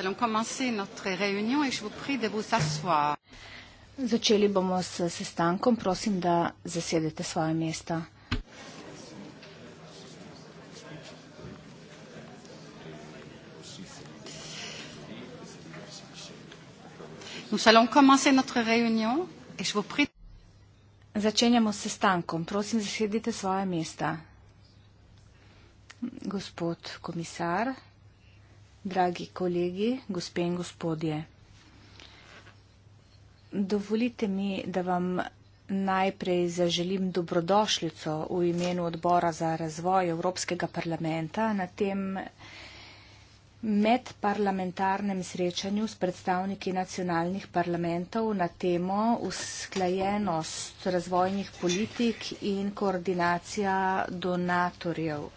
allons commencer notre réunion et je vous prie de vous asseoir. Začeli bomo s sestankom. Prosim, da zasedete svoje mesta. Nous allons commencer notre réunion et je vous prie. Začenjamo s sestankom. Prosim, zasedite svoje mesta. Gospod komisar, dragi kolegi, gospe in gospodje. Dovolite mi, da vam najprej zaželim dobrodošljico v imenu odbora za razvoj Evropskega parlamenta na tem medparlamentarnem srečanju s predstavniki nacionalnih parlamentov na temo usklajenost razvojnih politik in koordinacija donatorjev.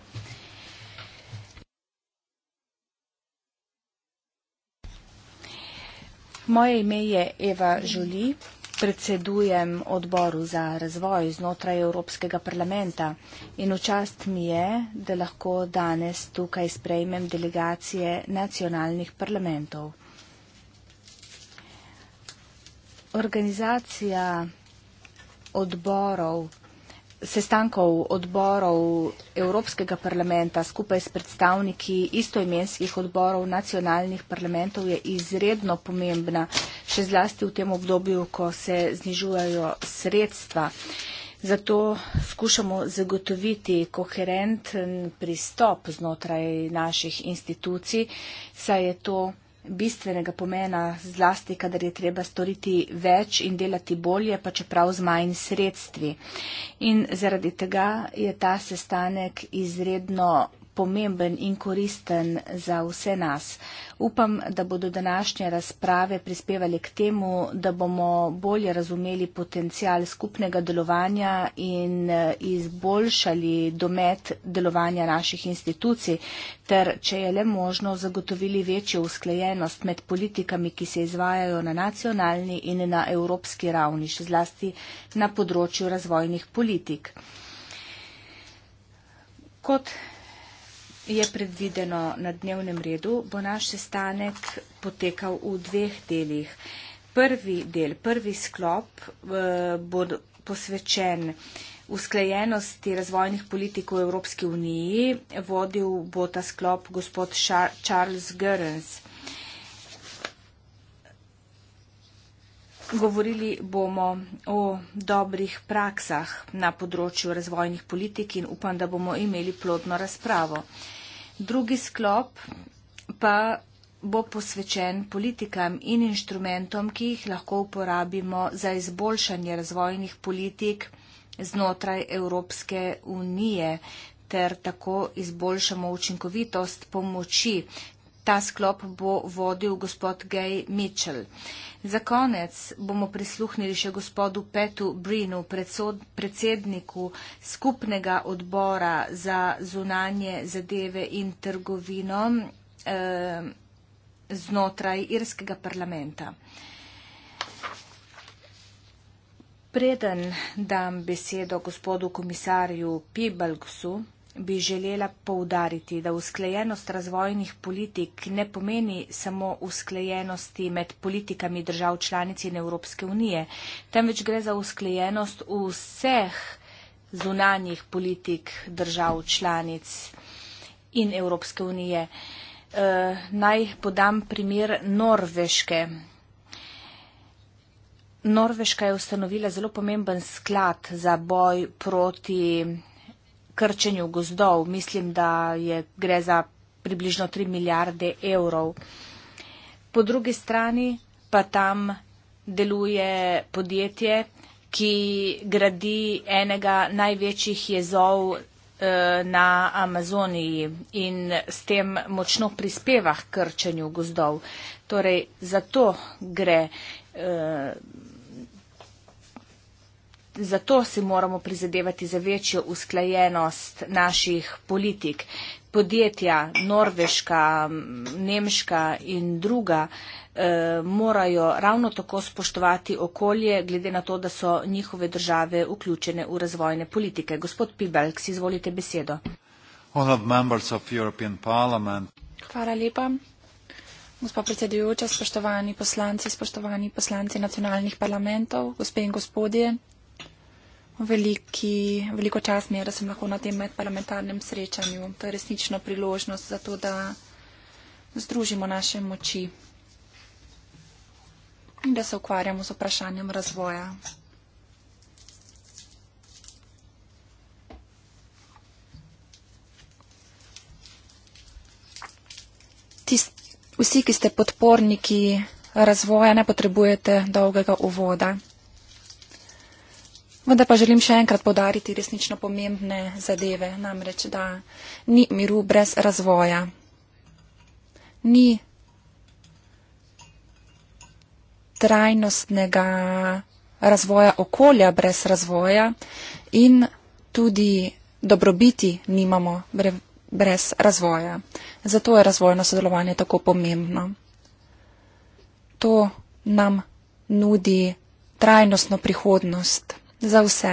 Moje ime je Eva Žuli, predsedujem odboru za razvoj znotraj Evropskega parlamenta in včast mi je, da lahko danes tukaj sprejmem delegacije nacionalnih parlamentov. Organizacija odborov sestankov odborov Evropskega parlamenta skupaj s predstavniki istoimenskih odborov nacionalnih parlamentov je izredno pomembna, še zlasti v tem obdobju, ko se znižujajo sredstva. Zato skušamo zagotoviti koherenten pristop znotraj naših institucij, saj je to bistvenega pomena, zlasti, kadar je treba storiti več in delati bolje, pa čeprav z manj sredstvi. In zaradi tega je ta sestanek izredno pomemben in koristen za vse nas. Upam, da bodo današnje razprave prispevali k temu, da bomo bolje razumeli potencial skupnega delovanja in eh, izboljšali domet delovanja naših institucij, ter, če je le možno, zagotovili večjo usklejenost med politikami, ki se izvajajo na nacionalni in na evropski ravni, še zlasti na področju razvojnih politik. Kot je predvideno na dnevnem redu, bo naš sestanek potekal v dveh delih. Prvi del, prvi sklop eh, bo posvečen usklajenosti razvojnih politik v Evropski uniji. Vodil bo ta sklop gospod Charles Gerens. Govorili bomo o dobrih praksah na področju razvojnih politik in upam, da bomo imeli plodno razpravo. Drugi sklop pa bo posvečen politikam in inštrumentom, ki jih lahko uporabimo za izboljšanje razvojnih politik znotraj Evropske unije ter tako izboljšamo učinkovitost pomoči, Ta sklop bo vodil gospod Gay Mitchell. Za konec bomo prisluhnili še gospodu Petu Brinu, predsedniku skupnega odbora za zunanje zadeve in trgovino eh, znotraj irskega parlamenta. Preden dam besedo gospodu komisarju Pibalgsu, bi želela poudariti, da usklajenost razvojnih politik ne pomeni samo usklajenosti med politikami držav članic in Evropske unije, temveč gre za usklajenost vseh zunanjih politik držav članic in Evropske unije. E, naj podam primer Norveške. Norveška je ustanovila zelo pomemben sklad za boj proti krčenju gozdov. Mislim, da je, gre za približno 3 milijarde evrov. Po drugi strani pa tam deluje podjetje, ki gradi enega največjih jezov eh, na Amazoniji in s tem močno prispeva k krčenju gozdov. Torej, zato gre. Eh, zato si moramo prizadevati za večjo usklajenost naših politik. Podjetja, norveška, nemška in druga, eh, morajo ravno tako spoštovati okolje, glede na to, da so njihove države vključene v razvojne politike. Gospod Pibelk, si izvolite besedo. Hvala lepa. Gospa predsedujoča, spoštovani poslanci, spoštovani poslanci nacionalnih parlamentov, gospe in gospodje, veliki, veliko čas mi je, da sem lahko na tem medparlamentarnem srečanju. To je resnično priložnost za to, da združimo naše moči in da se ukvarjamo z vprašanjem razvoja. Vsi, ki ste podporniki razvoja, ne potrebujete dolgega uvoda. Vendar pa želim še enkrat podariti resnično pomembne zadeve, namreč, da ni miru brez razvoja. Ni trajnostnega razvoja okolja brez razvoja in tudi dobrobiti nimamo brez razvoja. Zato je razvojno sodelovanje tako pomembno. To nam nudi trajnostno prihodnost za vse.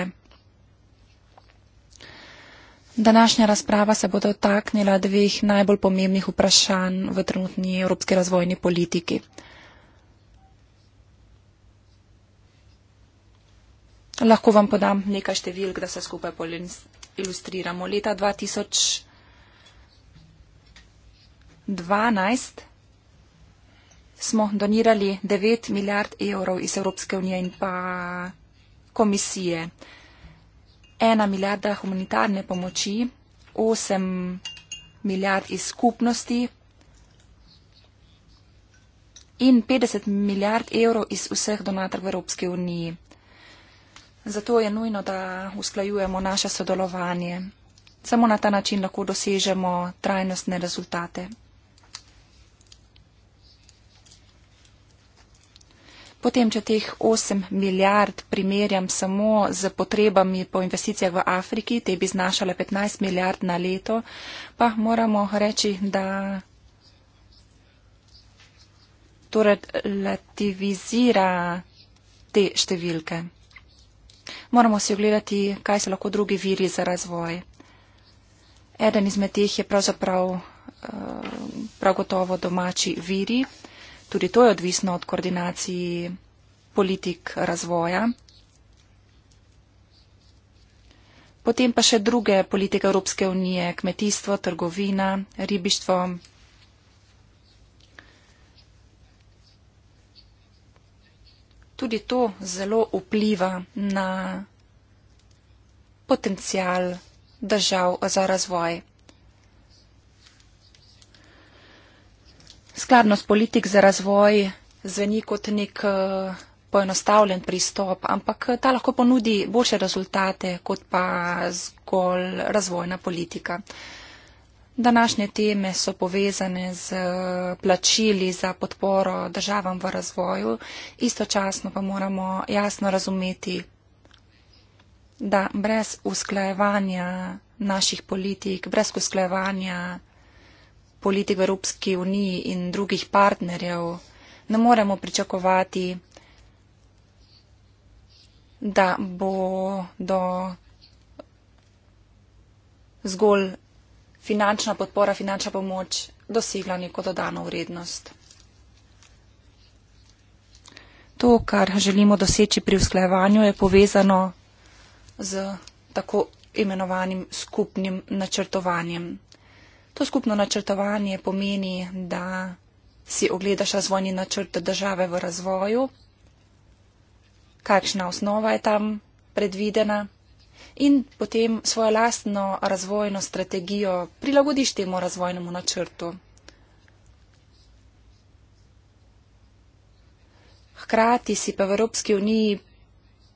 Današnja razprava se bo dotaknila dveh najbolj pomembnih vprašanj v trenutni evropski razvojni politiki. Lahko vam podam nekaj številk, da se skupaj ilustriramo. Leta 2012 smo donirali 9 milijard evrov iz Evropske unije in pa komisije. Ena milijarda humanitarne pomoči, osem milijard iz skupnosti in 50 milijard evrov iz vseh donatorjev Evropske unije. Zato je nujno, da usklajujemo naše sodelovanje. Samo na ta način lahko dosežemo trajnostne rezultate. Potem, če teh 8 milijard primerjam samo z potrebami po investicijah v Afriki, te bi znašale 15 milijard na leto, pa moramo reči, da to relativizira te številke. Moramo si ogledati, kaj so lahko drugi viri za razvoj. Eden izmed teh je pravzaprav eh, prav gotovo domači viri tudi to je odvisno od koordinaciji politik razvoja. Potem pa še druge politike Evropske unije, kmetijstvo, trgovina, ribištvo. Tudi to zelo vpliva na potencial držav za razvoj. Skladnost politik za razvoj zveni kot nek eh, poenostavljen pristop, ampak eh, ta lahko ponudi boljše rezultate kot pa zgolj razvojna politika. Današnje teme so povezane z eh, plačili za podporo državam v razvoju, istočasno pa moramo jasno razumeti, da brez usklajevanja naših politik, brez usklajevanja politik v Evropski uniji in drugih partnerjev, ne moremo pričakovati, da bo do zgolj finančna podpora, finančna pomoč dosegla neko dodano vrednost. To, kar želimo doseči pri usklajevanju, je povezano z tako imenovanim skupnim načrtovanjem. To skupno načrtovanje pomeni, da si ogledaš razvojni načrt države v razvoju, kakšna osnova je tam predvidena in potem svojo lastno razvojno strategijo prilagodiš temu razvojnemu načrtu. Hkrati si pa v Evropski uniji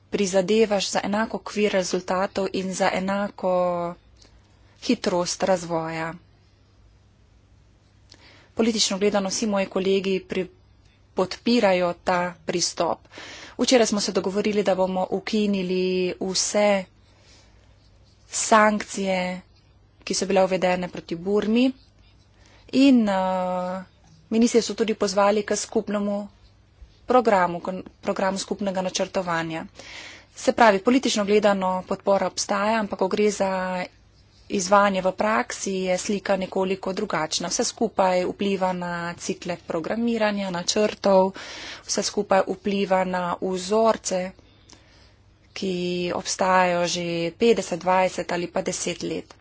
prizadevaš za enako kvir rezultatov in za enako hitrost razvoja politično gledano vsi moji kolegi pri, podpirajo ta pristop. Včeraj smo se dogovorili, da bomo ukinili vse sankcije, ki so bile uvedene proti Burmi in uh, ministri so tudi pozvali k skupnemu programu, k programu skupnega načrtovanja. Se pravi, politično gledano podpora obstaja, ampak ko gre za izvajanje v praksi je slika nekoliko drugačna. Vse skupaj vpliva na cikle programiranja, načrtov, vse skupaj vpliva na vzorce, ki obstajajo že 50, 20 ali pa 10 let.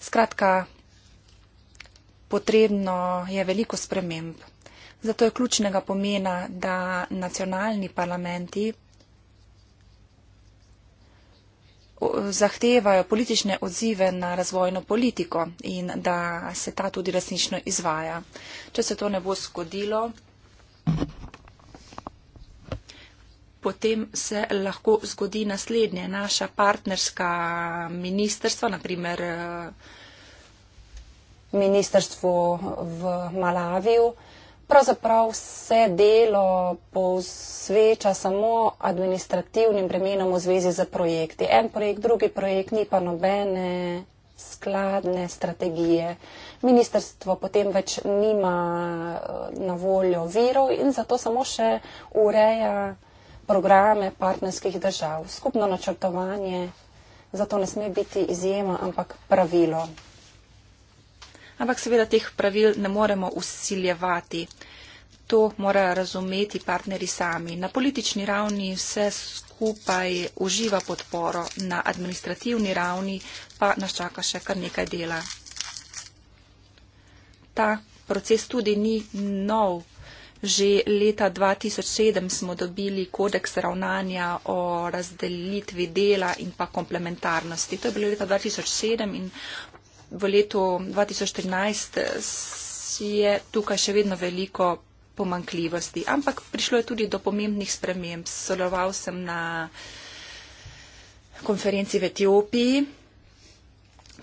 Skratka, potrebno je veliko sprememb. Zato je ključnega pomena, da nacionalni parlamenti zahtevajo politične odzive na razvojno politiko in da se ta tudi resnično izvaja. Če se to ne bo zgodilo, potem se lahko zgodi naslednje. Naša partnerska ministrstva, naprimer eh, ministrstvo v Malaviju, pravzaprav vse delo posveča samo administrativnim bremenom v zvezi z projekti. En projekt, drugi projekt, ni pa nobene skladne strategije. Ministrstvo potem več nima eh, na voljo virov in zato samo še ureja programe partnerskih držav. Skupno načrtovanje zato ne sme biti izjema, ampak pravilo ampak seveda teh pravil ne moremo usiljevati. To mora razumeti partneri sami. Na politični ravni vse skupaj uživa podporo, na administrativni ravni pa nas čaka še kar nekaj dela. Ta proces tudi ni nov. Že leta 2007 smo dobili kodeks ravnanja o razdelitvi dela in pa komplementarnosti. To je bilo leta 2007 in v letu 2013 je tukaj še vedno veliko pomankljivosti, ampak prišlo je tudi do pomembnih sprememb. Soloval sem na konferenci v Etiopiji,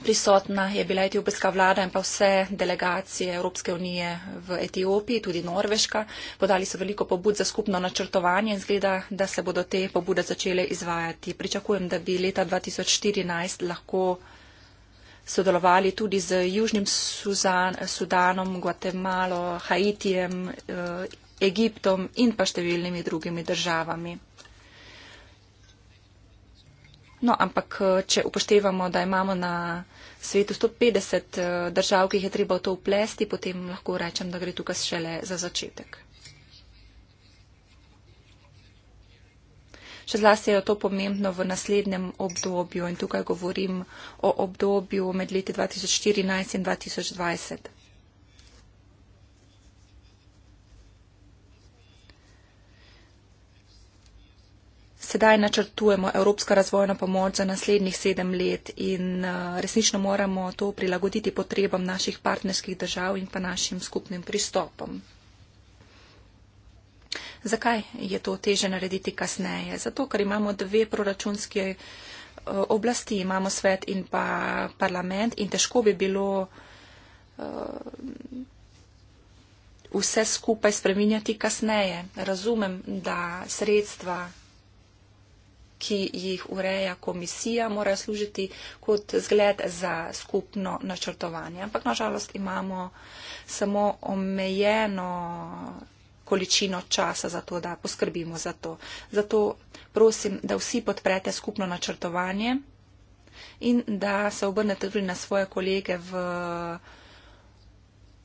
prisotna je bila etiopijska vlada in pa vse delegacije Evropske unije v Etiopiji, tudi Norveška, podali so veliko pobud za skupno načrtovanje in zgleda, da se bodo te pobude začele izvajati. Pričakujem, da bi leta 2014 lahko sodelovali tudi z Južnim Suzan, Sudanom, Guatemalo, Haitijem, eh, Egiptom in pa številnimi drugimi državami. No, ampak eh, če upoštevamo, da imamo na svetu 150 eh, držav, ki jih je treba v to uplesti, potem lahko rečem, da gre tukaj šele za začetek. Še zlasti je to pomembno v naslednjem obdobju in tukaj govorim o obdobju med leti 2014 in 2020. Sedaj načrtujemo Evropska razvojna pomoč za naslednjih sedem let in eh, resnično moramo to prilagoditi potrebam naših partnerskih držav in pa našim skupnim pristopom. Zakaj je to teže narediti kasneje? Zato, ker imamo dve proračunske eh, oblasti, imamo svet in pa parlament in težko bi bilo eh, vse skupaj spreminjati kasneje. Razumem, da sredstva, ki jih ureja komisija, morajo služiti kot zgled za skupno načrtovanje. Ampak nažalost imamo samo omejeno količino časa za to, da poskrbimo za to. Zato prosim, da vsi podprete skupno načrtovanje in da se obrnete tudi na svoje kolege v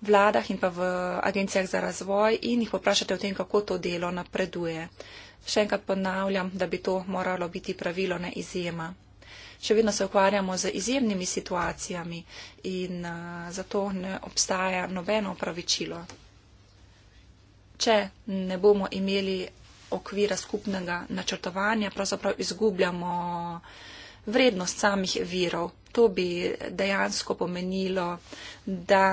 vladah in pa v agencijah za razvoj in jih poprašate o tem, kako to delo napreduje. Še enkrat ponavljam, da bi to moralo biti pravilo, ne izjema. Še vedno se ukvarjamo z izjemnimi situacijami in uh, zato ne obstaja nobeno opravičilo če ne bomo imeli okvira skupnega načrtovanja, pravzaprav izgubljamo vrednost samih virov. To bi dejansko pomenilo, da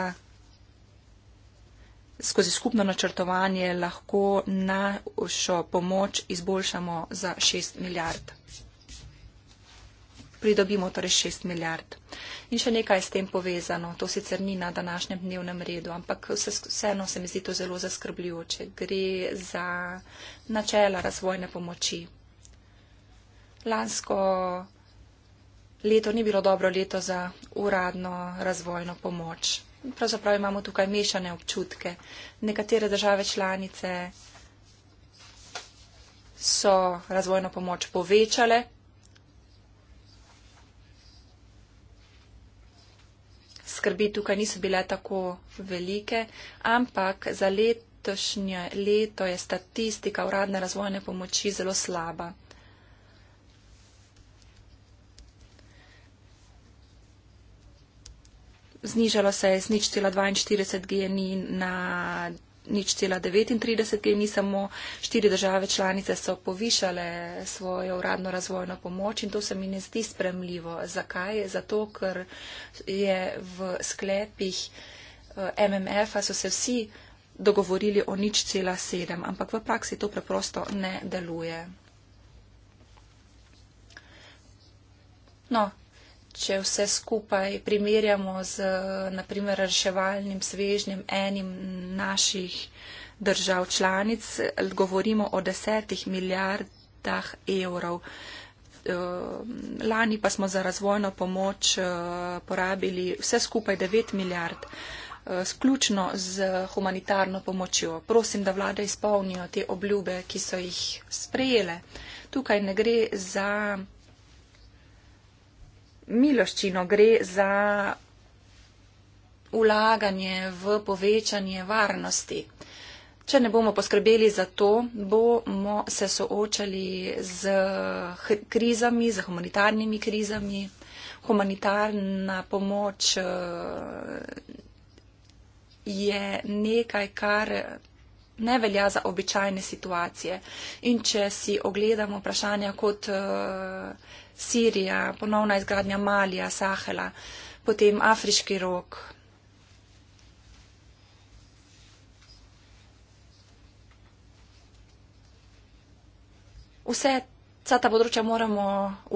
skozi skupno načrtovanje lahko našo pomoč izboljšamo za 6 milijard pridobimo torej 6 milijard. In še nekaj je s tem povezano, to sicer ni na današnjem dnevnem redu, ampak vseeno se mi zdi to zelo zaskrbljujoče. Gre za načela razvojne pomoči. Lansko leto ni bilo dobro leto za uradno razvojno pomoč. Pravzaprav imamo tukaj mešane občutke. Nekatere države članice so razvojno pomoč povečale, skrbi tukaj niso bile tako velike, ampak za letošnje leto je statistika uradne razvojne pomoči zelo slaba. Znižalo se je z nič cela 42 GNI na nič cela 39 GMI, samo štiri države članice so povišale svojo uradno razvojno pomoč in to se mi ne zdi spremljivo. Zakaj? Zato, ker je v sklepih eh, MMF-a so se vsi dogovorili o nič cela sedem, ampak v praksi to preprosto ne deluje. No, če vse skupaj primerjamo z naprimer reševalnim svežnjem enim naših držav članic, govorimo o desetih milijardah evrov. Ehm, lani pa smo za razvojno pomoč eh, porabili vse skupaj 9 milijard, eh, sključno z humanitarno pomočjo. Prosim, da vlade izpolnijo te obljube, ki so jih sprejele. Tukaj ne gre za miloščino, gre za ulaganje v povečanje varnosti. Če ne bomo poskrbeli za to, bomo se soočali z krizami, z humanitarnimi krizami. Humanitarna pomoč eh, je nekaj, kar ne velja za običajne situacije. In če si ogledamo vprašanja kot eh, Sirija, ponovna izgradnja Malija, Sahela, potem Afriški rok. Vse Vsa ta področja moramo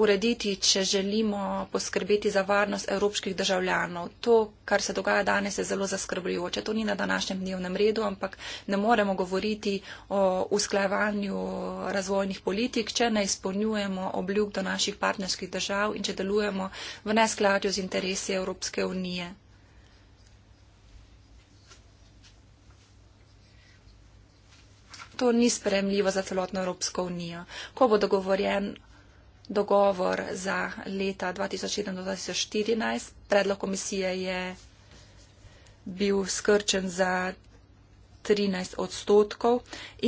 urediti, če želimo poskrbeti za varnost evropskih državljanov. To, kar se dogaja danes, je zelo zaskrbljujoče. To ni na današnjem dnevnem redu, ampak ne moremo govoriti o usklajevanju razvojnih politik, če ne izpolnjujemo obljub do naših partnerskih držav in če delujemo v neskladju z interesi Evropske unije. to ni spremljivo za celotno Evropsko unijo. Ko bo dogovorjen dogovor za leta 2007-2014, predlog komisije je bil skrčen za 13 odstotkov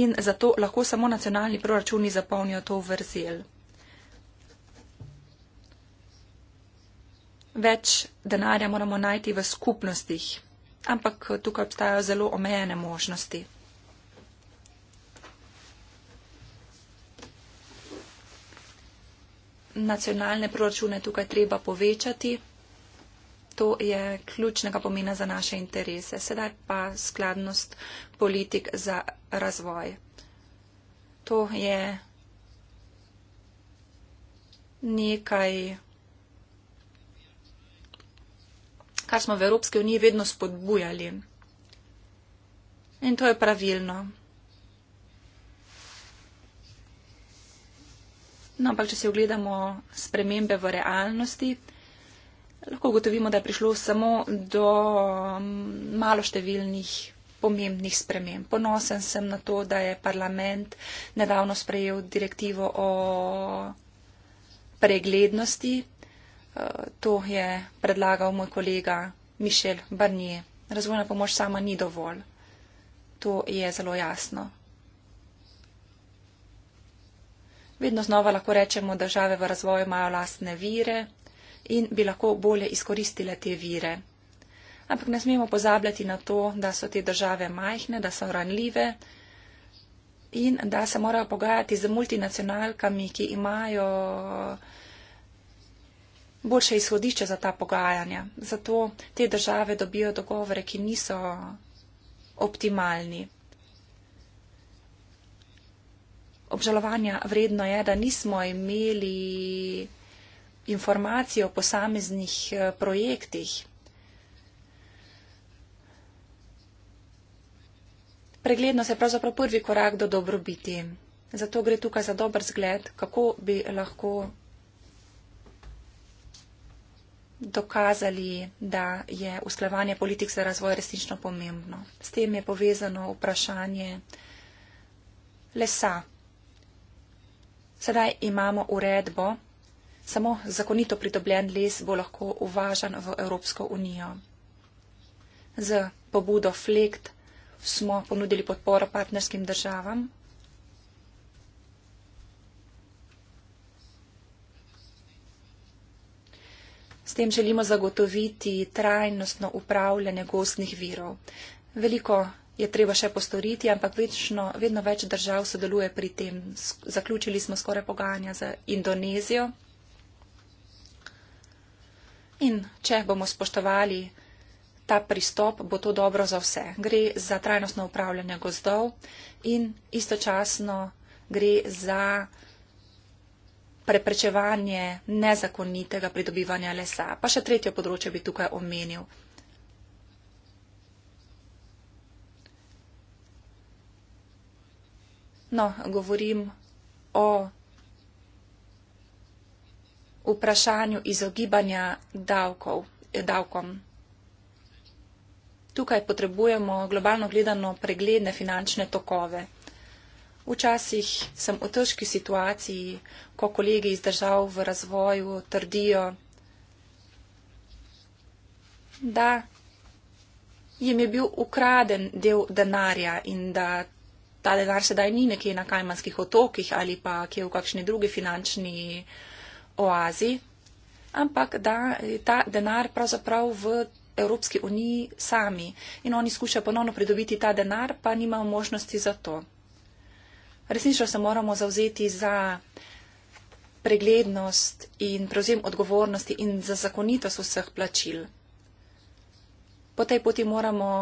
in zato lahko samo nacionalni proračuni zapolnijo to vrzel. Več denarja moramo najti v skupnostih, ampak tukaj obstajajo zelo omejene možnosti. nacionalne proračune tukaj treba povečati. To je ključnega pomena za naše interese. Sedaj pa skladnost politik za razvoj. To je nekaj, kar smo v Evropski uniji vedno spodbujali. In to je pravilno. No, ampak, če si ogledamo spremembe v realnosti, lahko ugotovimo, da je prišlo samo do maloštevilnih pomembnih sprememb. Ponosen sem na to, da je parlament nedavno sprejel direktivo o preglednosti. E, to je predlagal moj kolega Mišel Barnier. Razvojna pomoč sama ni dovolj. To je zelo jasno. Vedno znova lahko rečemo, da države v razvoju imajo lastne vire in bi lahko bolje izkoristile te vire. Ampak ne smemo pozabljati na to, da so te države majhne, da so ranljive in da se morajo pogajati z multinacionalkami, ki imajo boljše izhodišče za ta pogajanja. Zato te države dobijo dogovore, ki niso optimalni. obžalovanja vredno je, da nismo imeli informacij o posameznih eh, projektih. Preglednost je pravzaprav prvi korak do dobrobiti. Zato gre tukaj za dober zgled, kako bi lahko dokazali, da je usklevanje politik za razvoj resnično pomembno. S tem je povezano vprašanje lesa. Sedaj imamo uredbo, samo zakonito pridobljen les bo lahko uvažan v Evropsko unijo. Z pobudo Flekt smo ponudili podporo partnerskim državam. S tem želimo zagotoviti trajnostno upravljanje gostnih virov. Veliko je treba še postoriti, ampak večno, vedno več držav sodeluje pri tem. Zaključili smo skoraj pogajanja za Indonezijo. In če bomo spoštovali ta pristop, bo to dobro za vse. Gre za trajnostno upravljanje gozdov in istočasno gre za preprečevanje nezakonitega pridobivanja lesa. Pa še tretje področje bi tukaj omenil. No, govorim o vprašanju izogibanja davkov, davkom. Tukaj potrebujemo globalno gledano pregledne finančne tokove. Včasih sem v težki situaciji, ko kolegi iz držav v razvoju trdijo, da jim je bil ukraden del denarja in da ta denar sedaj ni nekje na Kajmanskih otokih ali pa kje v kakšni drugi finančni oazi, ampak da je ta denar pravzaprav v Evropski uniji sami in oni skušajo ponovno pridobiti ta denar, pa nimajo možnosti za to. Resnično se moramo zauzeti za preglednost in prevzem odgovornosti in za zakonitost vseh plačil. Po tej poti moramo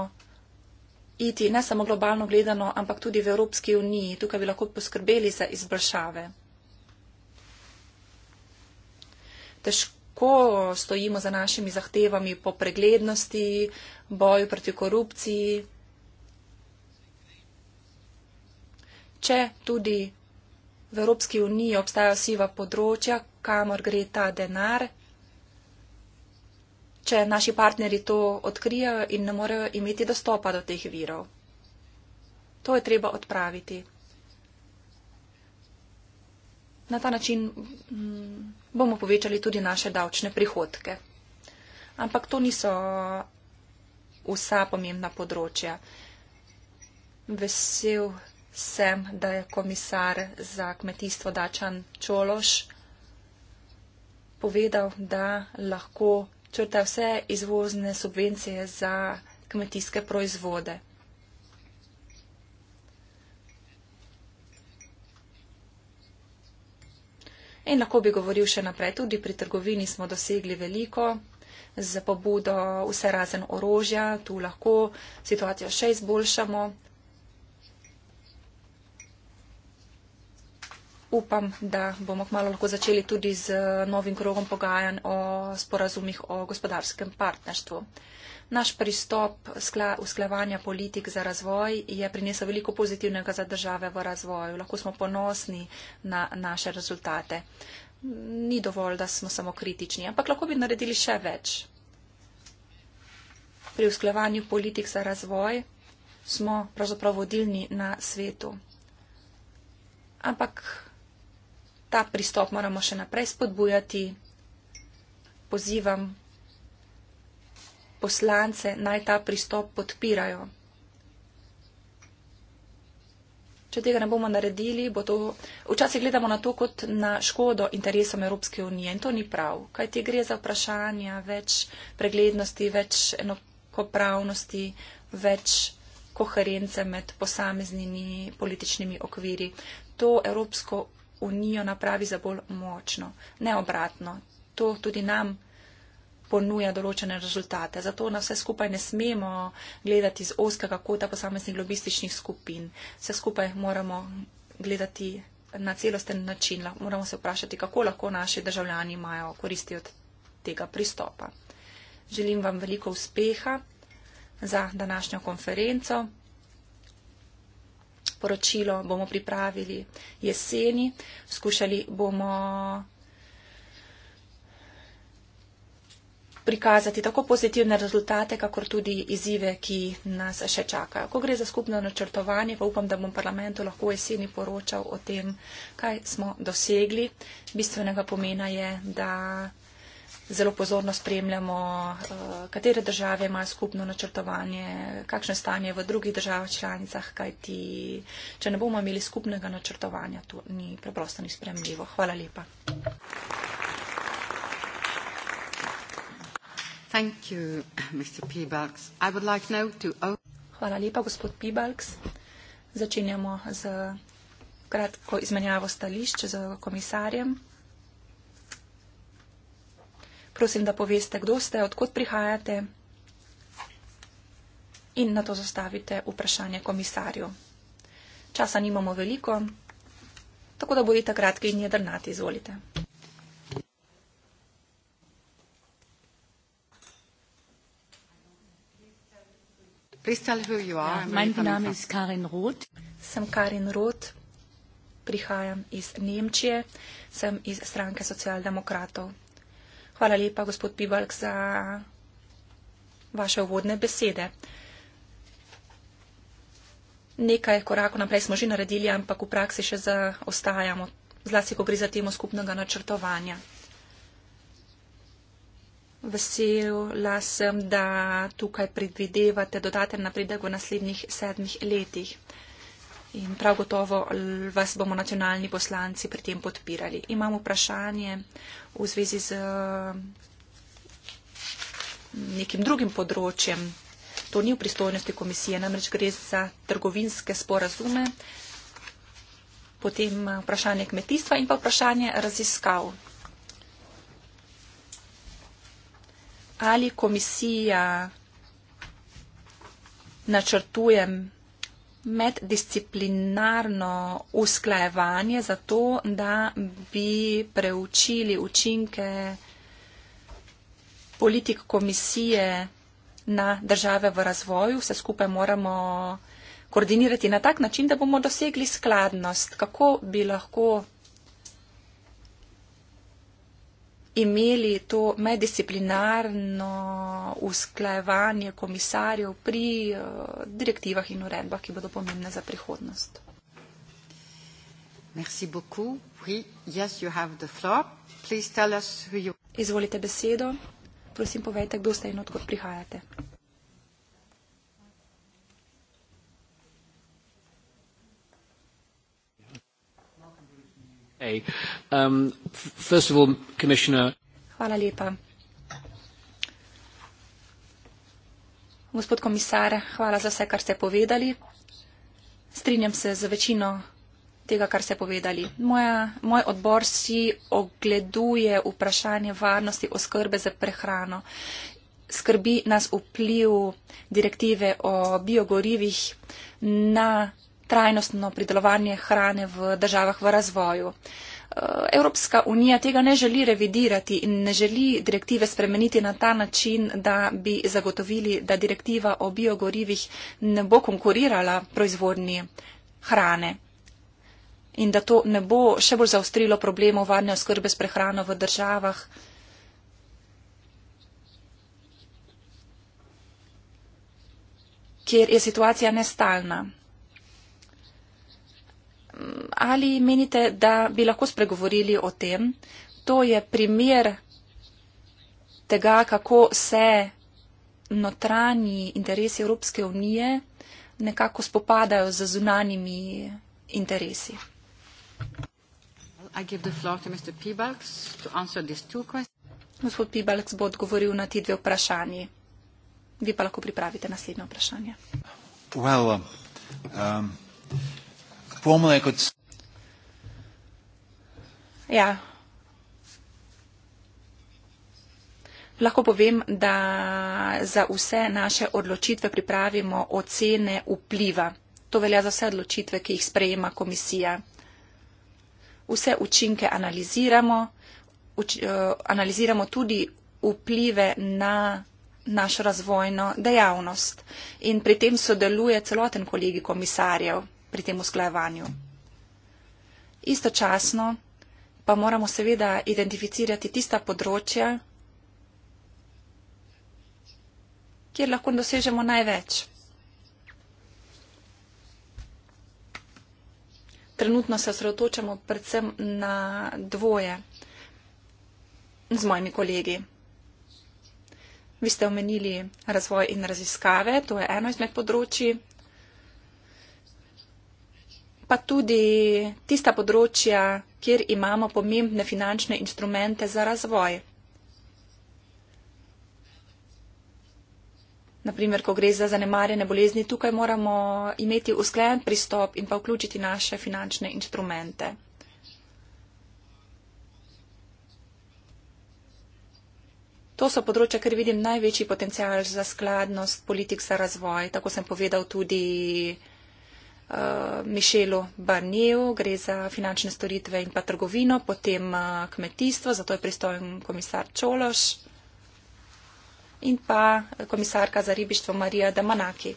iti ne samo globalno gledano, ampak tudi v Evropski uniji. Tukaj bi lahko poskrbeli za izboljšave. Težko stojimo za našimi zahtevami po preglednosti, boju proti korupciji. Če tudi v Evropski uniji obstajajo siva področja, kamor gre ta denar če naši partneri to odkrijejo in ne morejo imeti dostopa do teh virov. To je treba odpraviti. Na ta način mm, bomo povečali tudi naše davčne prihodke. Ampak to niso vsa pomembna področja. Vesel sem, da je komisar za kmetijstvo Dačan Čološ povedal, da lahko črta vse izvozne subvencije za kmetijske proizvode. In lahko bi govoril še naprej, tudi pri trgovini smo dosegli veliko za pobudo vse razen orožja, tu lahko situacijo še izboljšamo, upam, da bomo kmalo lahko začeli tudi z novim krogom pogajanj o sporazumih o gospodarskem partnerstvu. Naš pristop usklevanja politik za razvoj je prinesel veliko pozitivnega za države v razvoju. Lahko smo ponosni na naše rezultate. Ni dovolj, da smo samo kritični, ampak lahko bi naredili še več. Pri usklevanju politik za razvoj smo pravzaprav vodilni na svetu. Ampak ta pristop moramo še naprej spodbujati. Pozivam poslance, naj ta pristop podpirajo. Če tega ne bomo naredili, bo to... Včasih gledamo na to kot na škodo interesom Evropske unije in to ni prav. Kaj ti gre za vprašanja, več preglednosti, več enakopravnosti, več koherence med posameznimi političnimi okviri. To Evropsko unijo napravi za bolj močno, ne obratno. To tudi nam ponuja določene rezultate. Zato na vse skupaj ne smemo gledati z oskega kota posameznih lobističnih skupin. Vse skupaj moramo gledati na celosten način. Moramo se vprašati, kako lahko naši državljani imajo koristi od tega pristopa. Želim vam veliko uspeha za današnjo konferenco poročilo bomo pripravili jeseni. Skušali bomo prikazati tako pozitivne rezultate, kakor tudi izzive, ki nas še čakajo. Ko gre za skupno načrtovanje, pa upam, da bom parlamentu lahko jeseni poročal o tem, kaj smo dosegli. Bistvenega pomena je, da zelo pozorno spremljamo, eh, katere države imajo skupno načrtovanje, kakšno stanje v drugih državah članicah, kajti če ne bomo imeli skupnega načrtovanja, to ni preprosto ni spremljivo. Hvala lepa. Hvala lepa, gospod Pibalks. Začenjamo z kratko izmenjavo stališč z komisarjem prosim, da poveste, kdo ste, odkot prihajate in na to zastavite vprašanje komisarju. Časa nimamo veliko, tako da bodite kratki in jedrnati, izvolite. Ja, sem Karin Roth, prihajam iz Nemčije, sem iz stranke socialdemokratov. Hvala lepa, gospod Pivalk, za vaše uvodne besede. Nekaj korakov naprej smo že naredili, ampak v praksi še zaostajamo, zlasti, ko gre za temo skupnega načrtovanja. Vesela sem, da tukaj predvidevate dodaten napredek v naslednjih sedmih letih. In prav gotovo vas bomo nacionalni poslanci pri tem podpirali. Imam vprašanje v zvezi z mm, nekim drugim področjem. To ni v pristojnosti komisije, namreč gre za trgovinske sporazume, potem eh, vprašanje kmetijstva in pa vprašanje raziskav. Ali komisija načrtuje meddisciplinarno usklajevanje za to, da bi preučili učinke politik komisije na države v razvoju. Vse skupaj moramo koordinirati na tak način, da bomo dosegli skladnost. Kako bi lahko imeli to medisciplinarno usklajevanje komisarjev pri eh, direktivah in uredbah, ki bodo pomembne za prihodnost. Merci beaucoup. Oui, yes, you have the floor. Please tell us who you... Izvolite besedo. Prosim, povejte, kdo ste in odkot prihajate. Um, hvala lepa. Gospod komisar, hvala za vse, kar ste povedali. Strinjam se za večino tega, kar ste povedali. Moja, moj odbor si ogleduje vprašanje varnosti oskrbe za prehrano. Skrbi nas vpliv direktive o biogorivih na trajnostno pridelovanje hrane v državah v razvoju. Eh, Evropska unija tega ne želi revidirati in ne želi direktive spremeniti na ta način, da bi zagotovili, da direktiva o biogorivih ne bo konkurirala proizvodnji hrane in da to ne bo še bolj zaostrilo problemov varne oskrbe s prehrano v državah. kjer je situacija nestalna ali menite, da bi lahko spregovorili o tem? To je primer tega, kako se notranji interesi Evropske unije nekako spopadajo z zunanimi interesi. Gospod Pibalks bo odgovoril na ti dve vprašanji. Vi pa lahko pripravite naslednje vprašanje. Well, um, formula kot. Ja. Lahko povem, da za vse naše odločitve pripravimo ocene vpliva. To velja za vse odločitve, ki jih sprejema komisija. Vse učinke analiziramo, uč, uh, analiziramo tudi vplive na našo razvojno dejavnost. In pri tem sodeluje celoten kolegi komisarjev pri tem usklajevanju. Istočasno pa moramo seveda identificirati tista področja, kjer lahko dosežemo največ. Trenutno se osredotočamo predvsem na dvoje z mojimi kolegi. Vi ste omenili razvoj in raziskave, to je eno izmed področji pa tudi tista področja, kjer imamo pomembne finančne instrumente za razvoj. Naprimer, ko gre za zanemarjene bolezni, tukaj moramo imeti usklajen pristop in pa vključiti naše finančne instrumente. To so področja, kjer vidim največji potencial za skladnost politik za razvoj. Tako sem povedal tudi Eh, Mišelu Barnijo, gre za finančne storitve in pa trgovino, potem eh, kmetijstvo, zato je pristojen komisar Čološ in pa eh, komisarka za ribištvo Marija Damanaki.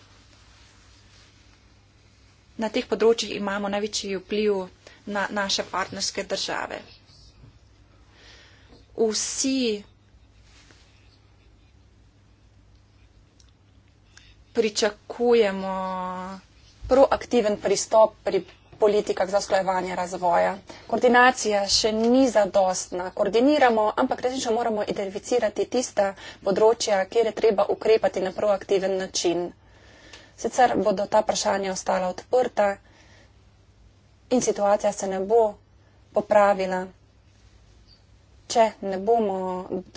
Na teh področjih imamo največji vpliv na naše partnerske države. Vsi pričakujemo proaktiven pristop pri politikah za sklojevanje razvoja. Koordinacija še ni zadostna. Koordiniramo, ampak resnično moramo identificirati tista področja, kjer je treba ukrepati na proaktiven način. Sicer bodo ta vprašanja ostala odprta in situacija se ne bo popravila, če ne bomo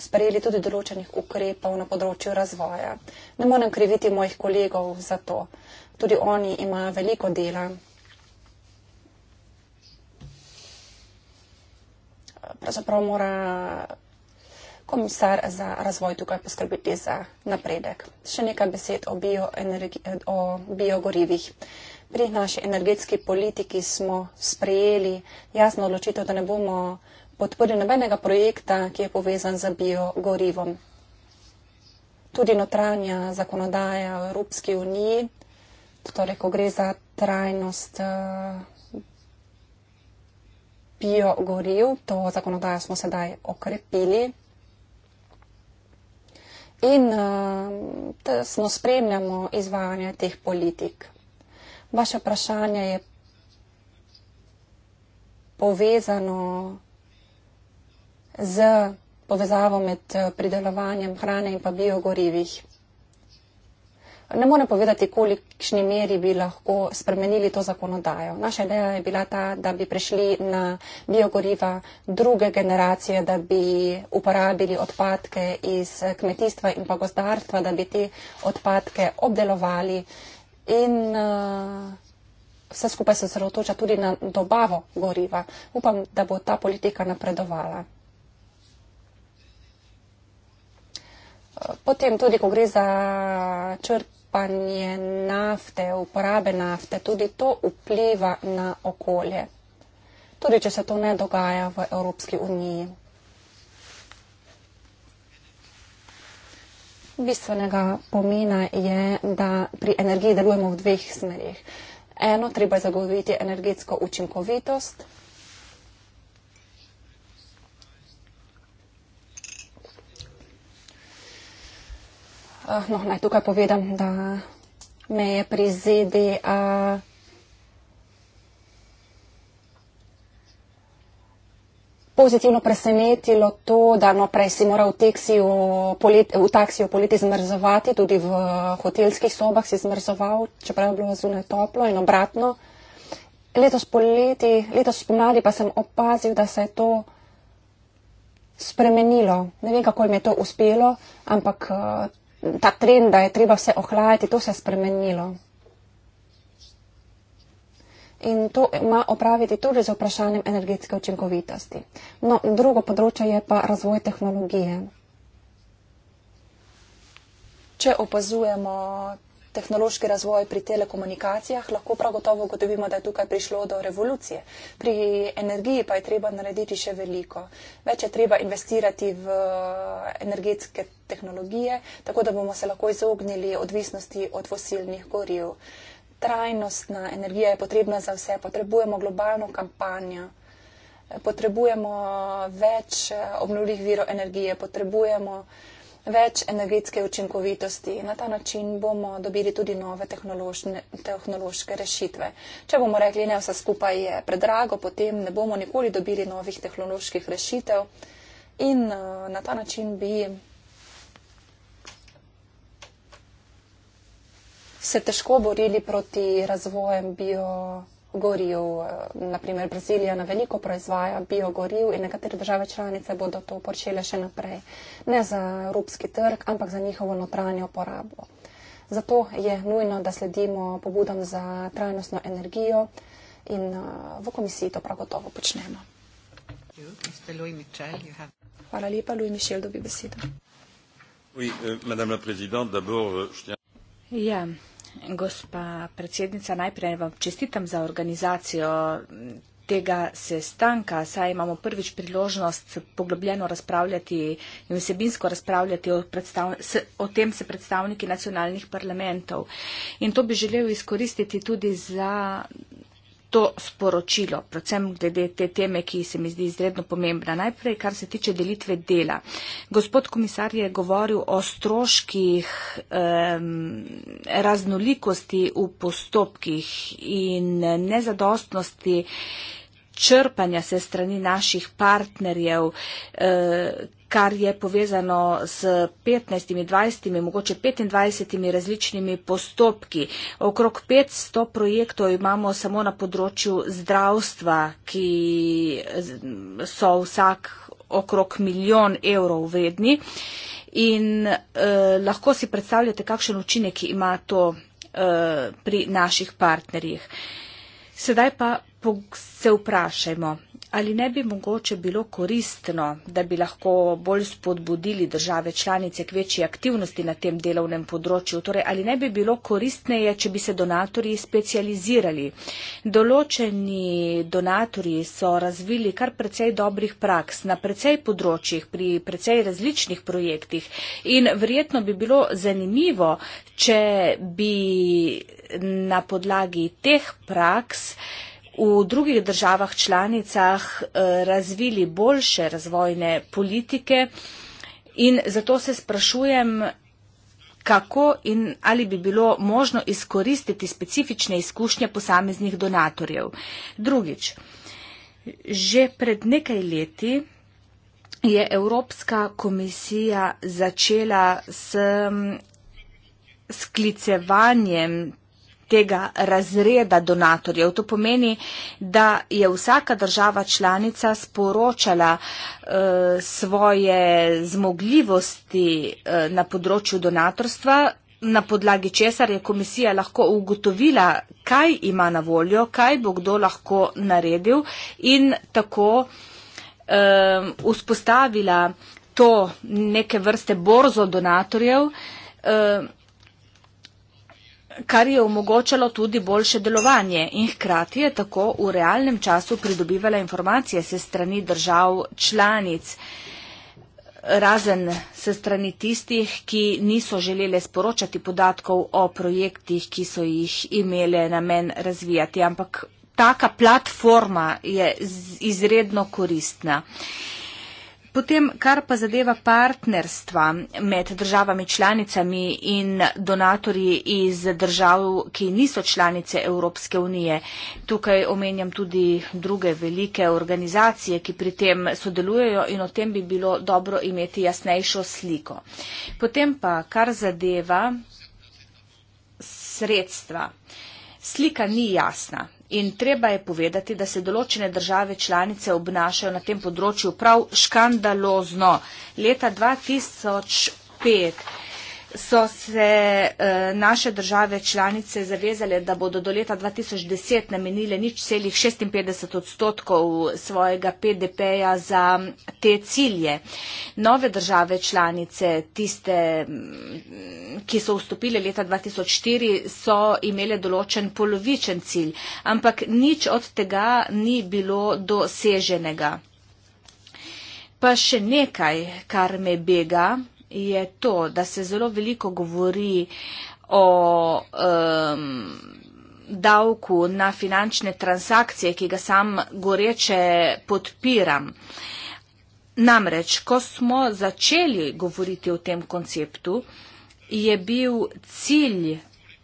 sprejeli tudi določenih ukrepov na področju razvoja. Ne morem kriviti mojih kolegov za to tudi oni imajo veliko dela. Pravzaprav mora komisar za razvoj tukaj poskrbeti za napredek. Še nekaj besed o, bio o biogorivih. Pri naši energetski politiki smo sprejeli jasno odločitev, da ne bomo podprli nobenega projekta, ki je povezan z biogorivom. Tudi notranja zakonodaja v Evropski uniji torej, ko gre za trajnost uh, biogoriv, to zakonodajo smo sedaj okrepili. In eh, tesno spremljamo izvajanje teh politik. Vaše vprašanje je povezano z povezavo med eh, pridelovanjem hrane in pa biogorivih ne morem povedati, kolikšni meri bi lahko spremenili to zakonodajo. Naša ideja je bila ta, da bi prešli na biogoriva druge generacije, da bi uporabili odpadke iz kmetijstva in pa gozdarstva, da bi te odpadke obdelovali in uh, vse skupaj se zrotoča tudi na dobavo goriva. Upam, da bo ta politika napredovala. Eh, potem tudi, ko gre za črp črpanje nafte, uporabe nafte, tudi to vpliva na okolje. Tudi, če se to ne dogaja v Evropski uniji. Bistvenega pomena je, da pri energiji delujemo v dveh smerih. Eno, treba zagoviti energetsko učinkovitost, Eh, no, naj tukaj povedam, da me je pri ZDA. Pozitivno presenetilo to, da no, prej si moral v taksiju poleti zmrzovati, tudi v hotelskih sobah si zmrzoval, čeprav je bilo zunaj toplo in obratno. Letos poleti, letos spomladi pa sem opazil, da se je to spremenilo. Ne vem, kako jim je to uspelo, ampak eh, ta trend, da je treba vse ohlajati, to se je spremenilo. In to ima opraviti tudi z vprašanjem energetske učinkovitosti. No, drugo področje je pa razvoj tehnologije. Če opazujemo tehnološki razvoj pri telekomunikacijah, lahko prav gotovo ugotovimo, da je tukaj prišlo do revolucije. Pri energiji pa je treba narediti še veliko. Več je treba investirati v energetske tehnologije, tako da bomo se lahko izognili odvisnosti od fosilnih goriv. Trajnostna energija je potrebna za vse, potrebujemo globalno kampanjo. Potrebujemo več obnovljivih virov energije, potrebujemo uh, več energetske učinkovitosti in na ta način bomo dobili tudi nove tehnološke rešitve. Če bomo rekli, ne vse skupaj je predrago, potem ne bomo nikoli dobili novih tehnoloških rešitev in eh, na ta način bi se težko borili proti razvojem bio goriv. Eh, Naprimer, Brazilija na veliko proizvaja biogoriv in nekatere države članice bodo to počele še naprej. Ne za evropski trg, ampak za njihovo notranjo porabo. Zato je nujno, da sledimo pobudam za trajnostno energijo in eh, v komisiji to prav gotovo počnemo. Hvala lepa, Louis Michel, dobi besedo. Oui, euh, Madame la Présidente, d'abord, euh, je tiens. Yeah. Ja, Gospa predsednica, najprej vam čestitam za organizacijo tega sestanka, saj imamo prvič priložnost poglobljeno razpravljati in vsebinsko razpravljati o, o tem se predstavniki nacionalnih parlamentov. In to bi želel izkoristiti tudi za to sporočilo, predvsem glede te teme, ki se mi zdi izredno pomembna. Najprej, kar se tiče delitve dela. Gospod komisar je govoril o stroških um, raznolikosti v postopkih in nezadostnosti črpanja se strani naših partnerjev, eh, kar je povezano s 15, 20, mogoče 25 različnimi postopki. Okrog 500 projektov imamo samo na področju zdravstva, ki so vsak okrog milijon evrov vredni. In eh, lahko si predstavljate, kakšen učinek ima to eh, pri naših partnerjih. Eh, Sedaj pa se vprašajmo, ali ne bi mogoče bilo koristno, da bi lahko bolj spodbudili države članice k večji aktivnosti na tem delovnem področju? Torej, ali ne bi bilo koristneje, če bi se donatorji specializirali? Določeni donatorji so razvili kar precej dobrih praks na precej področjih, pri precej različnih projektih in verjetno bi bilo zanimivo, če bi na podlagi teh praks v drugih državah članicah eh, razvili boljše razvojne politike in zato se sprašujem, kako in ali bi bilo možno izkoristiti specifične izkušnje posameznih donatorjev. Drugič, že pred nekaj leti je Evropska komisija začela s mm, sklicevanjem tega razreda donatorjev. To pomeni, da je vsaka država članica sporočala uh, svoje zmogljivosti uh, na področju donatorstva, na podlagi česar je komisija lahko ugotovila, kaj ima na voljo, kaj bo kdo lahko naredil in tako uh, vzpostavila to neke vrste borzo donatorjev. Uh, kar je omogočalo tudi boljše delovanje in hkrati je tako v realnem času pridobivala informacije se strani držav članic, razen se strani tistih, ki niso želele sporočati podatkov o projektih, ki so jih imele namen razvijati, ampak taka platforma je izredno koristna. Uh, Potem, kar pa zadeva partnerstva med državami članicami in donatorji iz držav, ki niso članice Evropske unije. Tukaj omenjam tudi druge velike organizacije, ki pri tem sodelujejo in o tem bi bilo dobro imeti jasnejšo sliko. Potem pa, kar zadeva sredstva. Slika ni jasna. In treba je povedati, da se določene države članice obnašajo na tem področju prav škandalozno. Leta 2005 so se eh, naše države članice zavezale, da bodo do leta 2010 namenile nič celih 56 odstotkov svojega PDP-ja za te cilje. Nove države članice, tiste, mm, ki so vstopile leta 2004, so imele določen polovičen cilj, ampak nič od tega ni bilo doseženega. Pa še nekaj, kar me bega je to, da se zelo veliko govori o um, davku na finančne transakcije, ki ga sam goreče podpiram. Namreč, ko smo začeli govoriti o tem konceptu, je bil cilj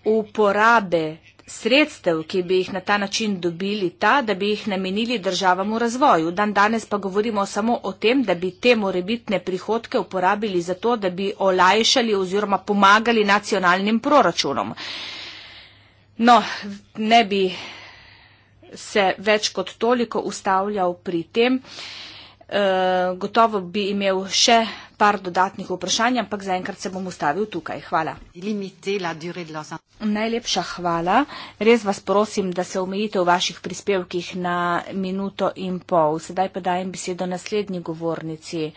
uporabe sredstev, ki bi jih na ta način dobili ta, da bi jih namenili državam v razvoju. Dan danes pa govorimo samo o tem, da bi te morebitne prihodke uporabili za to, da bi olajšali oziroma pomagali nacionalnim proračunom. No, ne bi se več kot toliko ustavljal pri tem. Uh, Eh, gotovo bi imel še par dodatnih vprašanj, ampak zaenkrat se bom ustavil tukaj. Hvala. Najlepša hvala. Res vas prosim, da se omejite v vaših prispevkih na minuto in pol. Sedaj pa dajem besedo naslednji govornici.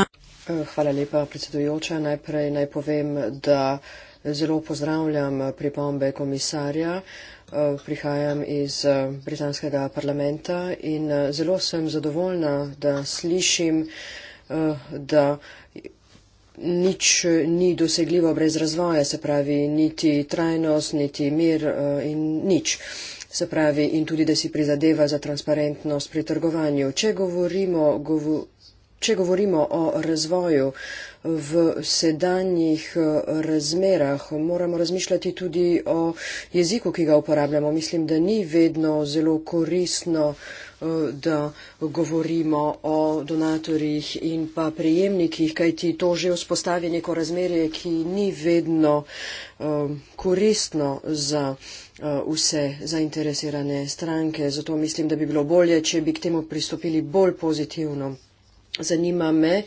Eh, hvala lepa, predsedujoča. Najprej naj povem, da zelo pozdravljam pripombe komisarja. Uh, Eh, prihajam iz eh, britanskega parlamenta in eh, zelo sem zadovoljna, da slišim, da nič ni dosegljivo brez razvoja, se pravi niti trajnost, niti mir in nič. Se pravi in tudi, da si prizadeva za transparentnost pri trgovanju. Če govorimo, govo, če govorimo o razvoju, v sedanjih eh, razmerah. Moramo razmišljati tudi o jeziku, ki ga uporabljamo. Mislim, da ni vedno zelo koristno, eh, da govorimo o donatorjih in pa prijemnikih, kajti to že vzpostavi neko razmerje, ki ni vedno eh, koristno za vse zainteresirane stranke. Zato mislim, da bi bilo bolje, če bi k temu pristopili bolj pozitivno. Zanima me,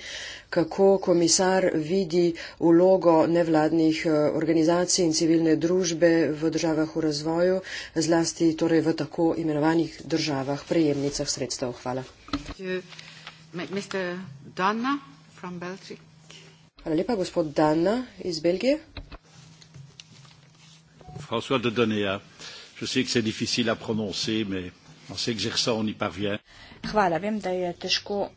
kako komisar vidi ulogo nevladnih eh, organizacij in civilne družbe v državah v razvoju, zlasti torej v tako imenovanih državah prejemnicah sredstev. Hvala. Hvala lepa, gospod Dana iz Belgije. François de Donea. Je sais que c'est difficile à prononcer, mais en s'exerçant, on y parvient. Hvala, vem, da je težko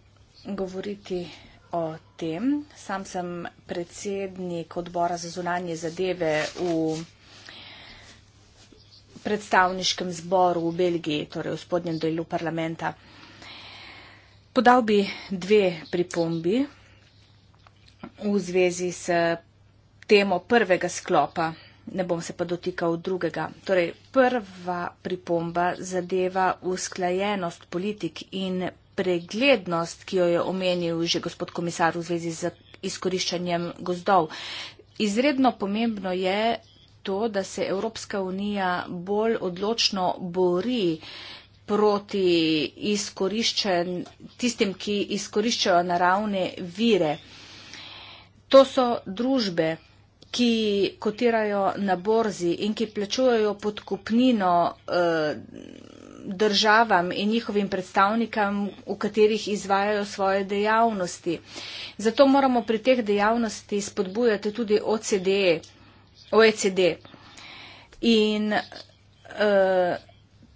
govoriti o tem. Sam sem predsednik odbora za zunanje zadeve v predstavniškem zboru v Belgiji, torej v spodnjem delu parlamenta. Podal bi dve pripombi v zvezi s temo prvega sklopa, ne bom se pa dotikal drugega. Torej, prva pripomba zadeva usklajenost politik in preglednost, ki jo je omenil že gospod komisar v zvezi z izkoriščanjem gozdov. Izredno pomembno je to, da se Evropska unija bolj odločno bori proti tistim, ki izkoriščajo naravne vire. To so družbe, ki kotirajo na borzi in ki plačujejo podkupnino. Eh, državam in njihovim predstavnikam, v katerih izvajajo svoje dejavnosti. Zato moramo pri teh dejavnosti spodbujati tudi OCD, OECD. In uh,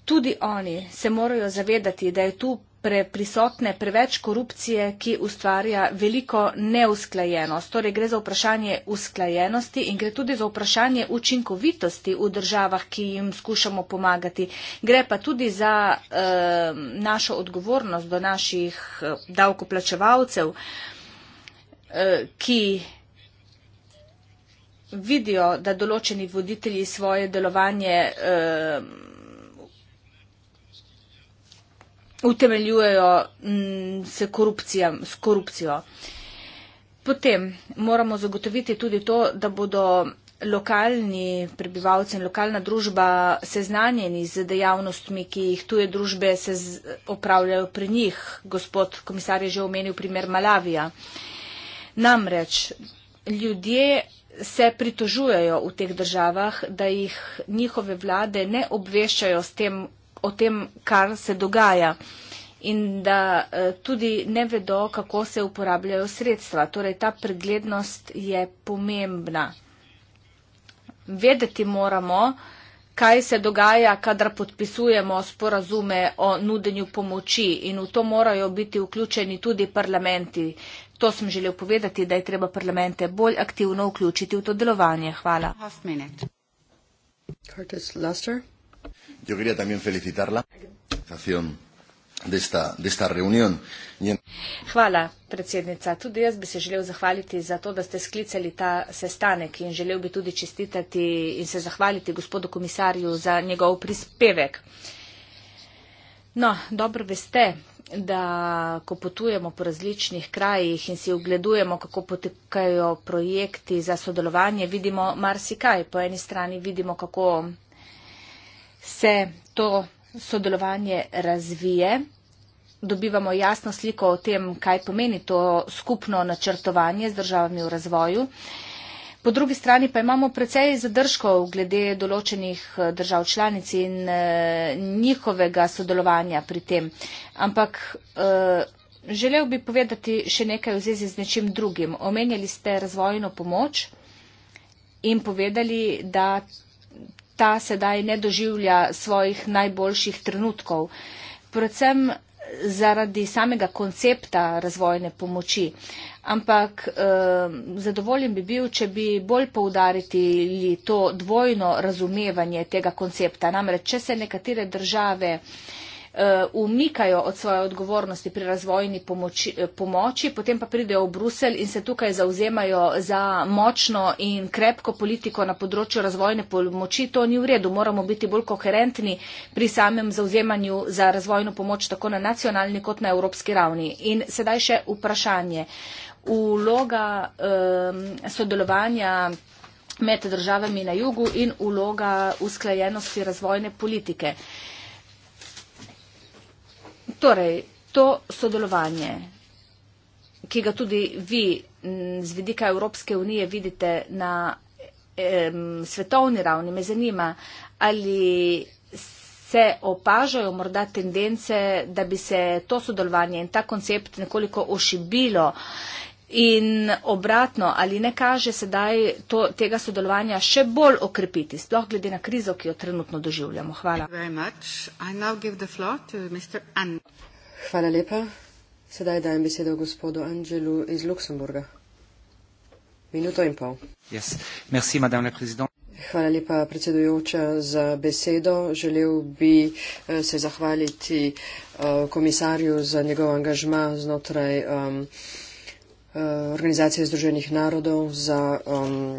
tudi oni se morajo zavedati, da je tu pre, prisotne preveč korupcije, ki ustvarja veliko neusklajenost. Torej gre za vprašanje usklajenosti in gre tudi za vprašanje učinkovitosti v državah, ki jim skušamo pomagati. Gre pa tudi za eh, našo odgovornost do naših eh, davkoplačevalcev, eh, ki vidijo, da določeni voditelji svoje delovanje eh, utemeljujejo mm, se s korupcijo. Potem moramo zagotoviti tudi to, da bodo lokalni prebivalci in lokalna družba seznanjeni z dejavnostmi, ki jih tuje družbe se opravljajo pri njih. Gospod komisar je že omenil primer Malavija. Namreč ljudje se pritožujejo v teh državah, da jih njihove vlade ne obveščajo s tem o tem, kar se dogaja in da eh, tudi ne vedo, kako se uporabljajo sredstva. Torej, ta preglednost je pomembna. Vedeti moramo, kaj se dogaja, kadar podpisujemo sporazume o nudenju pomoči in v to morajo biti vključeni tudi parlamenti. To sem želel povedati, da je treba parlamente bolj aktivno vključiti v to delovanje. Hvala. Curtis Lester. Yo quería también felicitarla. De esta, de esta reunión. Hvala, predsednica. Tudi jaz bi se želel zahvaliti za to, da ste sklicali ta sestanek in želel bi tudi čestitati in se zahvaliti gospodu komisarju za njegov prispevek. No, dobro veste, da ko potujemo po različnih krajih in si ogledujemo, kako potekajo projekti za sodelovanje, vidimo marsikaj. Po eni strani vidimo, kako se to sodelovanje razvije, dobivamo jasno sliko o tem, kaj pomeni to skupno načrtovanje z državami v razvoju. Po drugi strani pa imamo precej zadržkov glede določenih eh, držav članic in eh, njihovega sodelovanja pri tem. Ampak eh, želel bi povedati še nekaj v zvezi z nečim drugim. Omenjali ste razvojno pomoč in povedali, da ta sedaj ne doživlja svojih najboljših trenutkov. Predvsem zaradi samega koncepta razvojne pomoči. Ampak eh, zadovoljen bi bil, če bi bolj poudarili to dvojno razumevanje tega koncepta. Namreč, če se nekatere države eh, uh, umikajo od svoje odgovornosti pri razvojni pomoči, eh, pomoči, potem pa pridejo v Bruselj in se tukaj zauzemajo za močno in krepko politiko na področju razvojne pomoči. To ni v redu. Moramo biti bolj koherentni pri samem zauzemanju za razvojno pomoč tako na nacionalni kot na evropski ravni. In sedaj še vprašanje. Uloga um, sodelovanja med državami na jugu in uloga usklajenosti razvojne politike. Torej, to sodelovanje, ki ga tudi vi z vidika Evropske unije vidite na eh, svetovni ravni, me zanima, ali se opažajo morda tendence, da bi se to sodelovanje in ta koncept nekoliko ošibilo, eh, In obratno, ali ne kaže sedaj to, tega sodelovanja še bolj okrepiti, sploh glede na krizo, ki jo trenutno doživljamo. Hvala. Hvala lepa. Sedaj dajem besedo gospodu Angelu iz Luksemburga. Minuto in pol. Yes. Merci, Hvala lepa, predsedujoča, za besedo. Želel bi eh, se zahvaliti eh, komisarju za njegov angažma znotraj. Um, Eh, Organizacije Združenih narodov za um,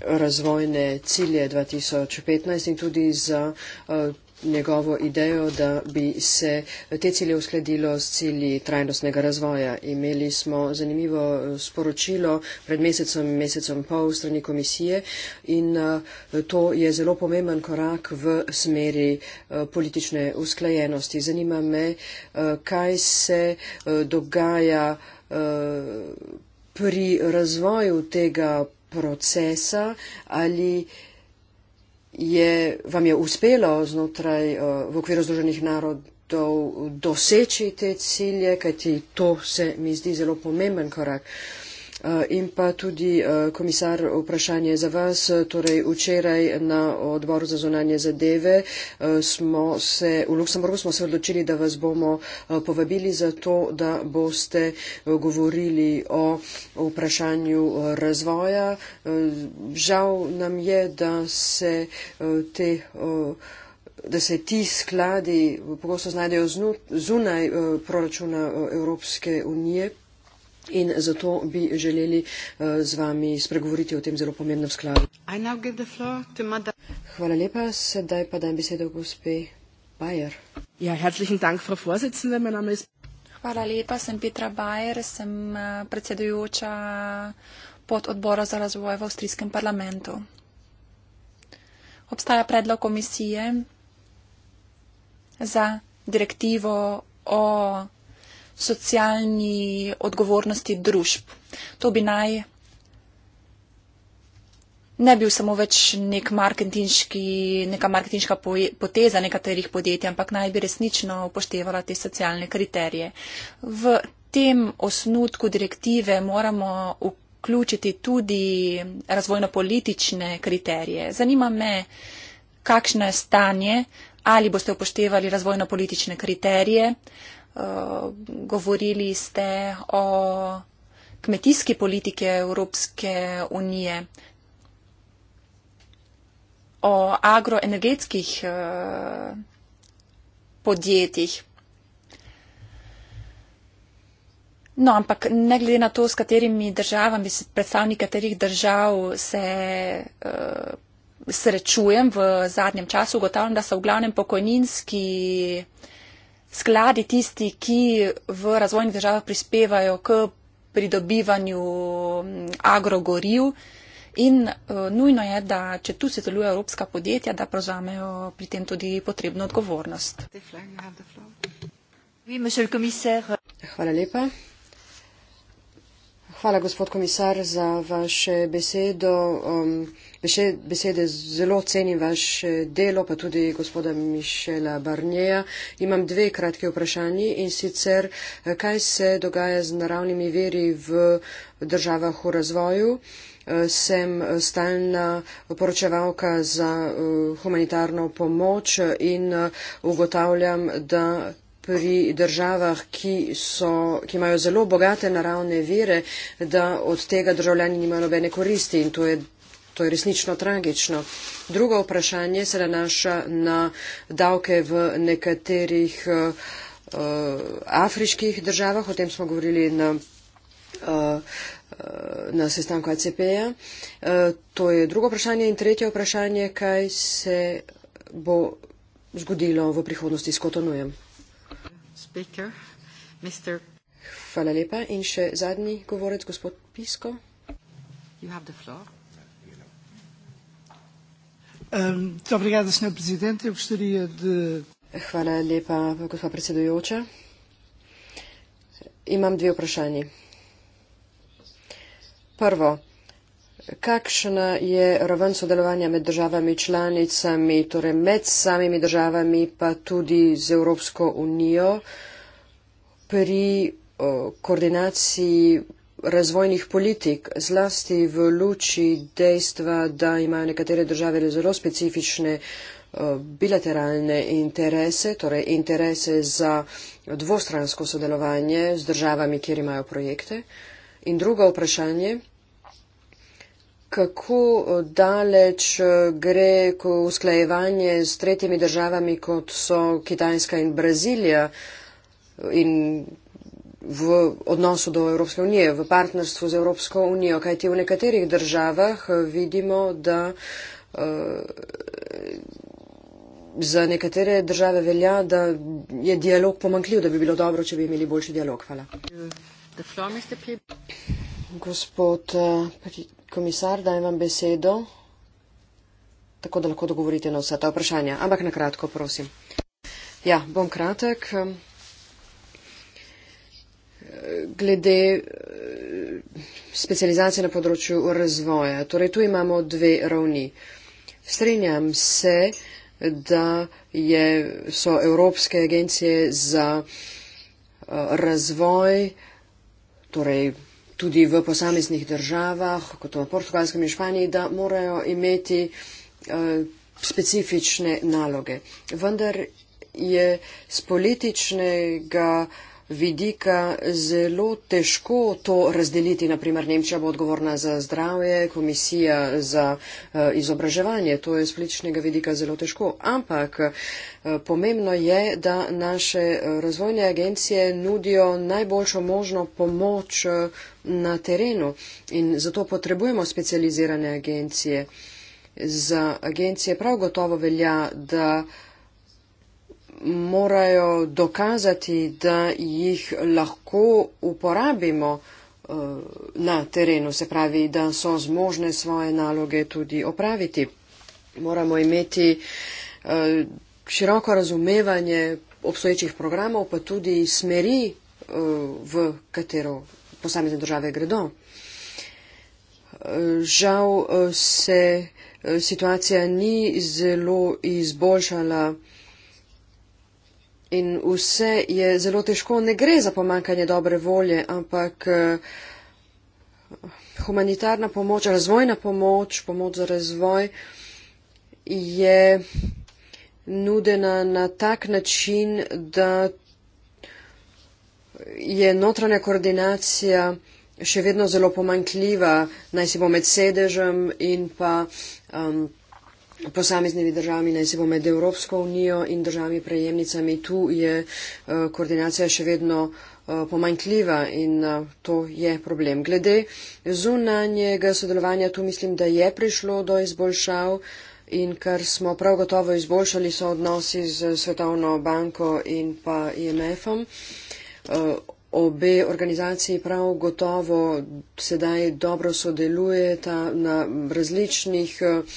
razvojne cilje 2015 in tudi za uh, njegovo idejo, da bi se te cilje uskladilo s cilji trajnostnega razvoja. Imeli smo zanimivo eh, sporočilo pred mesecem, mesecem pol strani komisije in to je zelo pomemben korak v smeri politične usklajenosti. Zanima me, kaj se dogaja Eh, pri razvoju tega procesa ali je, vam je uspelo znotraj eh, v okviru Združenih narodov doseči te cilje, kajti to se mi zdi zelo pomemben korak. Uh, Eh, in pa tudi eh, komisar, vprašanje za vas. Torej, včeraj na odboru za zunanje zadeve eh, smo se v Luksemburgu smo se odločili, da vas bomo povabili za to, da boste govorili o vprašanju razvoja. Žal nam je, da se te da se ti skladi pogosto znajdejo zunaj proračuna Evropske unije, In zato bi želeli eh, z vami spregovoriti o tem zelo pomembnem skladu. Hvala lepa, sedaj pa dajem besedo gospe Bajer. Ja, herzlichen Dank, Frau Vorsitzende, mein Name ist. Hvala lepa, sem Petra Bajer, sem eh, predsedujoča pod odbora za razvoj v avstrijskem parlamentu. Obstaja predlog komisije za direktivo o socialni odgovornosti družb. To bi naj ne bil samo več nek neka marketinška poteza nekaterih podjetij, ampak naj bi resnično upoštevala te socialne kriterije. V tem osnutku direktive moramo vključiti tudi razvojno-politične kriterije. Zanima me, kakšno je stanje, ali boste upoštevali razvojno-politične kriterije. Uh, govorili ste o kmetijski politike Evropske unije, o agroenergetskih eh, podjetjih. No, ampak ne glede na to, s katerimi državami, predstavniki katerih držav se uh, srečujem v zadnjem času, ugotavljam, da so v glavnem pokojninski uh, skladi tisti, ki v razvojnih državah prispevajo k pridobivanju mm, agrogoriv in e, nujno je, da če tu se delujejo evropska podjetja, da prevzamejo pri tem tudi potrebno odgovornost. Hvala lepa. Hvala, gospod komisar, za vaše besedo. Um, besede zelo cenim vaše delo, pa tudi gospoda Mišela Barnjeja. Imam dve kratke vprašanje in sicer, kaj se dogaja z naravnimi veri v državah v razvoju. Sem stalna poročevalka za uh, humanitarno pomoč in uh, ugotavljam, da pri državah, ki, so, ki imajo zelo bogate naravne vire, da od tega državljani nimajo nobene koristi in to je, to je resnično tragično. Drugo vprašanje se nanaša na davke v nekaterih uh, afriških državah, o tem smo govorili na eh, na sestanku ACP-ja. To je drugo vprašanje in tretje vprašanje, kaj se bo zgodilo v prihodnosti s Kotonujem speaker. Mr. Hvala lepa. In še zadnji govorec, gospod Pisko. You have the floor. Dobrega, um, predsednik, obštevite. De... Hvala lepa, gospod predsedujoča. Imam dve vprašanji. Prvo. Kakšna je raven sodelovanja med državami članicami, torej med samimi državami, pa tudi z Evropsko unijo? Uh, pri koordinaciji razvojnih politik, zlasti v luči dejstva, da imajo nekatere države zelo specifične bilateralne interese, torej interese za dvostransko sodelovanje z državami, kjer imajo projekte. In drugo vprašanje, kako daleč gre usklajevanje s tretjimi državami, kot so Kitajska in Brazilija, in v odnosu do Evropske unije, v partnerstvu z Evropsko unijo, kajti v nekaterih državah eh, vidimo, da eh, za nekatere države velja, da je dialog pomankljiv, da bi bilo dobro, če bi imeli boljši dialog. Hvala. Gospod eh, komisar, dajem vam besedo, tako da lahko dogovorite na vsa ta vprašanja. Ampak na kratko, prosim. Ja, bom kratek glede eh, specializacije na področju razvoja. Torej, tu imamo dve ravni. Strenjam se, da je, so Evropske agencije za eh, razvoj, torej tudi v posameznih državah, kot v Portugalskem in Španiji, da morajo imeti eh, specifične naloge. Vendar je z političnega vidika zelo težko to razdeliti. Naprimer, Nemčija bo odgovorna za zdravje, komisija za eh, izobraževanje. To je z političnega vidika zelo težko. Ampak eh, pomembno je, da naše eh, razvojne agencije nudijo najboljšo možno pomoč na terenu in zato potrebujemo specializirane agencije. Za agencije prav gotovo velja, da uh, morajo dokazati, da jih lahko uporabimo eh, na terenu, se pravi, da so zmožne svoje naloge tudi opraviti. Moramo imeti eh, široko razumevanje obstoječih programov, pa tudi smeri, eh, v katero posamezne države gredo. Žal se situacija ni zelo izboljšala In vse je zelo težko, ne gre za pomankanje dobre volje, ampak eh, humanitarna pomoč, razvojna pomoč, pomoč za razvoj je nudena na tak način, da je notranja koordinacija še vedno zelo pomankljiva, naj si bo med sedežem in pa. Um, posameznimi državami, naj se bo med Evropsko unijo in državami prejemnicami. Tu je eh, koordinacija še vedno eh, pomankljiva in eh, to je problem. Glede zunanjega sodelovanja, tu mislim, da je prišlo do izboljšav. In kar smo prav gotovo izboljšali, so odnosi z Svetovno banko in pa IMF-om. Obe organizaciji prav gotovo sedaj dobro sodelujeta na različnih uh,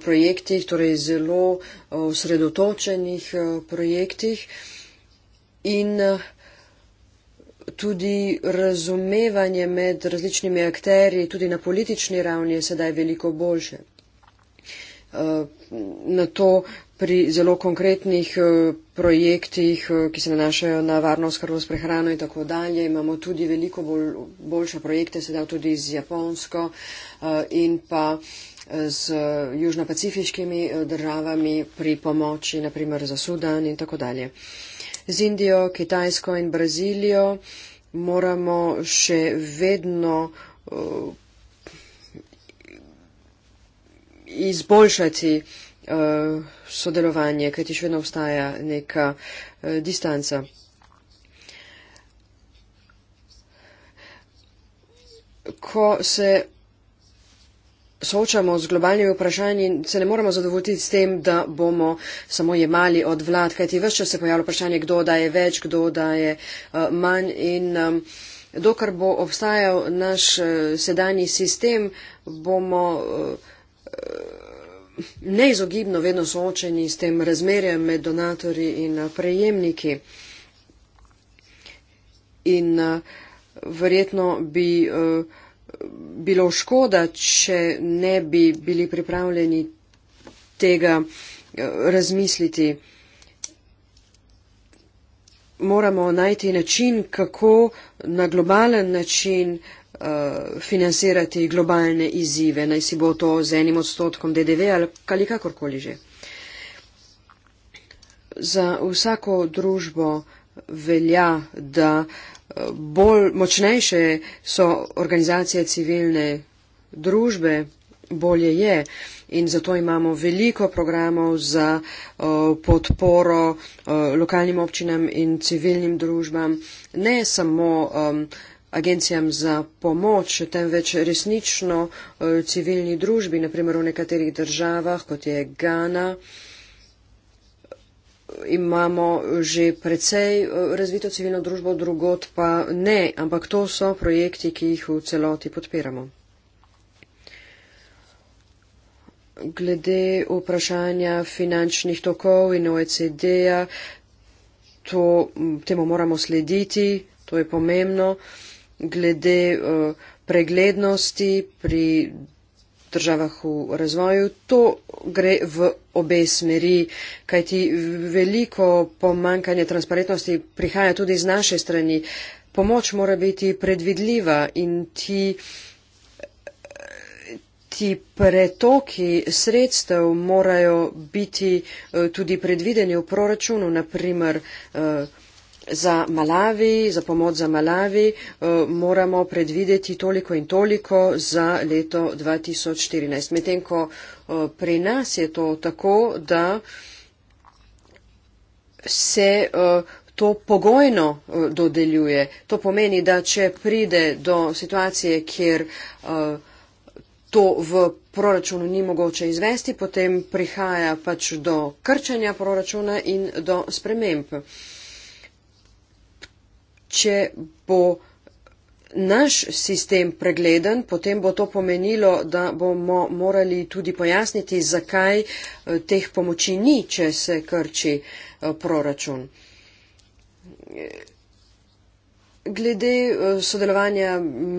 projektih, torej zelo osredotočenih projektih in e, tudi razumevanje med različnimi akteri, tudi na politični ravni, je sedaj veliko boljše. E, na to pri zelo konkretnih e, projektih, ki se nanašajo na varnost, skrbost prehrano in tako dalje, imamo tudi veliko bolj, boljše projekte, sedaj tudi z Japonsko in pa z južnopacifiškimi eh, državami pri pomoči, naprimer za Sudan in tako dalje. Z Indijo, Kitajsko in Brazilijo moramo še vedno uh, izboljšati uh, sodelovanje, kajti še vedno obstaja neka uh, distanca. Ko se soočamo z globalnimi vprašanji, se ne moremo zadovoljiti s tem, da bomo samo jemali od vlad, kajti vse čas se pojavlja vprašanje, kdo daje več, kdo daje eh, manj in dokar bo obstajal naš eh, sedanji sistem, bomo eh, neizogibno vedno soočeni s tem razmerjem med donatorji in prejemniki. In verjetno bi uh, bilo škoda, če ne bi bili pripravljeni tega eh, razmisliti. Moramo najti način, kako na globalen način uh, financirati globalne izzive, naj si bo to z enim odstotkom DDV ali, ali kakorkoli že. Za vsako družbo velja, da uh, bolj močnejše so organizacije civilne družbe, bolje je. In zato imamo veliko programov za uh, podporo uh, lokalnim občinam in civilnim družbam, ne samo um, agencijam za pomoč, temveč resnično uh, civilni družbi, naprimer v nekaterih državah, kot je Ghana. Uh, imamo že precej eh, razvito civilno družbo, drugot pa ne, ampak to so projekti, ki jih v celoti podpiramo. Glede vprašanja finančnih tokov in OECD-ja, to, temu moramo slediti, to je pomembno. Glede uh, preglednosti pri državah v razvoju. To gre v obe smeri, kajti veliko pomankanje transparentnosti prihaja tudi z naše strani. Pomoč mora biti predvidljiva in ti, ti pretoki sredstev morajo biti eh, tudi predvideni v proračunu, naprimer. Eh, za Malavi, za pomoč za Malavi eh, moramo predvideti toliko in toliko za leto 2014. Medtem ko eh, pri nas je to tako, da se eh, to pogojno dodeljuje. To pomeni, da če pride do situacije, kjer to v proračunu ni mogoče izvesti, potem prihaja pač do krčanja proračuna in do sprememb če bo naš sistem pregleden, potem bo to pomenilo, da bomo morali tudi pojasniti, zakaj eh, teh pomoči ni, če se krči eh, proračun. Glede eh, sodelovanja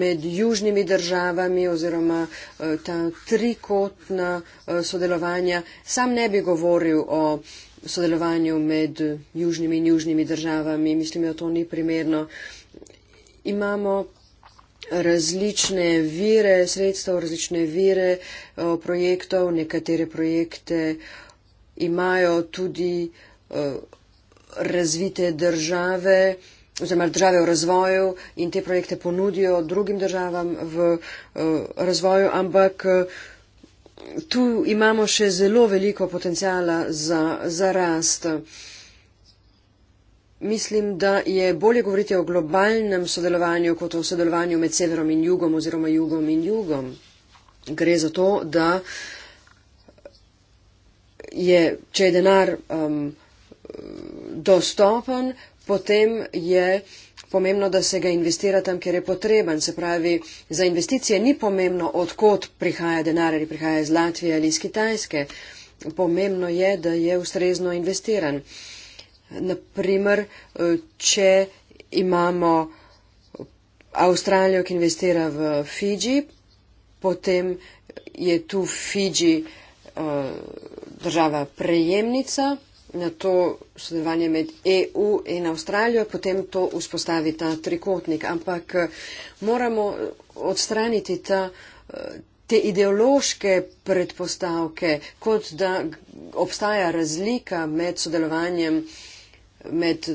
med južnimi državami oziroma ta trikotna sodelovanja, sam ne bi govoril o sodelovanju med južnimi in južnimi državami. Mislim, da to ni primerno. Imamo različne vire sredstev, različne vire eh, projektov. Nekatere projekte imajo tudi eh, razvite države oziroma države v razvoju in te projekte ponudijo drugim državam v eh, razvoju, ampak tu imamo še zelo veliko potencijala za, za rast. Mislim, da je bolje govoriti o globalnem sodelovanju kot o sodelovanju med severom in jugom oziroma jugom in jugom. Gre za to, da je, če je denar um, dostopen, potem je pomembno, da se ga investira tam, kjer je potreben. Se pravi, za investicije ni pomembno, odkot prihaja denar ali prihaja iz Latvije ali iz Kitajske. Pomembno je, da je ustrezno investiran. Naprimer, če imamo Avstralijo, ki investira v Fiji, potem je tu Fiji eh, država prejemnica na to sodelovanje med EU in Avstralijo, potem to vzpostavi ta trikotnik. Ampak eh, moramo eh, odstraniti ta, eh, te ideološke predpostavke, kot da obstaja razlika med sodelovanjem med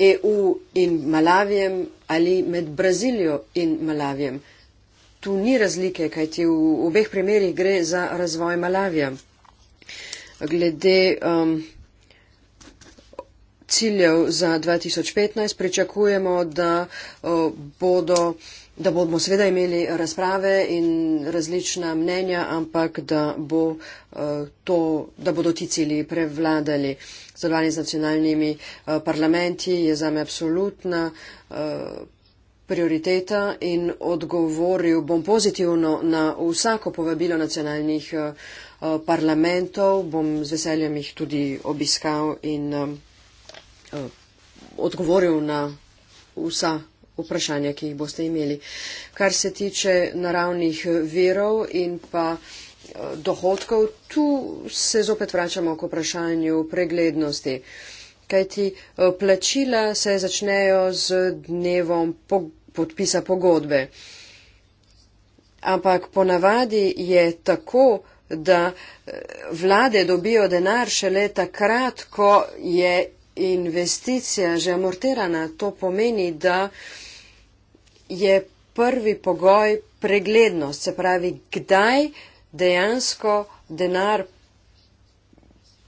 EU in Malavijem ali med Brazilijo in Malavijem. Tu ni razlike, kajti v obeh primerjih gre za razvoj Malavija. Glede um, ciljev za 2015 pričakujemo, da bodo da bomo seveda imeli razprave in različna mnenja, ampak da, bo, to, da bodo ti cilji prevladali. Sodelovanje z nacionalnimi parlamenti je za me absolutna prioriteta in odgovoril bom pozitivno na vsako povabilo nacionalnih parlamentov. Bom z veseljem jih tudi obiskal in Eh, odgovoril na vsa vprašanja, ki jih boste imeli. Kar se tiče naravnih eh, verov in pa eh, dohodkov, tu se zopet vračamo k vprašanju preglednosti. Kajti plačila se začnejo z dnevom podpisa pogodbe. Ampak ponavadi je tako, da vlade dobijo denar šele takrat, ko je investicija že amortirana, to pomeni, da je prvi pogoj preglednost, se pravi, kdaj dejansko denar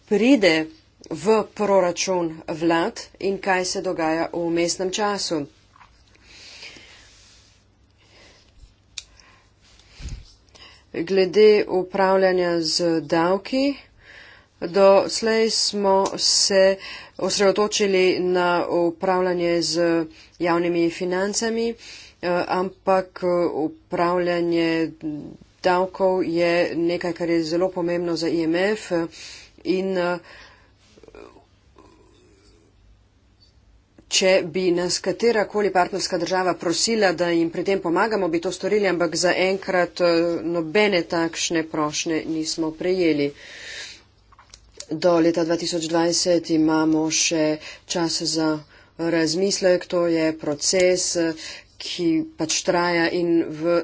pride v proračun vlad in kaj se dogaja v mestnem času. Glede upravljanja z davki, Do slej smo se osredotočili na upravljanje z javnimi financami, eh, ampak eh, upravljanje davkov je nekaj, kar je zelo pomembno za IMF eh, in če bi nas katerakoli partnerska država prosila, da jim pri tem pomagamo, bi to storili, ampak zaenkrat nobene takšne prošnje nismo prejeli do leta 2020 imamo še čas za razmislek, to je proces, ki pač traja in v,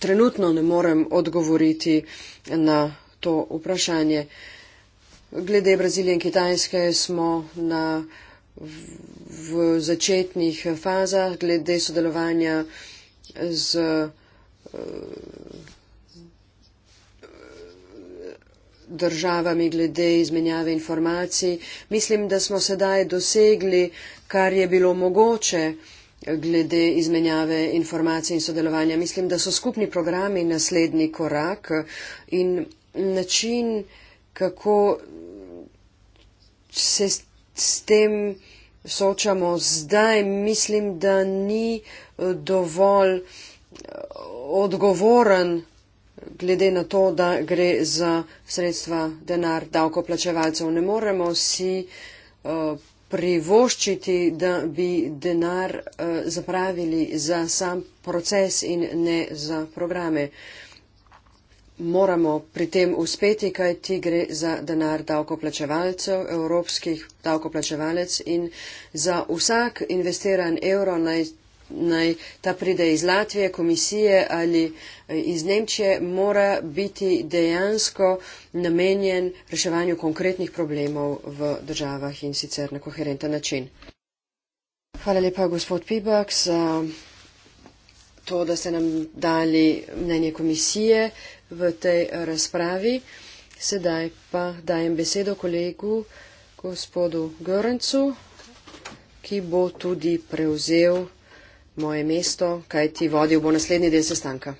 trenutno ne morem odgovoriti na to vprašanje. Glede Brazilije in Kitajske smo na, v, v začetnih fazah, glede sodelovanja z. državami glede izmenjave informacij. Mislim, da smo sedaj dosegli, kar je bilo mogoče glede izmenjave informacij in sodelovanja. Mislim, da so skupni programi naslednji korak in način, kako se s tem soočamo zdaj, mislim, da ni eh, dovolj eh, odgovoren glede na to, da gre za sredstva denar davkoplačevalcev. Ne moremo si eh, privoščiti, da bi denar eh, zapravili za sam proces in ne za programe. Moramo pri tem uspeti, kaj ti gre za denar davkoplačevalcev, evropskih davkoplačevalec in za vsak investiran evro naj naj ta pride iz Latvije, komisije ali eh, iz Nemčije, mora biti dejansko namenjen reševanju konkretnih problemov v državah in sicer na koherenten način. Hvala lepa, gospod Pibak, za to, da ste nam dali mnenje komisije v tej eh, razpravi. Sedaj pa dajem besedo kolegu gospodu Görncu, ki bo tudi prevzel moje mesto, kaj ti vodil bo naslednji del sestanka.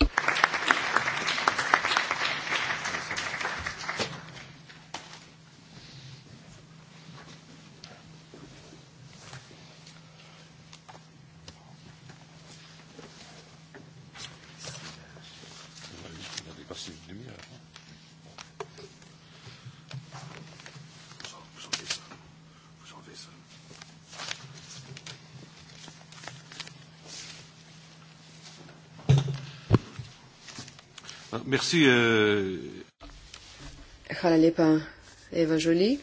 Thank you. Merci, euh... Hvala lepa, Eva Žoli.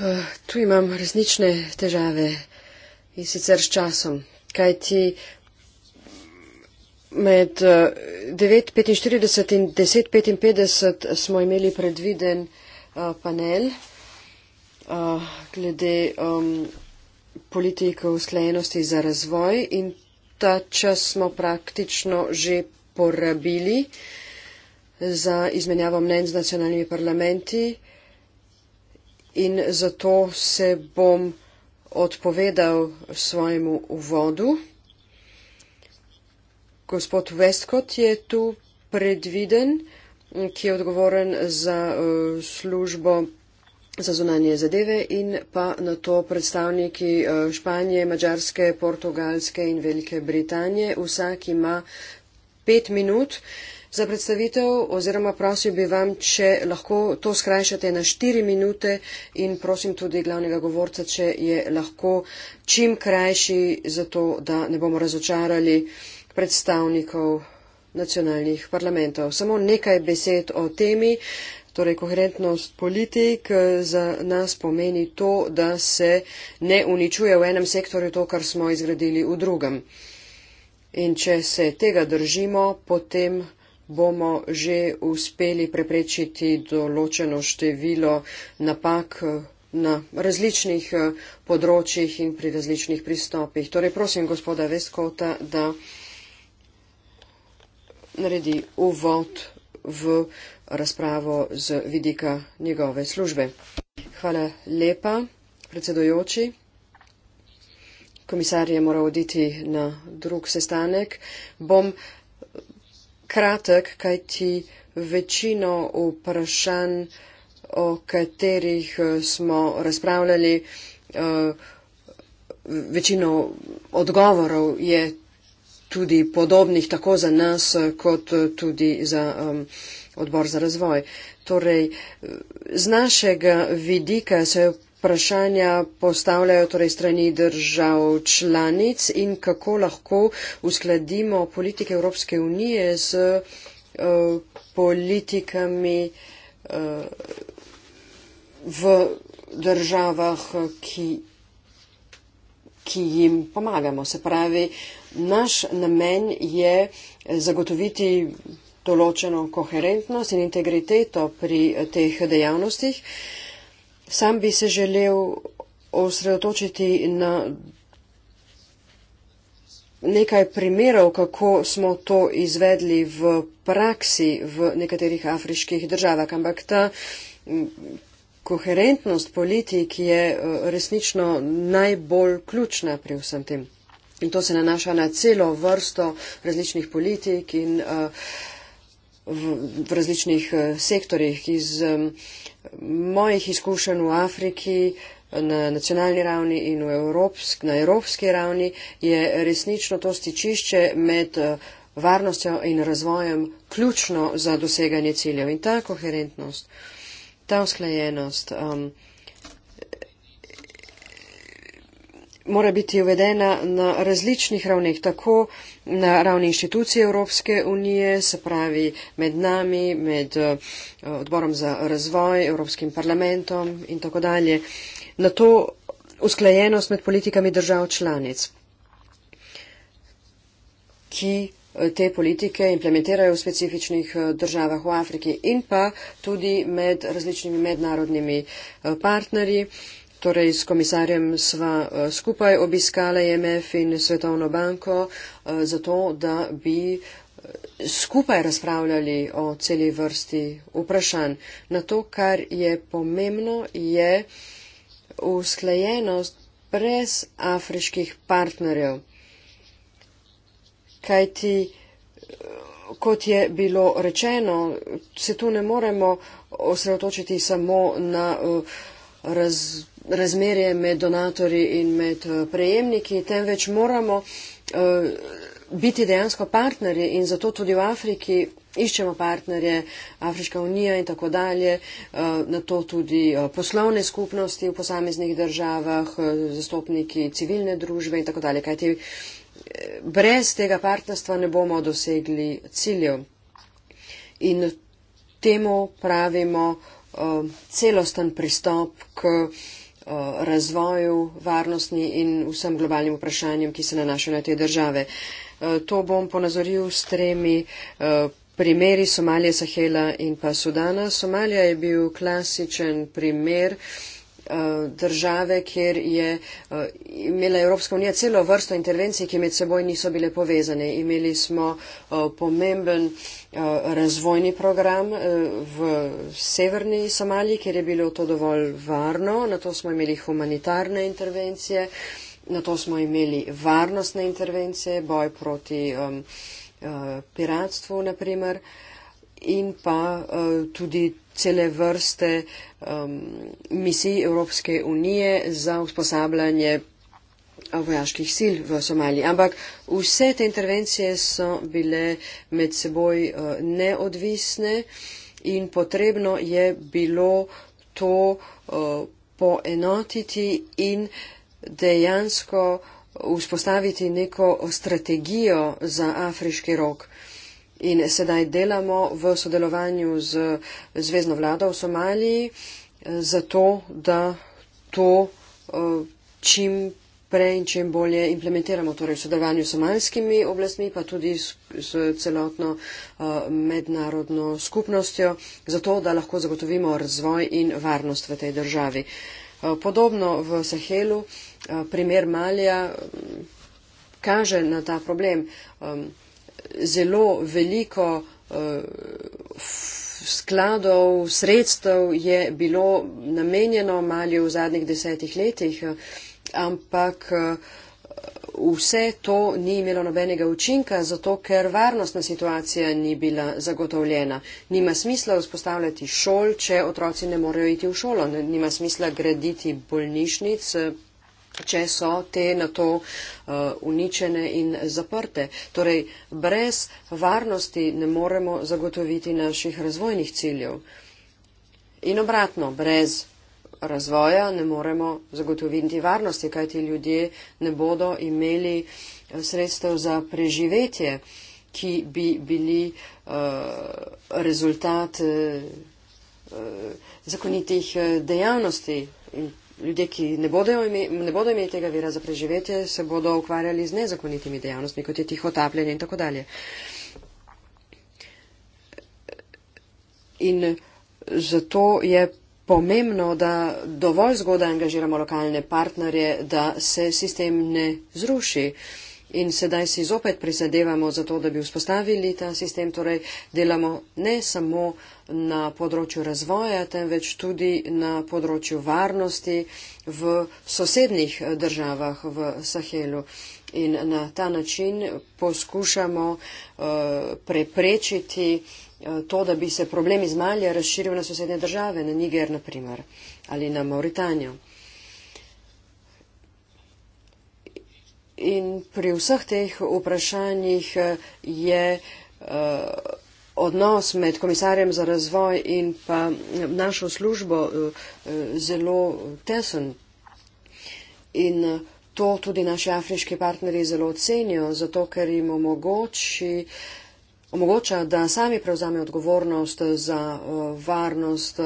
Uh, tu imam resnične težave in sicer s časom, kaj ti med uh, eh, 9.45 in 10.55 smo imeli predviden uh, panel uh, glede um, politike usklajenosti za razvoj in ta čas smo praktično že porabili za izmenjavo mnen z nacionalnimi parlamenti in zato se bom odpovedal svojemu uvodu. Gospod Westcott je tu predviden, ki je odgovoren za eh, službo za zunanje zadeve in pa na to predstavniki eh, Španije, Mačarske, Portugalske in Velike Britanije. Vsak ima pet minut za predstavitev oziroma prosil bi vam, če lahko to skrajšate na štiri minute in prosim tudi glavnega govorca, če je lahko čim krajši, zato da ne bomo razočarali predstavnikov nacionalnih parlamentov. Samo nekaj besed o temi. Torej, koherentnost politik eh, za nas pomeni to, da se ne uničuje v enem sektorju to, kar smo izgradili v drugem. In če se tega držimo, potem bomo že uspeli preprečiti določeno število napak eh, na različnih eh, področjih in pri različnih pristopih. Torej prosim gospoda Veskota, da naredi uvod v razpravo z vidika njegove službe. Hvala lepa, predsedojoči komisar je moral oditi na drug sestanek. Bom kratek, kaj ti večino vprašanj, o katerih eh, smo razpravljali, eh, večino odgovorov je tudi podobnih tako za nas, eh, kot tudi za um, odbor za razvoj. Torej, z našega vidika se vprašanja postavljajo torej strani držav članic in kako lahko uskladimo politike Evropske unije z uh, politikami uh, v državah, ki, ki jim pomagamo. Se pravi, naš namen je zagotoviti določeno koherentnost in integriteto pri teh dejavnostih. Uh, Sam bi se želel osredotočiti na nekaj primerov, kako smo to izvedli v praksi v nekaterih afriških državah, ampak ta koherentnost politik je e, resnično najbolj ključna pri vsem tem. In to se nanaša na celo vrsto različnih politik in e, v različnih e, sektorjih iz mojih izkušenj v Afriki na nacionalni ravni in v evropsk, na evropski ravni je resnično to stičišče med varnostjo in razvojem ključno za doseganje ciljev. In ta koherentnost, ta usklajenost um, mora biti uvedena na različnih ravneh, tako na ravni inštitucije Evropske unije, se pravi med nami, med eh, odborom za razvoj, Evropskim parlamentom in tako dalje, na to usklajenost med politikami držav članic, ki eh, te politike implementirajo v specifičnih eh, državah v Afriki in pa tudi med različnimi mednarodnimi partnerji. Torej, s komisarjem sva eh, skupaj obiskala IMF in Svetovno banko, eh, zato da bi eh, skupaj razpravljali o celi vrsti vprašanj. Na to, kar je pomembno, je usklajenost brez afriških partnerjev. Kajti, kot je bilo rečeno, se tu ne moremo osredotočiti samo na razpravljanje razmerje med donatorji in med eh, prejemniki, temveč moramo eh, biti dejansko partnerje in zato tudi v Afriki iščemo partnerje, Afriška unija in tako dalje, eh, na to tudi poslovne skupnosti v posameznih državah, zastopniki civilne družbe in tako dalje, kajti brez tega partnerstva ne bomo dosegli ciljev. In temu pravimo celosten pristop k razvoju, varnostni in vsem globalnim vprašanjem, ki se nanašajo na te države. E, to bom ponazoril s tremi e, primeri Somalije, Sahela in pa Sudana. Somalija je bil klasičen primer Eh, države, kjer je eh, imela Evropska unija celo vrsto intervencij, ki med seboj niso bile povezane. Imeli smo eh, pomemben razvojni program v severni Somaliji, kjer je bilo to dovolj varno, na to smo imeli humanitarne intervencije, na to smo imeli varnostne intervencije, boj proti piratstvu, naprimer, in pa tudi cele vrste um, misij Evropske unije za usposabljanje vojaških sil v Somaliji. Ampak vse te intervencije so bile med seboj uh, neodvisne in potrebno je bilo to uh, poenotiti in dejansko vzpostaviti neko strategijo za afriški rok. Uh, in sedaj delamo v sodelovanju z zvezdno vlado v Somaliji, zato da to eh, čim prej in čim bolje implementiramo, torej v sodelovanju s somalskimi oblastmi, pa tudi s, s celotno uh, mednarodno skupnostjo, zato da lahko zagotovimo razvoj in varnost v tej državi. Uh, podobno v Sahelu, uh, primer Malja um, mm, kaže na ta problem. Um, zelo veliko uh, skladov, sredstev je bilo namenjeno Maliju v zadnjih desetih letih, ampak uh, vse to ni imelo nobenega učinka, zato ker varnostna situacija ni bila zagotovljena. Nima smisla vzpostavljati šol, če otroci ne morejo iti v šolo, nima smisla graditi bolnišnic, če so te na to uh, uničene in zaprte. Torej, brez varnosti ne moremo zagotoviti naših razvojnih ciljev. In obratno, brez razvoja ne moremo zagotoviti varnosti, kajti ljudje ne bodo imeli eh, sredstev za preživetje, ki bi bili uh, rezultat uh, zakonitih dejavnosti. In ljudje, ki ne bodo, imeli, ne bodo imeli tega vira za preživetje, se bodo ukvarjali z nezakonitimi dejavnostmi, kot je tiho tapljenje in tako dalje. In zato je pomembno, da dovolj zgodaj angažiramo lokalne partnerje, da se sistem ne zruši. In sedaj si zopet prizadevamo za to, da bi vzpostavili ta sistem, torej delamo ne samo uh, na področju razvoja, temveč tudi na področju varnosti v sosednjih državah v Sahelu. In na ta način poskušamo uh, preprečiti eh, to, da bi se problem iz Malja razširil na sosednje države, na Niger naprimer ali na Mauritanijo. In pri vseh teh vprašanjih eh, je uh, odnos med komisarjem za razvoj in pa našo službo eh, eh, zelo tesen. In eh, to tudi naši afriški partnerji zelo ocenijo, zato ker jim omogoči, omogoča, da sami prevzame odgovornost za varnost,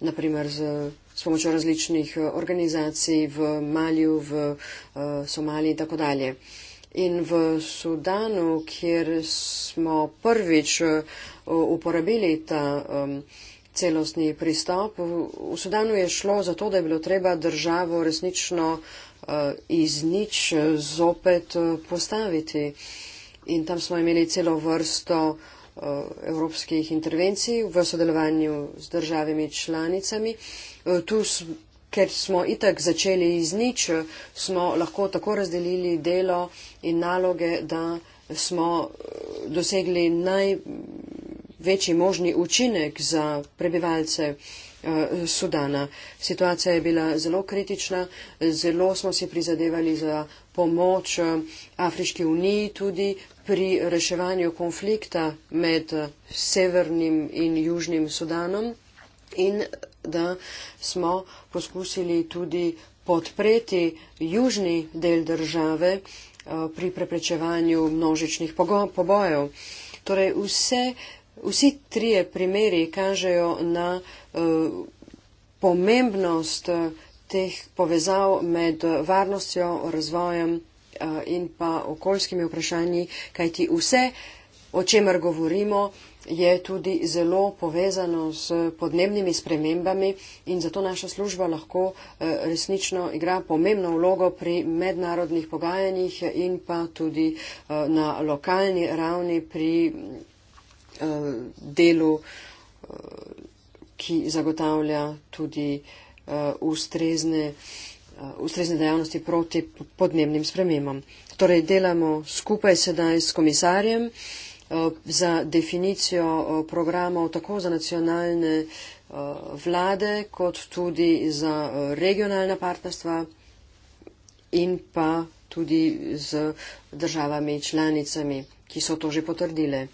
naprimer z, s pomočjo različnih organizacij v Malju, v Somaliji in tako dalje. In v Sudanu, kjer smo prvič eh, uporabili ta um, celostni pristop, v Sudanu je šlo za to, da je bilo treba državo resnično uh, iz nič zopet eh, postaviti. In tam smo imeli celo vrsto evropskih intervencij v sodelovanju z državami članicami. Tu ker smo itak začeli iz nič, smo lahko tako razdelili delo in naloge, da smo eh, dosegli največji možni učinek za prebivalce. Eh, Sudana. Situacija je bila zelo kritična, zelo smo si prizadevali za pomoč eh, Afriški uniji tudi pri reševanju konflikta med severnim in južnim Sudanom in da smo poskusili tudi podpreti južni del države eh, pri preprečevanju množičnih pobojev. Torej vse, vsi trije primeri kažejo na eh, pomembnost eh, teh povezav med varnostjo, razvojem in pa okoljskimi vprašanji, kajti vse o čemer govorimo, je tudi zelo povezano s podnebnimi spremembami in zato naša služba lahko eh, resnično igra pomembno vlogo pri mednarodnih pogajanjih in pa tudi eh, na lokalni ravni pri eh, delu, ki zagotavlja tudi ustrezne ustrezne dejavnosti proti podnebnim spremembam. Torej, delamo skupaj sedaj s komisarjem. Eh, za definicijo eh, programov tako za nacionalne eh, vlade, kot tudi za regionalna partnerstva in pa tudi z državami članicami, ki so to že potrdile.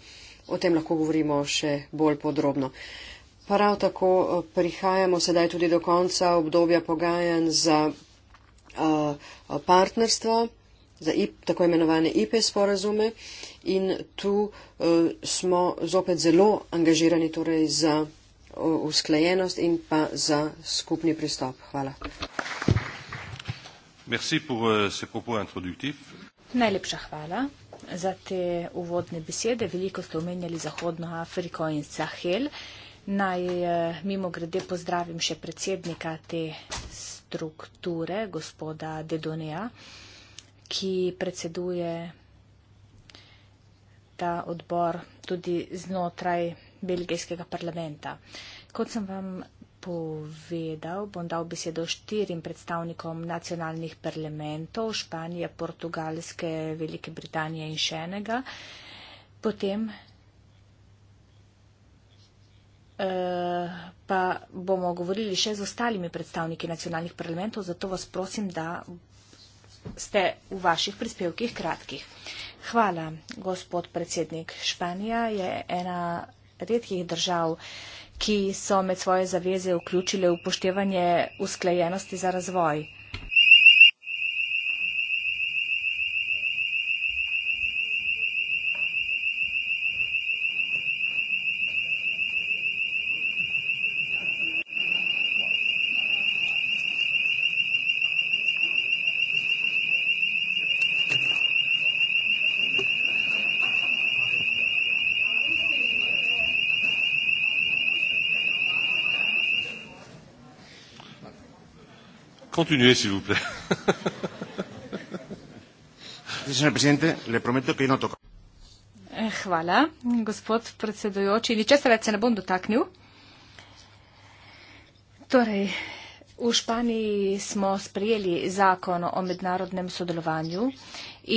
O tem lahko govorimo še bolj podrobno. Prav tako prihajamo sedaj tudi do konca obdobja pogajanj za partnerstvo za tako imenovane IP sporazume in tu eh, smo zopet zelo angažirani torej za eh, usklajenost in pa za skupni pristop. Hvala. Eh, Najlepša hvala za te uvodne besede. Veliko ste omenjali Zahodno Afriko in Sahel. Naj mimo grede pozdravim še predsednika te strukture, gospoda Dedoneja ki predseduje ta odbor tudi znotraj belgijskega parlamenta. Kot sem vam povedal, bom dal besedo štirim predstavnikom nacionalnih parlamentov Španije, Portugalske, Velike Britanije in še enega. Potem eh, pa bomo govorili še z ostalimi predstavniki nacionalnih parlamentov, zato vas prosim, da ste v vaših prispevkih kratkih. Hvala, gospod predsednik. Španija je ena redkih držav, ki so med svoje zaveze vključile upoštevanje usklajenosti za razvoj. Continuez, s'il vous plaît. Monsieur le Président, le prometto que je ne no toque. Eh, hvala, gospod predsedujoči. Ničesar več se ne bom dotaknil. Torej, v Španiji smo sprejeli zakon o mednarodnem sodelovanju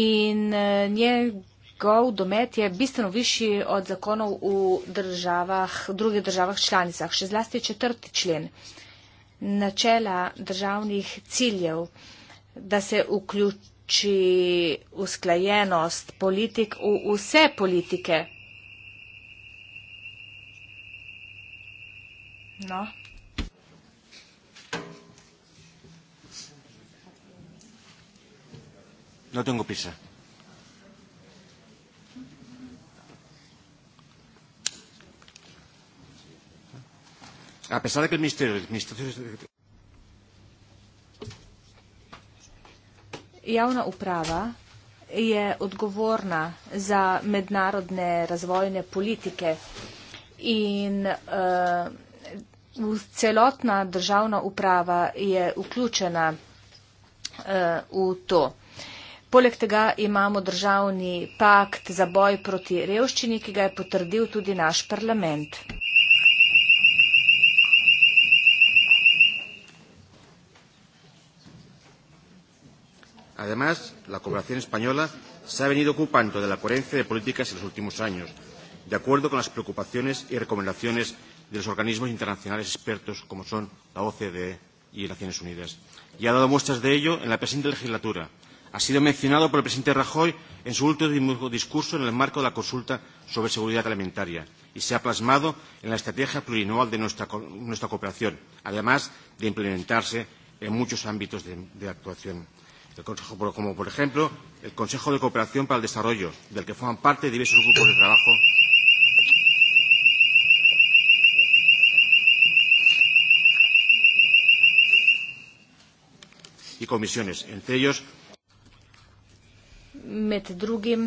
in eh, njegov domet je bistveno višji od zakonov v državah, drugih državah članicah, še zlasti četrti člen. Uh, načela državnih ciljev, da se vključi usklajenost politik v vse politike. No. No tengo prisa. a pesar de que el Ministerio de Administración... Javna uprava je odgovorna za mednarodne razvojne politike in uh, celotna državna uprava je vključena uh, v to. Poleg tega imamo državni pakt za boj proti revščini, ki ga je potrdil tudi naš parlament. Además, la cooperación española se ha venido ocupando de la coherencia de políticas en los últimos años, de acuerdo con las preocupaciones y recomendaciones de los organismos internacionales expertos, como son la OCDE y Naciones Unidas. Y ha dado muestras de ello en la presente legislatura. Ha sido mencionado por el presidente Rajoy en su último discurso en el marco de la consulta sobre seguridad alimentaria y se ha plasmado en la estrategia plurianual de nuestra, nuestra cooperación, además de implementarse en muchos ámbitos de, de actuación el Consejo, como por ejemplo el Consejo de Cooperación para el Desarrollo, del que forman parte diversos grupos de trabajo. y comisiones, entre ellos med drugim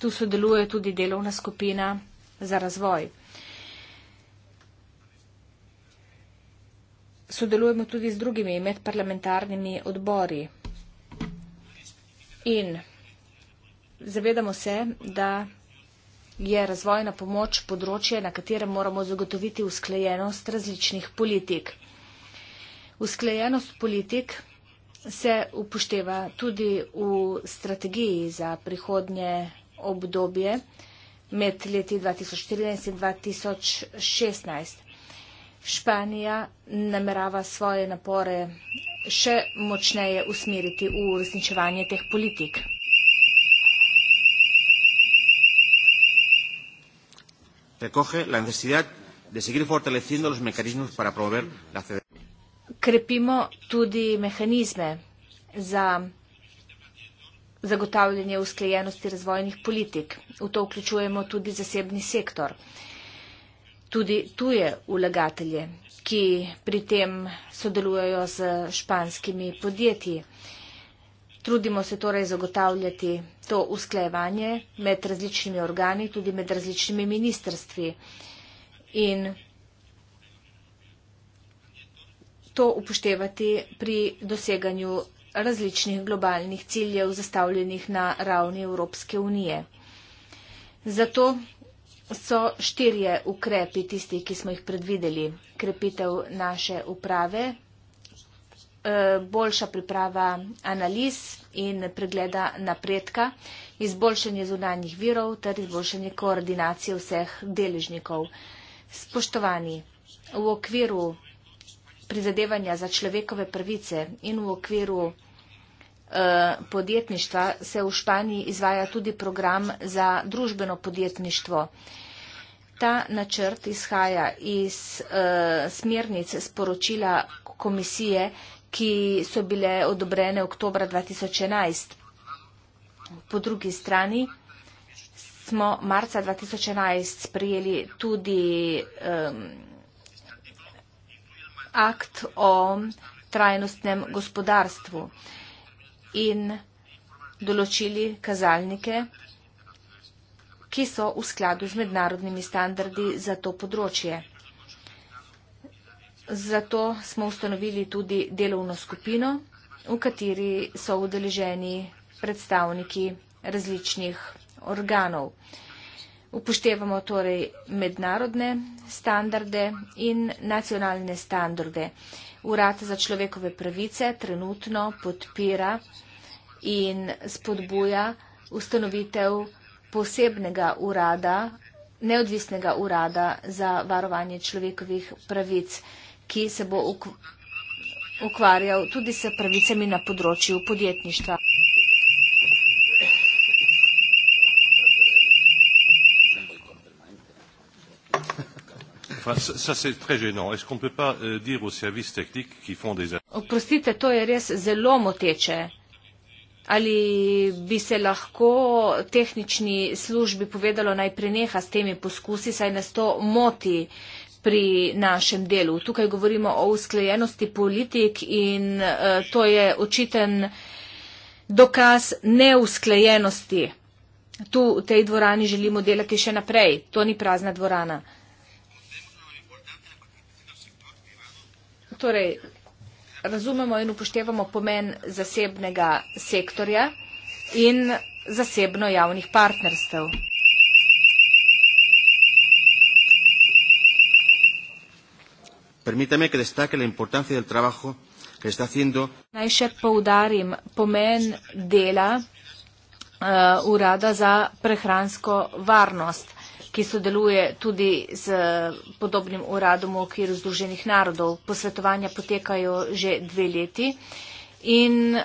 tu sodeluje tudi delovna skupina za razvoj sodelujemo tudi z drugimi medparlamentarnimi odbori. In zavedamo se, da je razvojna pomoč področje, na katerem moramo zagotoviti usklajenost različnih politik. Usklajenost politik se upošteva tudi v strategiji za prihodnje obdobje med leti 2014 in 2016. Španija namerava svoje napore še močneje usmeriti v uresničevanje teh politik. Krepimo tudi mehanizme za zagotavljanje usklejenosti razvojnih politik. V to vključujemo tudi zasebni sektor tudi tuje ulagatelje, ki pri tem sodelujejo z španskimi podjetji. Trudimo se torej zagotavljati to usklajevanje med različnimi organi, tudi med različnimi ministrstvi. In to upoštevati pri doseganju različnih globalnih ciljev zastavljenih na ravni Evropske unije. Zato so štirje ukrepi tisti, ki smo jih predvideli. Krepitev naše uprave, eh, boljša priprava analiz in pregleda napredka, izboljšanje zunanjih virov ter izboljšanje koordinacije vseh deležnikov. Spoštovani, v okviru prizadevanja za človekove prvice in v okviru eh, podjetništva se v Španiji izvaja tudi program za družbeno podjetništvo ta načrt izhaja iz uh, smernic sporočila komisije, ki so bile odobrene oktobra 2011. Po drugi strani smo marca 2011 sprijeli tudi um, akt o trajnostnem gospodarstvu in določili kazalnike, ki so v skladu z mednarodnimi standardi za to področje. Zato smo ustanovili tudi delovno skupino, v kateri so udeleženi predstavniki različnih organov. Upoštevamo torej mednarodne standarde in nacionalne standarde. Urad za človekove pravice trenutno podpira in spodbuja ustanovitev posebnega urada, neodvisnega urada za varovanje človekovih pravic, ki se bo ukvarjal tudi s pravicami na področju podjetništva. Euh, Oprostite, to je res zelo moteče. Ali bi se lahko tehnični službi povedalo naj preneha s temi poskusi, saj nas to moti pri našem delu. Tukaj govorimo o usklejenosti politik in eh, to je očiten dokaz neusklejenosti. Tu v tej dvorani želimo delati še naprej. To ni prazna dvorana. Torej, razumemo in upoštevamo pomen zasebnega sektorja in zasebno javnih partnerstev. Permítame que destaque la importancia del trabajo que está haciendo. Naj še poudarim pomen dela uh, Urada za prehransko varnost. Uh, ki sodeluje tudi z podobnim uradom v okviru Združenih narodov. Posvetovanja potekajo že dve leti in uh,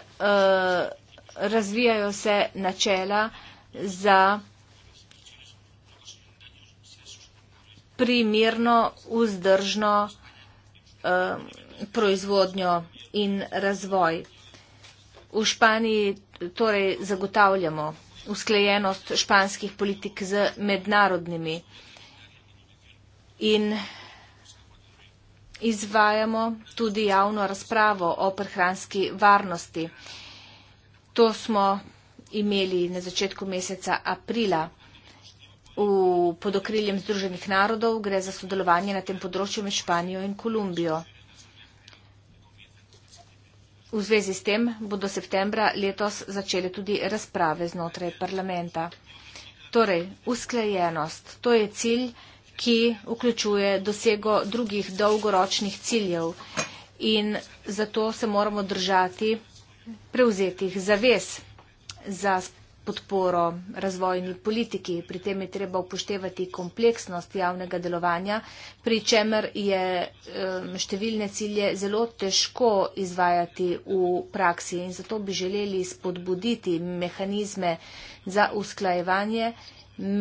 razvijajo se načela za primirno, vzdržno uh, proizvodnjo in razvoj. V Španiji torej zagotavljamo usklajenost španskih politik z mednarodnimi. In izvajamo tudi javno razpravo o prehranski varnosti. To smo imeli na začetku meseca aprila v pod okriljem Združenih narodov. Gre za sodelovanje na tem področju med Španijo in Kolumbijo. V zvezi s tem bodo septembra letos začele tudi razprave znotraj parlamenta. Torej, usklajenost, to je cilj, ki vključuje dosego drugih dolgoročnih ciljev in zato se moramo držati prevzetih zaves za podporo razvojni politiki. Pri tem je treba upoštevati kompleksnost javnega delovanja, pri čemer je številne cilje zelo težko izvajati v praksi in zato bi želeli spodbuditi mehanizme za usklajevanje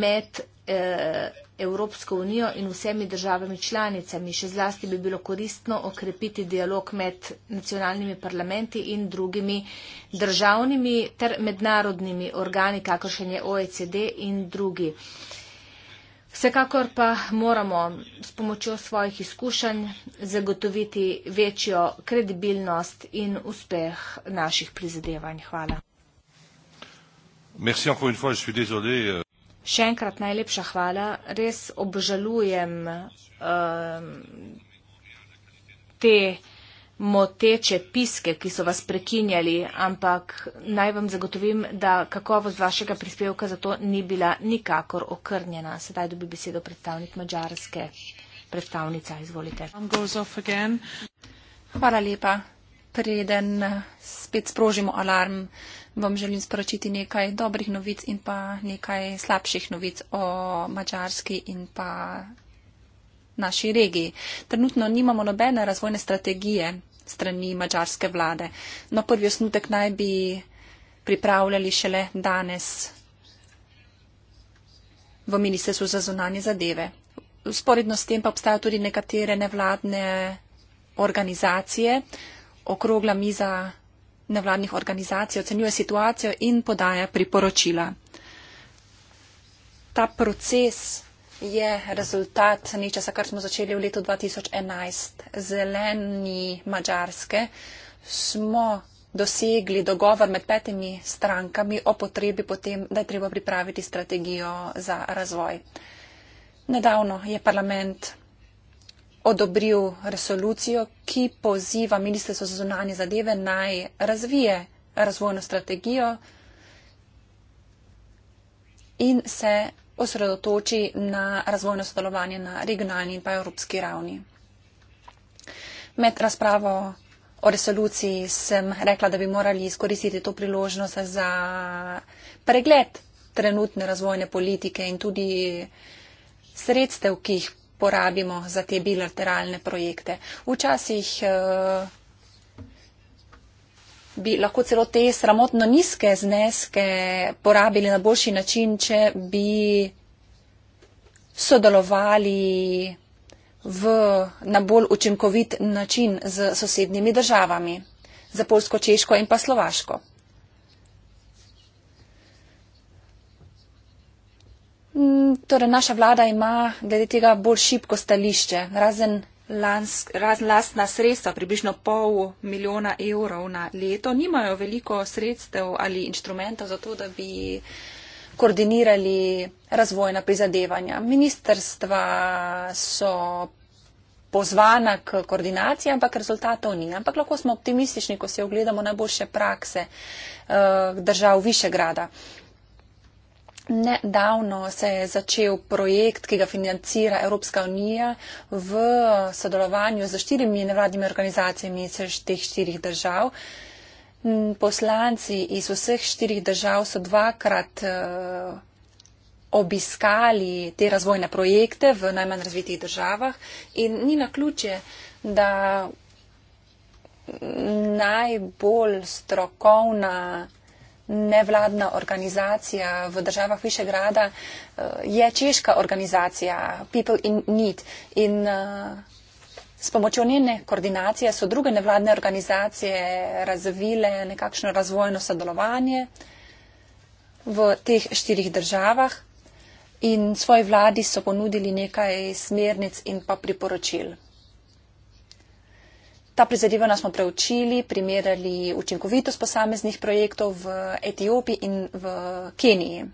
med Eh, Evropsko unijo in vsemi državami članicami. Še zlasti bi bilo koristno okrepiti dialog med nacionalnimi parlamenti in drugimi državnimi ter mednarodnimi organi, kakršen je OECD in drugi. Vsekakor pa moramo s pomočjo svojih izkušenj zagotoviti večjo kredibilnost in uspeh naših prizadevanj. Hvala. Merci encore une fois, je suis désolé. Euh, Še enkrat najlepša hvala. Res obžalujem um, te moteče piske, ki so vas prekinjali, ampak naj vam zagotovim, da kakovost vašega prispevka za to ni bila nikakor okrnjena. Sedaj dobi besedo predstavnik mađarske. Predstavnica, izvolite. Hvala lepa. Preden spet sprožimo alarm, vam želim sporočiti nekaj dobrih novic in pa nekaj slabših novic o Mačarski in pa naši regiji. Trenutno nimamo nobene razvojne strategije strani mačarske vlade. No, prvi osnutek naj bi pripravljali šele danes v Ministrstvu za zunanje zadeve. Sporedno s tem pa obstajajo tudi nekatere nevladne organizacije, okrogla miza nevladnih organizacij ocenjuje situacijo in podaja priporočila. Ta proces je rezultat nečesa, kar smo začeli v letu 2011. Zeleni Mačarske smo dosegli dogovor med petimi strankami o potrebi potem, da je treba pripraviti strategijo za razvoj. Nedavno je parlament odobril resolucijo, ki poziva Ministrstvo za zunanje zadeve naj razvije razvojno strategijo in se osredotoči na razvojno sodelovanje na regionalni in pa evropski ravni. Med razpravo o resoluciji sem rekla, da bi morali izkoristiti to priložnost za pregled trenutne razvojne politike in tudi sredstev, ki jih porabimo za te bilateralne projekte. Včasih eh, bi lahko celo te sramotno nizke zneske porabili na boljši način, če bi sodelovali v, na bolj učinkovit način z sosednjimi državami, za Polsko, Češko in pa Slovaško. Mm, torej, naša vlada ima glede tega bolj šipko stališče, razen, lans, razen lastna sredstva, približno pol milijona evrov na leto. Nimajo veliko sredstev ali inštrumentov za to, da bi koordinirali razvojna prizadevanja. Ministrstva so pozvana k koordinaciji, ampak rezultatov ni. Ampak lahko smo optimistični, ko se ogledamo najboljše prakse uh, držav Višegrada. Uh, Nedavno se je začel projekt, ki ga financira Evropska unija v sodelovanju z štirimi nevladnimi organizacijami iz teh štirih držav. Mm, poslanci iz vseh štirih držav so dvakrat eh, obiskali te razvojne projekte v najmanj razvitih državah in ni na ključje, da mm, najbolj strokovna nevladna organizacija v državah Višegrada eh, je češka organizacija People in Need. In eh, s pomočjo njene koordinacije so druge nevladne organizacije razvile nekakšno razvojno sodelovanje v teh štirih državah in svoji vladi so ponudili nekaj smernic in pa priporočil. Ta prizadevanja smo preučili, primerjali učinkovitost posameznih projektov v Etiopiji in v Keniji.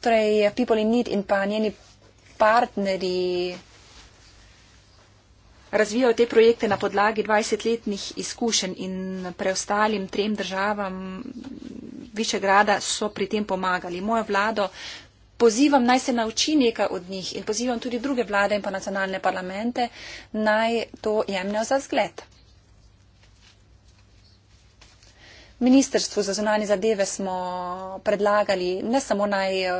Torej, People in Need in pa njeni partneri razvijajo te projekte na podlagi 20-letnih izkušenj in preostalim trem državam Višegrada so pri tem pomagali. Mojo vlado pozivam naj se nauči nekaj od njih in pozivam tudi druge vlade in pa nacionalne parlamente naj to jemljajo za zgled. Ministrstvu za zunanje zadeve smo predlagali ne samo naj eh,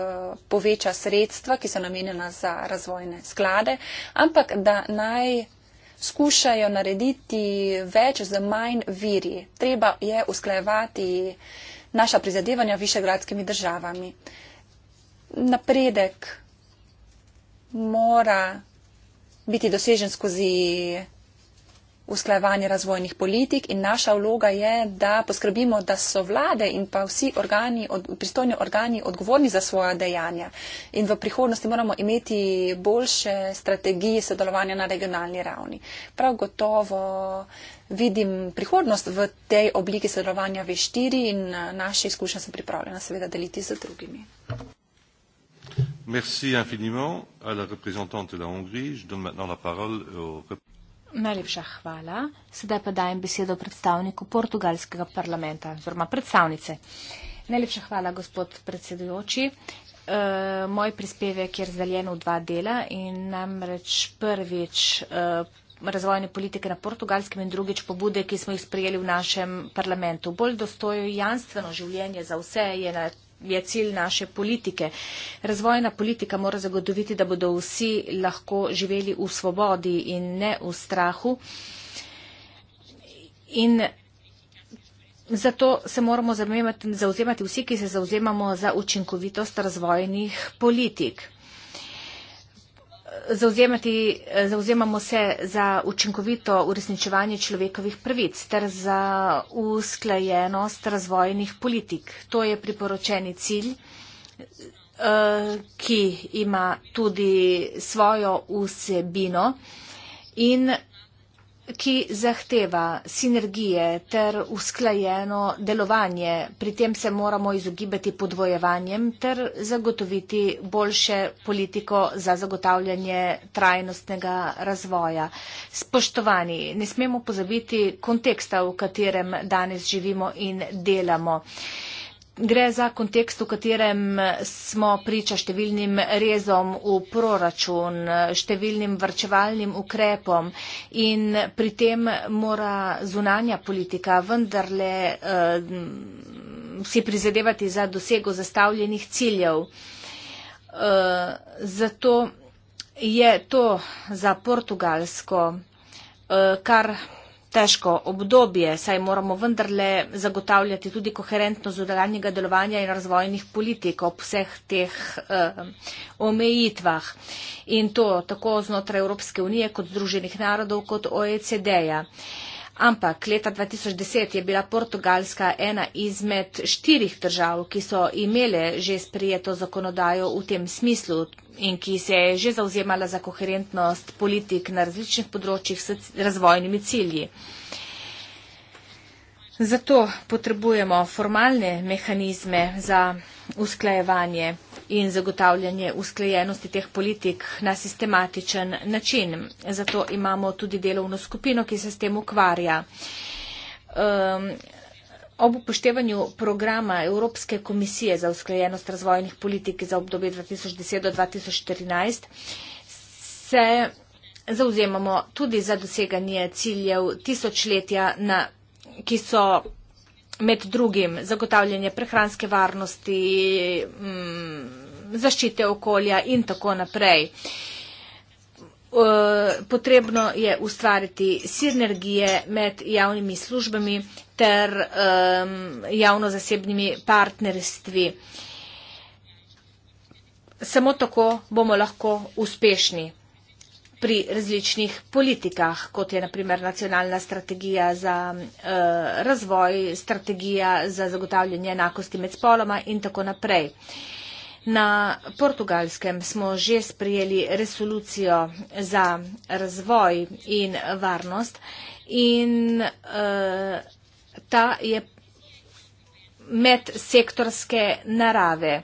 poveča sredstva, ki so namenjena za razvojne sklade, ampak da naj skušajo narediti več z manj viri. Treba je usklajevati naša prizadevanja višegradskimi državami napredek mora biti dosežen skozi usklajevanje razvojnih politik in naša vloga je, da poskrbimo, da so vlade in pa vsi organi, pristojni organi odgovorni za svoja dejanja. In v prihodnosti moramo imeti boljše strategije sodelovanja na regionalni ravni. Prav gotovo vidim prihodnost v tej obliki sodelovanja V4 in naše izkušnje sem pripravljena seveda deliti z drugimi merci infiniment à la représentante de la Hongrie. Je donne maintenant la parole au Najlepša hvala. Sedaj pa dajem besedo predstavniku portugalskega parlamenta oziroma predstavnice. Najlepša hvala, gospod predsedujoči. E, moj prispevek je razdeljen v dva dela in namreč prvič e, razvojne politike na portugalskem in drugič pobude, ki smo jih sprejeli v našem parlamentu. Bolj dostojanstveno življenje za vse je na je cilj naše politike. Razvojna politika mora zagotoviti, da bodo vsi lahko živeli v svobodi in ne v strahu. In zato se moramo zauzemati vsi, ki se zauzemamo za učinkovitost razvojnih politik zauzemati, zauzemamo se za učinkovito uresničevanje človekovih pravic ter za usklajenost razvojnih politik. To je priporočeni cilj, eh, ki ima tudi svojo vsebino in ki zahteva sinergije ter usklajeno delovanje. Pri tem se moramo izogibati podvojevanjem ter zagotoviti boljše politiko za zagotavljanje trajnostnega razvoja. Spoštovani, ne smemo pozabiti konteksta, v katerem danes živimo in delamo gre za kontekst, v katerem smo priča številnim rezom v proračun, številnim vrčevalnim ukrepom in pri tem mora zunanja politika vendarle uh, si prizadevati za dosego zastavljenih ciljev. Uh, zato je to za Portugalsko uh, kar težko obdobje, saj moramo vendarle zagotavljati tudi koherentno zodaljnjega delovanja in razvojnih politik ob vseh teh uh, omejitvah. In to tako znotraj Evropske unije, kot Združenih narodov, kot OECD-ja. Uh, Ampak leta 2010 je bila Portugalska ena izmed štirih držav, ki so imele že sprijeto zakonodajo v tem smislu in ki se je že zauzemala za koherentnost politik na različnih področjih s razvojnimi cilji. Zato potrebujemo formalne mehanizme za usklajevanje in zagotavljanje usklajenosti teh politik na sistematičen način. Zato imamo tudi delovno skupino, ki se s tem ukvarja. Um, ob upoštevanju programa Evropske komisije za usklajenost razvojnih politik za obdobje 2010-2014 se zauzemamo tudi za doseganje ciljev tisočletja na ki so med drugim zagotavljanje prehranske varnosti, mm, zaščite okolja in tako naprej. Potrebno je ustvariti sinergije med javnimi službami ter javno-zasebnimi partnerstvi. Samo tako bomo lahko uspešni pri različnih politikah, kot je naprimer nacionalna strategija za uh, razvoj, strategija za zagotavljanje enakosti med spoloma in tako naprej. Na portugalskem smo že sprijeli resolucijo za razvoj in varnost in uh, ta je medsektorske narave.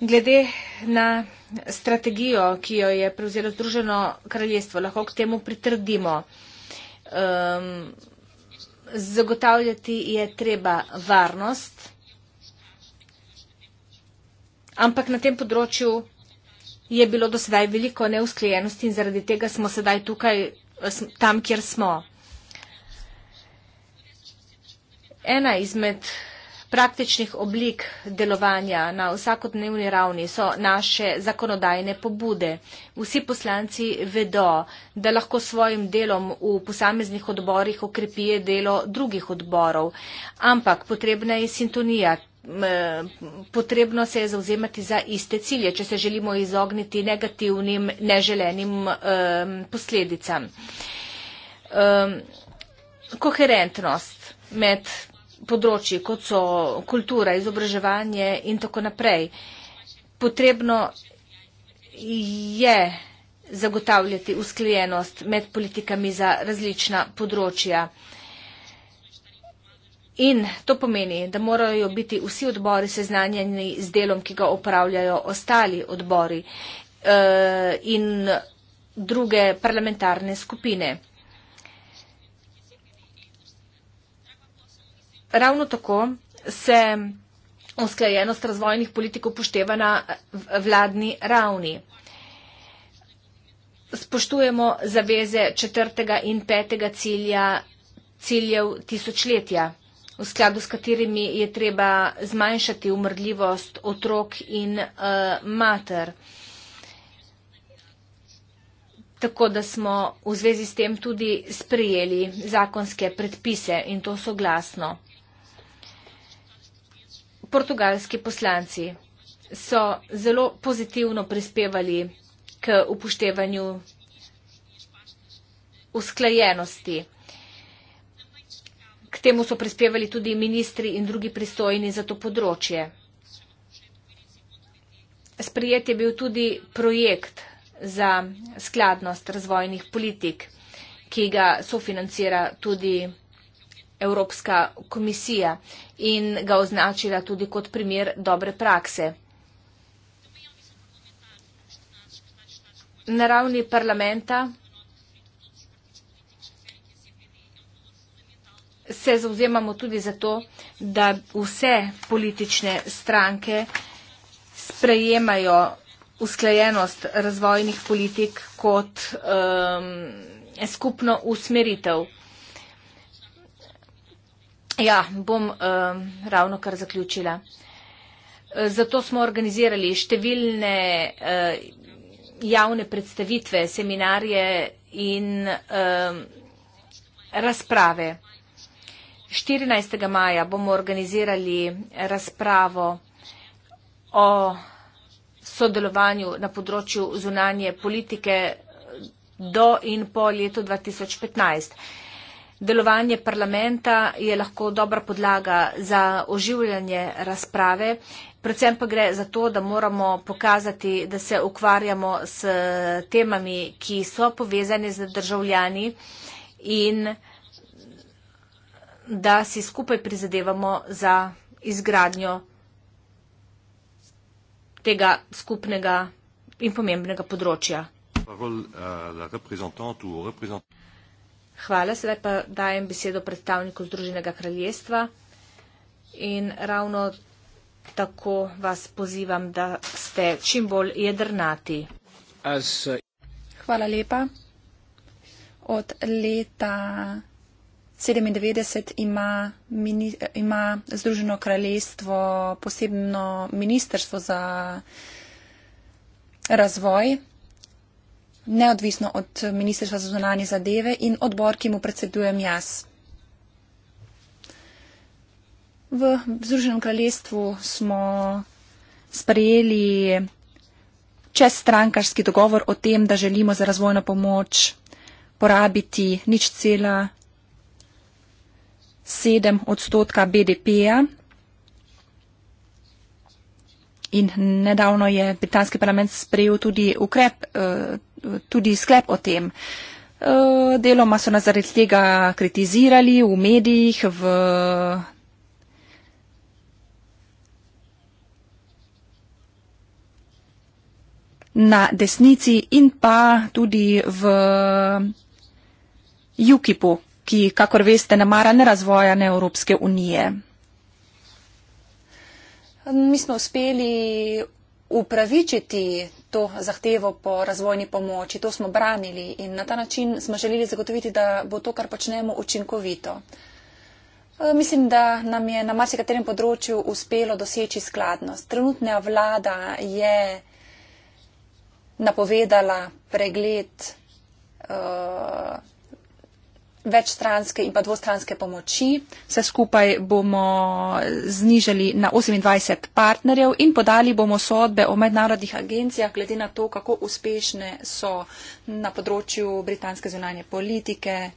Glede na strategijo, ki jo je prevzelo Združeno kraljestvo, lahko k temu pritrdimo. Um, zagotavljati je treba varnost, ampak na tem področju je bilo do sedaj veliko neusklejenosti in zaradi tega smo sedaj tukaj, tam, kjer smo. Ena izmed praktičnih oblik delovanja na vsakodnevni ravni so naše zakonodajne pobude. Vsi poslanci vedo, da lahko svojim delom v posameznih odborih okrepije delo drugih odborov, ampak potrebna je sintonija. Potrebno se je zauzemati za iste cilje, če se želimo izogniti negativnim, neželenim um, posledicam. Um, koherentnost med področji, kot so kultura, izobraževanje in tako naprej. Potrebno je zagotavljati usklajenost med politikami za različna področja. In to pomeni, da morajo biti vsi odbori seznanjeni z delom, ki ga upravljajo ostali odbori eh, in druge parlamentarne skupine. Ravno tako se usklajenost razvojnih politik upošteva na vladni ravni. Spoštujemo zaveze četrtega in petega cilja, ciljev tisočletja, v skladu s katerimi je treba zmanjšati umrljivost otrok in uh, mater. Tako da smo v zvezi s tem tudi sprijeli zakonske predpise in to soglasno portugalski poslanci so zelo pozitivno prispevali k upoštevanju usklajenosti. K temu so prispevali tudi ministri in drugi pristojni za to področje. Sprijet je bil tudi projekt za skladnost razvojnih politik, ki ga sofinancira tudi Evropska komisija in ga označila tudi kot primer dobre prakse. Na ravni parlamenta se zauzemamo tudi za to, da vse politične stranke sprejemajo usklajenost razvojnih politik kot um, skupno usmeritev. Ja, bom um, ravno kar zaključila. Eh, zato smo organizirali številne uh, javne predstavitve, seminarje in um, razprave. 14. maja bomo organizirali razpravo o sodelovanju na področju zunanje politike do in po letu 2015. Delovanje parlamenta je lahko dobra podlaga za oživljanje razprave, predvsem pa gre za to, da moramo pokazati, da se ukvarjamo s temami, ki so povezane z državljani in da si skupaj prizadevamo za izgradnjo tega skupnega in pomembnega področja. Hvala, sedaj pa dajem besedo predstavniku Združenega kraljestva in ravno tako vas pozivam, da ste čim bolj jedrnati. As, uh... Hvala lepa. Od leta 1997 ima, ima Združeno kraljestvo posebno ministrstvo za razvoj neodvisno od Ministrstva za zunanje zadeve in odbor, ki mu predsedujem jaz. V Združenem kraljestvu smo sprejeli čez strankarski dogovor o tem, da želimo za razvojno pomoč porabiti nič cela 7 odstotka BDP-ja. In nedavno je britanski parlament sprejel tudi ukrep eh, tudi sklep o tem. Eh, deloma so nas zaradi tega kritizirali v medijih, v na desnici in pa tudi v UKIP-u, ki, kakor veste, namara ne razvoja ne Evropske unije. Mi smo uspeli upravičiti to zahtevo po razvojni pomoči. To smo branili in na ta način smo želeli zagotoviti, da bo to, kar počnemo, učinkovito. E, mislim, da nam je na marsikaterem področju uspelo doseči skladnost. Trenutna vlada je napovedala pregled. Uh, večstranske in pa dvostranske pomoči. Vse skupaj bomo znižali na 28 partnerjev in podali bomo sodbe o mednarodnih agencijah glede na to, kako uspešne so na področju britanske zunanje politike,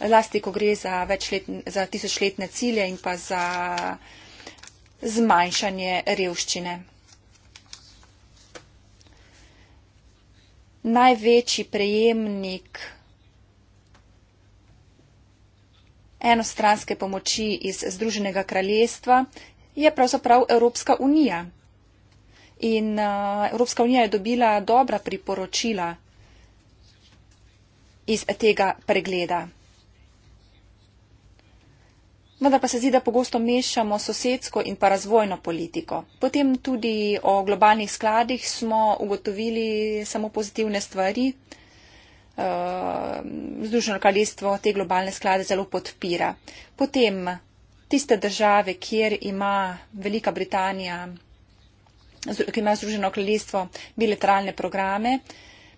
lasti, ko gre za, let, za tisočletne cilje in pa za zmanjšanje revščine. Največji prejemnik enostranske pomoči iz Združenega kraljestva je pravzaprav Evropska unija. In uh, Evropska unija je dobila dobra priporočila iz tega pregleda. Vendar pa se zdi, da pogosto mešamo sosedsko in pa razvojno politiko. Potem tudi o globalnih skladih smo ugotovili samo pozitivne stvari, uh, Združeno kraljestvo te globalne sklade zelo podpira. Potem tiste države, kjer ima Velika Britanija, ki ima Združeno kraljestvo bilateralne programe,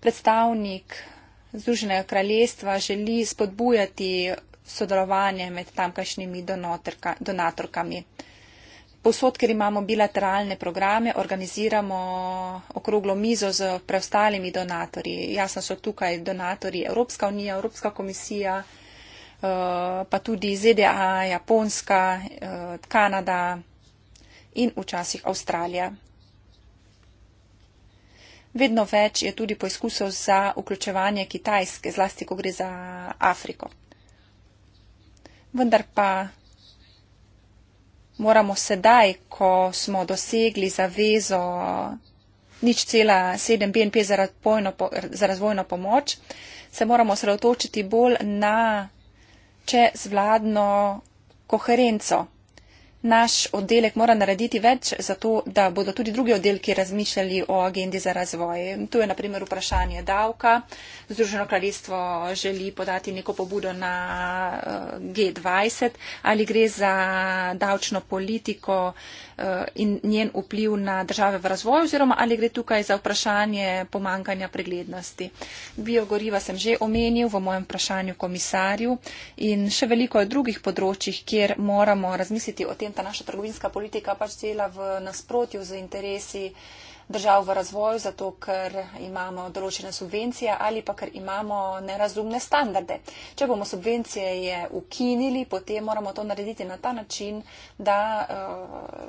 predstavnik Združenega kraljestva želi spodbujati sodelovanje med tamkajšnjimi donatorkami. Uh, Posod, ker imamo bilateralne programe, organiziramo okroglo mizo z preostalimi donatorji. Jasno so tukaj donatorji Evropska unija, Evropska komisija, eh, pa tudi ZDA, Japonska, eh, Kanada in včasih Avstralija. Vedno več je tudi poizkusov za vključevanje Kitajske, zlasti ko gre za Afriko. Vendar pa moramo sedaj, ko smo dosegli zavezo nič cela 7 BNP za, po, za razvojno pomoč, se moramo sredotočiti bolj na čezvladno koherenco naš oddelek mora narediti več za to, da bodo tudi drugi oddelki razmišljali o agendi za razvoj. Tu je na primer vprašanje davka. Združeno kraljestvo želi podati neko pobudo na eh, G20. Ali gre za davčno politiko, Eh, in njen vpliv na države v razvoju oziroma ali gre tukaj za vprašanje pomankanja preglednosti. Biogoriva sem že omenil v mojem vprašanju komisarju in še veliko je drugih področjih, kjer moramo razmisliti o tem, da naša trgovinska politika pač dela v nasprotju z interesi uh, držav v razvoju, zato ker imamo določene subvencije ali pa ker imamo nerazumne standarde. Če bomo subvencije ukinili, potem moramo to narediti na ta način, da uh,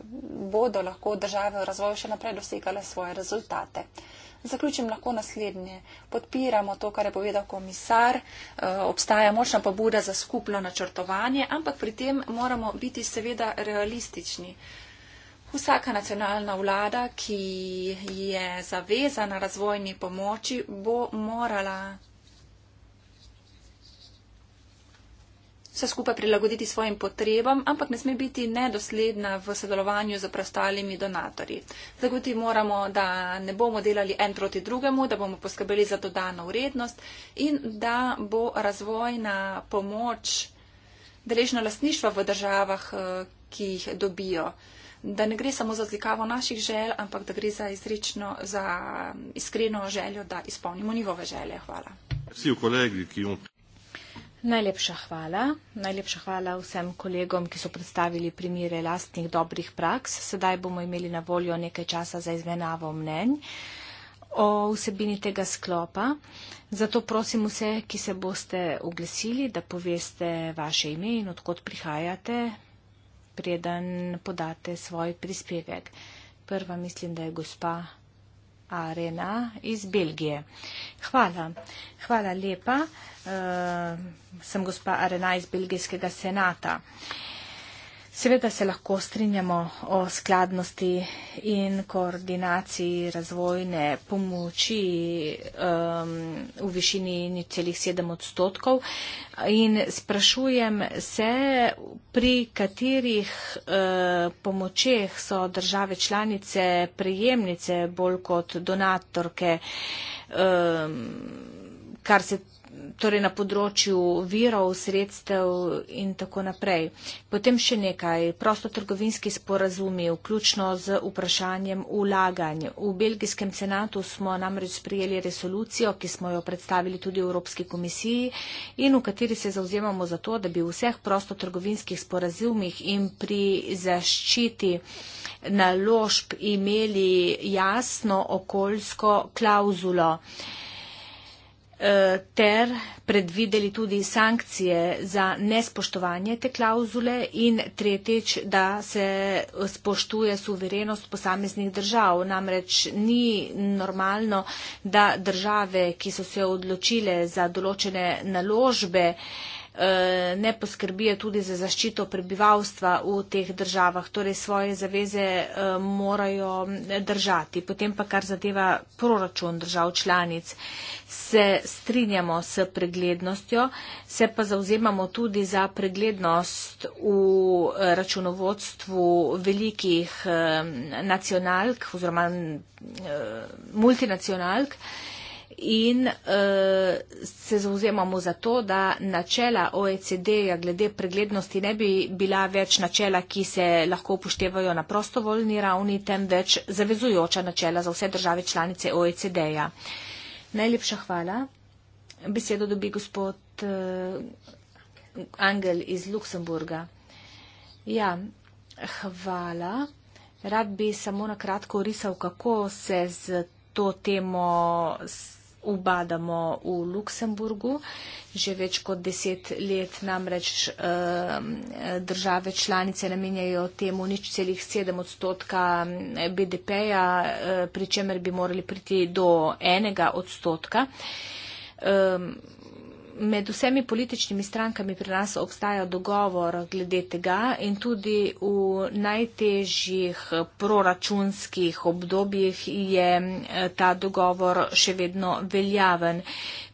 bodo lahko države v razvoju še naprej dosegale svoje rezultate. Zaključim lahko naslednje. Podpiramo to, kar je povedal komisar. E, obstaja močna pobuda za skupno načrtovanje, ampak pri tem moramo biti seveda realistični. Vsaka nacionalna vlada, ki je zavezana razvojni pomoči, bo morala vse skupaj prilagoditi svojim potrebam, ampak ne sme biti nedosledna v sodelovanju z prestalimi donatorji. Zagotiti moramo, da ne bomo delali en proti drugemu, da bomo poskrbeli za dodano vrednost in da bo razvojna pomoč deležna lastništva v državah, eh, ki jih dobijo da ne gre samo za zlikavo naših žel, ampak da gre za, izrečno, za iskreno željo, da izpolnimo njihove želje. Hvala. Vsi v kolegi, ki jim. Najlepša hvala. Najlepša hvala vsem kolegom, ki so predstavili primere lastnih dobrih praks. Sedaj bomo imeli na voljo nekaj časa za izmenavo mnenj o vsebini tega sklopa. Zato prosim vse, ki se boste oglesili, da poveste vaše ime in odkot prihajate, preden podate svoj prispevek. Prva mislim, da je gospa Arena iz Belgije. Hvala. Hvala lepa. Uh, sem gospa Arena iz Belgijskega senata. Uh, Seveda se lahko strinjamo o skladnosti in koordinaciji razvojne pomoči um, v višini celih 7 odstotkov in sprašujem se, pri katerih uh, pomočeh so države članice prijemnice bolj kot donatorke. Um, kar se torej na področju virov, sredstev in tako naprej. Potem še nekaj, prostotrgovinski sporazumi, vključno z vprašanjem ulaganj. V Belgijskem senatu smo namreč sprijeli resolucijo, ki smo jo predstavili tudi v Evropski komisiji in v kateri se zauzemamo za to, da bi v vseh prostotrgovinskih sporazumih in pri zaščiti naložb imeli jasno okoljsko klauzulo ter predvideli tudi sankcije za nespoštovanje te klauzule in tretjič, da se spoštuje suverenost posameznih držav. Namreč ni normalno, da države, ki so se odločile za določene naložbe, Eh, ne poskrbijo tudi za zaščito prebivalstva v teh državah, torej svoje zaveze eh, morajo eh, držati. Potem pa, kar zadeva proračun držav članic, se strinjamo s preglednostjo, se pa zauzemamo tudi za preglednost v računovodstvu velikih nacionalk oziroma multinacionalk in uh, se zauzemamo za to, da načela OECD-ja glede preglednosti ne bi bila več načela, ki se lahko upoštevajo na prostovoljni ravni, temveč zavezujoča načela za vse države članice OECD-ja. Najlepša hvala. Besedo dobi gospod uh, Angel iz Luksemburga. Ja, hvala. Rad bi samo na kratko orisal, kako se z to temo ubadamo v Luksemburgu. Že več kot deset let namreč države članice namenjajo temu nič celih sedem odstotka eh, BDP-ja, eh, pri čemer bi morali priti do enega odstotka med vsemi političnimi strankami pri nas obstaja dogovor glede tega in tudi v najtežjih proračunskih obdobjih je eh, ta dogovor še vedno veljaven.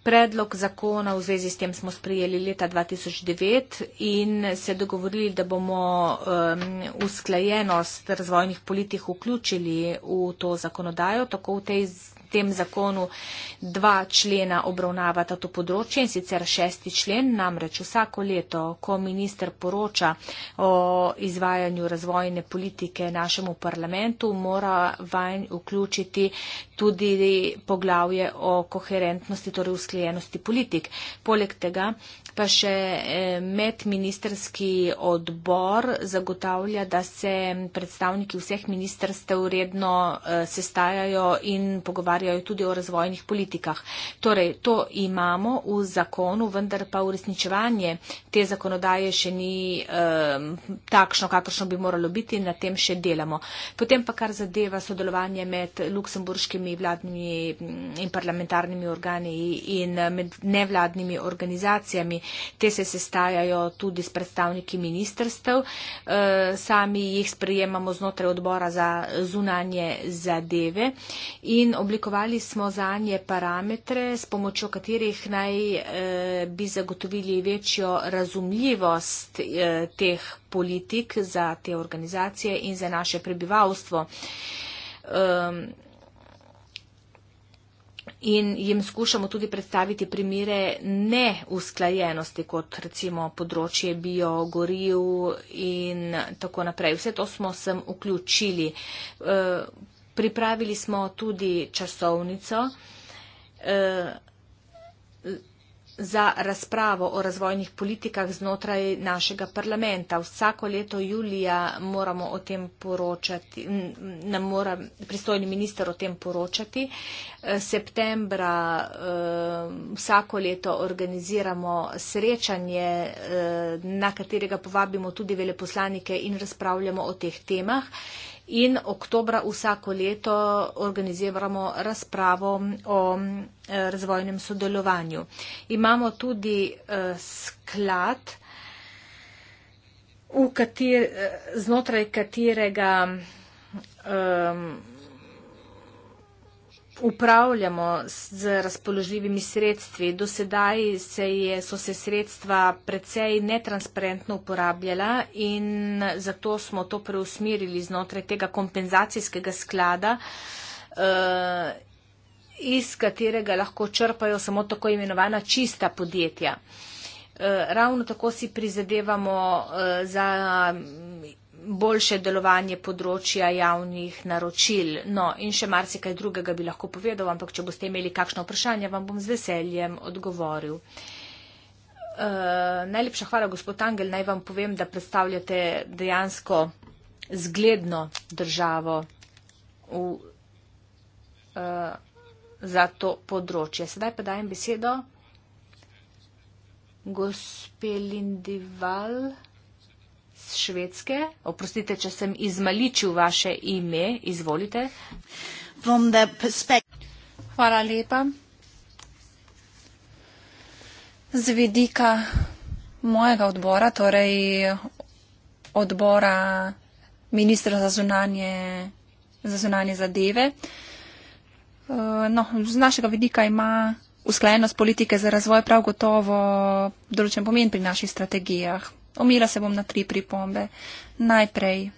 Predlog zakona v zvezi s tem smo sprejeli leta 2009 in se dogovorili, da bomo um, usklajenost razvojnih politik vključili v to zakonodajo, tako v tej tem zakonu dva člena obravnavata to področje in sicer šesti člen, namreč vsako leto, ko minister poroča o izvajanju razvojne politike našemu parlamentu, mora vanj vključiti tudi poglavje o koherentnosti, torej usklejenosti politik. Poleg tega pa še eh, medministerski odbor zagotavlja, da se predstavniki vseh ministerstev redno eh, sestajajo in pogovarjajo tudi o razvojnih politikah. Torej, to imamo v zakonu, vendar pa uresničevanje te zakonodaje še ni um, takšno, kakršno bi moralo biti in na tem še delamo. Potem pa kar zadeva sodelovanje med luksemburškimi vladnimi mm, in parlamentarnimi organi in med nevladnimi organizacijami. Te se sestajajo tudi s predstavniki ministrstev, eh, sami jih sprejemamo znotraj odbora za zunanje zadeve in oblikovali smo za nje parametre, s pomočjo katerih naj eh, bi zagotovili večjo razumljivost eh, teh politik za te organizacije in za naše prebivalstvo. Ehm, in jim skušamo tudi predstaviti primere neusklajenosti, kot recimo področje biogoriv in tako naprej. Vse to smo sem vključili. E, pripravili smo tudi časovnico. E, za razpravo o razvojnih politikah znotraj našega parlamenta. Vsako leto julija moramo o tem poročati, nam mora pristojni minister o tem poročati. Eh, septembra eh, vsako leto organiziramo srečanje, eh, na katerega povabimo tudi veleposlanike in razpravljamo o teh temah in oktobra vsako leto organiziramo razpravo o eh, razvojnem sodelovanju. Imamo tudi eh, sklad, kater, eh, znotraj katerega um, upravljamo z razpoložljivimi sredstvi. Do sedaj se je, so se sredstva precej netransparentno uporabljala in zato smo to preusmirili znotraj tega kompenzacijskega sklada, eh, iz katerega lahko črpajo samo tako imenovana čista podjetja. Eh, ravno tako si prizadevamo eh, za boljše delovanje področja javnih naročil. No, in še marsikaj drugega bi lahko povedal, ampak če boste imeli kakšno vprašanje, vam bom z veseljem odgovoril. Uh, najlepša hvala, gospod Angel. Naj vam povem, da predstavljate dejansko zgledno državo v, uh, za to področje. Sedaj pa dajem besedo gospe Lindival. Švedske. Oprostite, če sem izmaličil vaše ime, izvolite. Hvala lepa. Z vidika mojega odbora, torej odbora ministra za zunanje, za zunanje zadeve, eh, no, z našega vidika ima usklajenost politike za razvoj prav gotovo določen pomen pri naših strategijah. Omila se bom na tri pripombe. Najprej,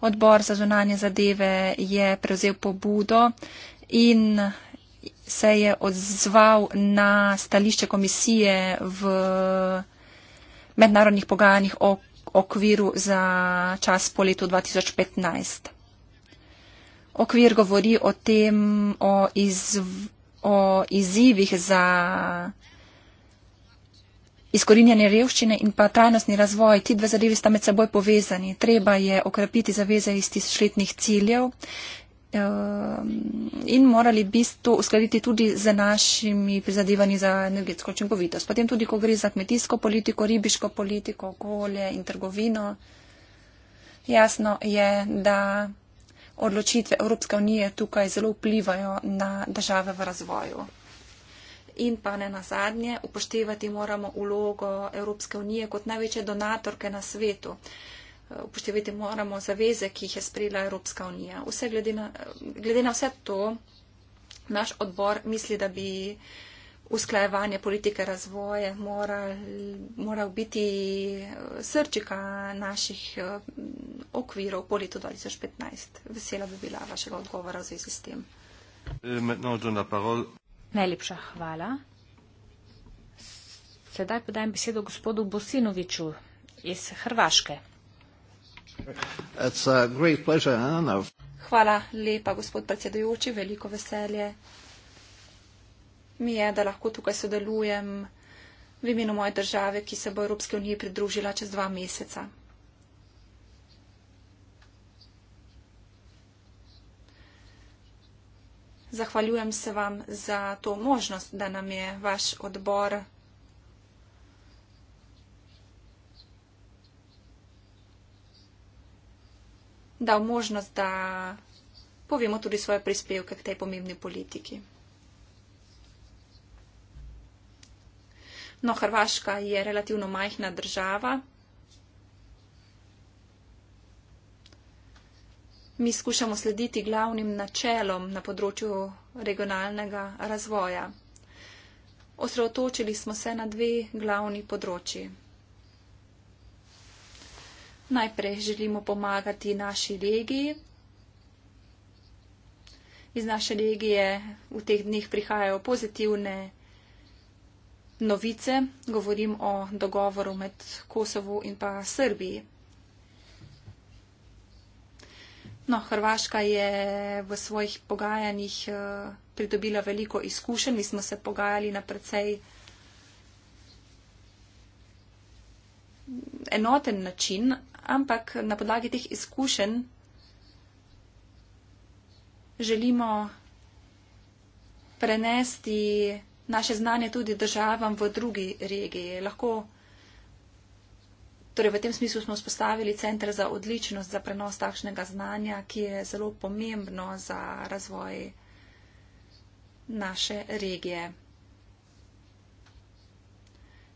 odbor za zunanje zadeve je prevzel pobudo in se je odzval na stališče komisije v mednarodnih pogajanjih o okviru za čas po letu 2015. Okvir govori o tem, o, izv, o izzivih za Izkorinjanje revščine in pa trajnostni razvoj, ti dve zadevi sta med seboj povezani. Treba je okrepiti zaveze iz tisočletnih ciljev eh, in morali bi to uskladiti tudi z našimi prizadevanji za energetsko učinkovitost. Potem tudi, ko gre za kmetijsko politiko, ribiško politiko, okolje in trgovino, jasno je, da odločitve Evropske unije tukaj zelo vplivajo na države v razvoju in pa ne nazadnje upoštevati moramo ulogo Evropske unije kot največje donatorke na svetu. Upoštevati moramo zaveze, ki jih je sprejela Evropska unija. Vse glede na, glede na vse to, naš odbor misli, da bi usklajevanje politike razvoja moral, moral biti eh, srčika naših eh, okvirov po letu 2015. Vesela bi bila vašega odgovora v zvezi s tem. Eh, maintenant, je donne la parole. Najlepša hvala. Sedaj podajem besedo gospodu Bosinoviču iz Hrvaške. Hvala lepa, gospod predsedujoči, veliko veselje. Mi je, da lahko tukaj sodelujem v imenu moje države, ki se bo Evropske unije pridružila čez dva meseca. Zahvaljujem se vam za to možnost, da nam je vaš odbor dal možnost, da povemo tudi svoje prispevke k tej pomembni politiki. No, Hrvaška je relativno majhna država. mi skušamo slediti glavnim načelom na področju regionalnega razvoja. Osredotočili smo se na dve glavni področji. Najprej želimo pomagati naši regiji. Iz naše regije v teh dneh prihajajo pozitivne novice. Govorim o dogovoru med Kosovo in pa Srbiji. No, Hrvaška je v svojih pogajanjih eh, pridobila veliko izkušenj. Mi smo se pogajali na precej enoten način, ampak na podlagi teh izkušenj želimo prenesti naše znanje tudi državam v drugi regiji. Lahko Torej, v tem smislu smo vzpostavili center za odličnost za prenos takšnega znanja, ki je zelo pomembno za razvoj naše regije.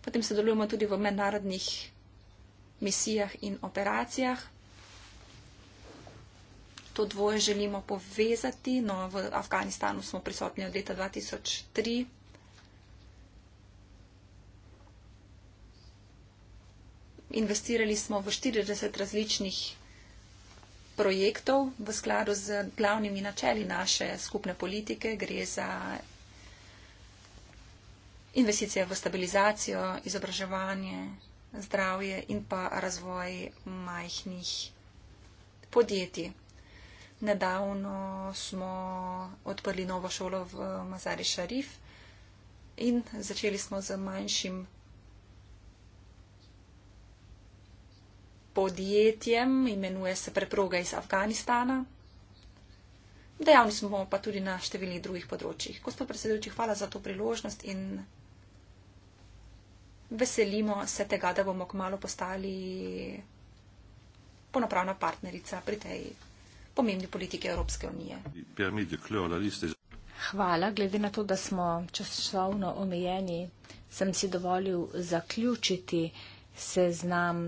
Potem sodelujemo tudi v mednarodnih misijah in operacijah. To dvoje želimo povezati, no v Afganistanu smo prisotni od leta 2003. investirali smo v 40 različnih projektov v skladu z glavnimi načeli naše skupne politike. Gre za investicije v stabilizacijo, izobraževanje, zdravje in pa razvoj majhnih podjetij. Nedavno smo odprli novo šolo v Mazari Šarif in začeli smo z manjšim podjetjem, imenuje se Preproga iz Afganistana. Dejavni smo pa tudi na številnih drugih področjih. Gospod predsedujoči, hvala za to priložnost in veselimo se tega, da bomo kmalo postali ponopravna partnerica pri tej pomembni politiki Evropske unije. Hvala, glede na to, da smo časovno omejeni, sem si dovolil zaključiti seznam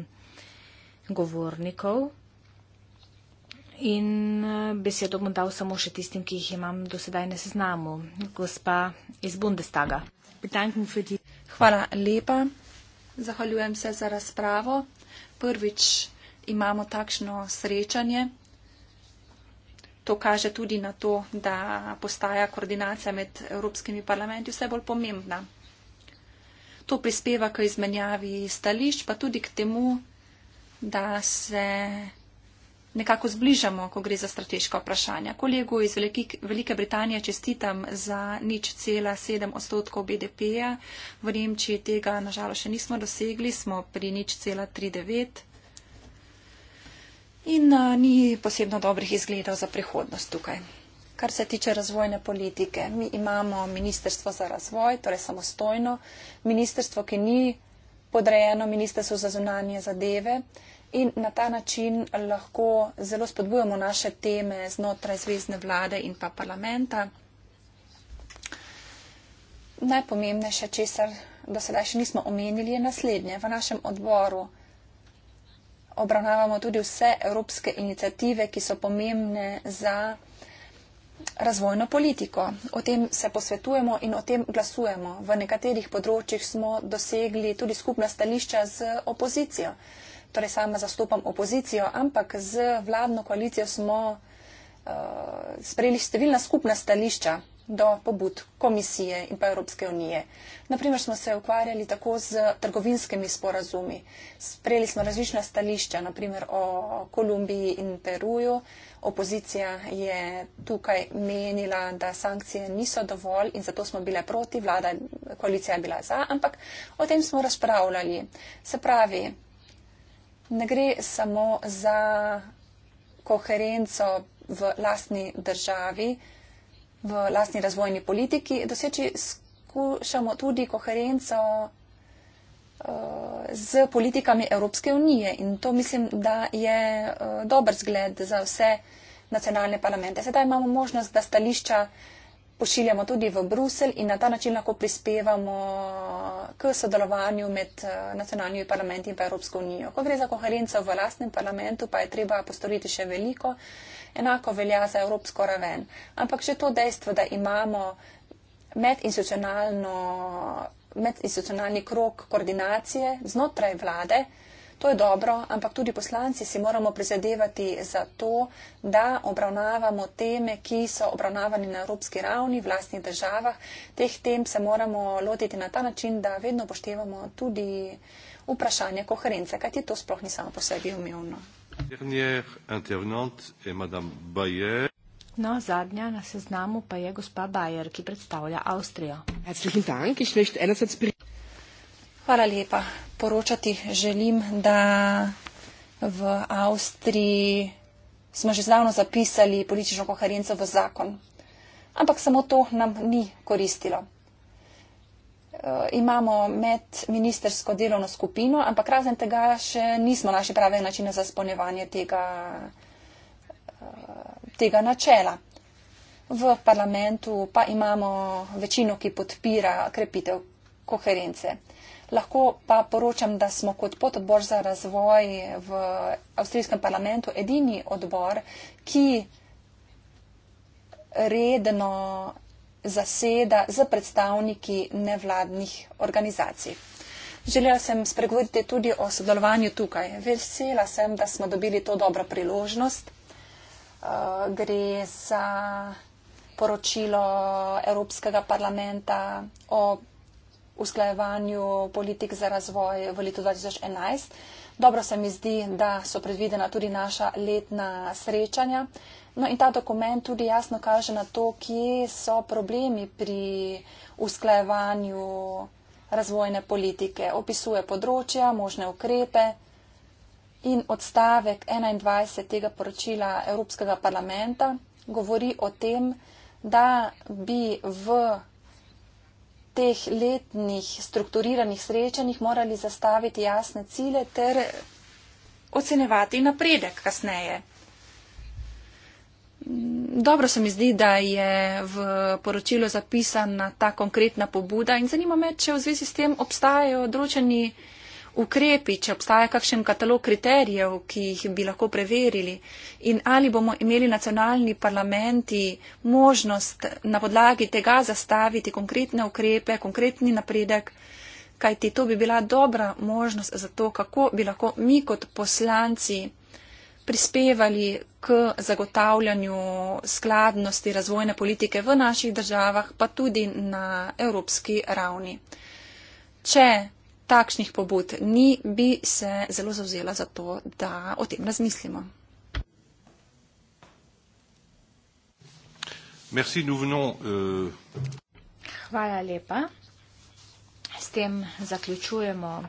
govornikov. In eh, besedo bom dal samo še tistim, ki jih imam do sedaj na seznamu. Gospa iz Bundestaga. Hvala lepa. Zahvaljujem se za razpravo. Prvič imamo takšno srečanje. To kaže tudi na to, da postaja koordinacija med evropskimi parlamenti vse bolj pomembna. To prispeva k izmenjavi stališč, pa tudi k temu, da se nekako zbližamo, ko gre za strateška vprašanja. Kolegu iz Velike Britanije čestitam za nič cela sedem odstotkov BDP-ja. V Nemčiji tega nažalost še nismo dosegli, smo pri nič cela tri devet. In a, ni posebno dobrih izgledov za prihodnost tukaj. Kar se tiče razvojne politike, mi imamo Ministrstvo za razvoj, torej samostojno, ministrstvo, ki ni podrejeno Ministrstvo za zunanje zadeve in na ta način lahko zelo spodbujamo naše teme znotraj zvezdne vlade in pa parlamenta. Najpomembnejše, česar do sedaj še nismo omenili, je naslednje. V našem odboru obravnavamo tudi vse evropske inicijative, ki so pomembne za razvojno politiko. O tem se posvetujemo in o tem glasujemo. V nekaterih področjih smo dosegli tudi skupna stališča z opozicijo. Torej sama zastopam opozicijo, ampak z vladno koalicijo smo uh, sprejeli številna skupna stališča do pobud komisije in pa Evropske unije. Naprimer smo se ukvarjali tako z trgovinskimi sporazumi. Sprejeli smo različna stališča, naprimer o Kolumbiji in Peruju, Opozicija je tukaj menila, da sankcije niso dovolj in zato smo bile proti, vlada, koalicija je bila za, ampak o tem smo razpravljali. Se pravi, ne gre samo za koherenco v lastni državi, v lastni razvojni politiki, doseči skušamo tudi koherenco z politikami Evropske unije in to mislim, da je eh, dober zgled za vse nacionalne parlamente. Sedaj imamo možnost, da stališča pošiljamo tudi v Brusel in na ta način lahko prispevamo eh, k sodelovanju med eh, nacionalnimi parlamenti in pa Evropsko unijo. Ko gre za koherenco v lastnem parlamentu, pa je treba postoriti še veliko, enako velja za Evropsko raven. Ampak že to dejstvo, da imamo medinstitucionalno medinstitucionalni krok koordinacije znotraj vlade. To je dobro, ampak tudi poslanci si moramo prizadevati za to, da obravnavamo teme, ki so obravnavane na evropski ravni, v lastnih državah. Teh tem se moramo lotiti na ta način, da vedno poštevamo tudi vprašanje koherence, kajti to sploh ni samo po sebi umevno. Dernier intervenant est Madame Bayer. No, zadnja na seznamu pa je gospa Bajer, ki predstavlja Avstrijo. Hvala lepa. Poročati želim, da v Avstriji smo že zdavno zapisali politično koherenco v zakon. Ampak samo to nam ni koristilo. Eh, imamo med ministersko delovno skupino, ampak razen tega še nismo našli prave načine za spolnevanje tega tega načela. V parlamentu pa imamo večino, ki podpira krepitev koherence. Lahko pa poročam, da smo kot pododbor za razvoj v avstrijskem parlamentu edini odbor, ki redno zaseda z predstavniki nevladnih organizacij. Želela sem spregovoriti tudi o sodelovanju tukaj. Vesela sem, da smo dobili to dobro priložnost. Eh, gre za poročilo Evropskega parlamenta o usklajevanju politik za razvoj v letu 2011. Dobro se mi zdi, da so predvidena tudi naša letna srečanja. No in ta dokument tudi jasno kaže na to, kje so problemi pri usklajevanju razvojne politike. Opisuje področja, možne ukrepe, in odstavek 21 tega poročila Evropskega parlamenta govori o tem, da bi v teh letnih strukturiranih srečanjih morali zastaviti jasne cilje ter ocenevati napredek kasneje. Dobro se mi zdi, da je v poročilu zapisana ta konkretna pobuda in zanima me, če v zvezi s tem obstajajo določeni ukrepi, če obstaja kakšen katalog kriterijev, ki jih bi lahko preverili in ali bomo imeli nacionalni parlamenti možnost na podlagi tega zastaviti konkretne ukrepe, konkretni napredek, kajti to bi bila dobra možnost za to, kako bi lahko mi kot poslanci prispevali k zagotavljanju skladnosti razvojne politike v naših državah, pa tudi na evropski ravni. Če takšnih pobud ni, bi se zelo zauzela za to, da o tem razmislimo. Merci, venons, uh... Hvala lepa. S tem zaključujemo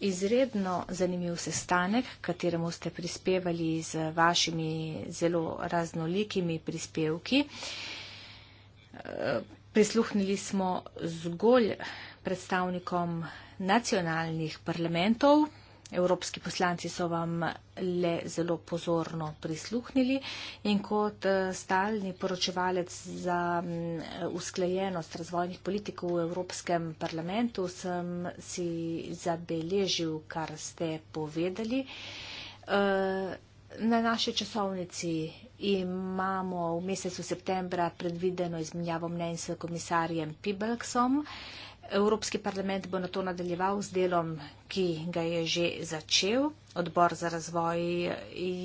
izredno zanimiv sestanek, kateremu ste prispevali z vašimi zelo raznolikimi prispevki. Eh, prisluhnili smo zgolj predstavnikom nacionalnih parlamentov. Evropski poslanci so vam le zelo pozorno prisluhnili in kot eh, stalni poročevalec za mm, usklajenost razvojnih politikov v Evropskem parlamentu sem si zabeležil, kar ste povedali. Eh, na naši časovnici imamo v mesecu septembra predvideno izmenjavo mnen s komisarjem Pibelksom. Evropski parlament bo na to nadaljeval z delom, ki ga je že začel. Odbor za razvoj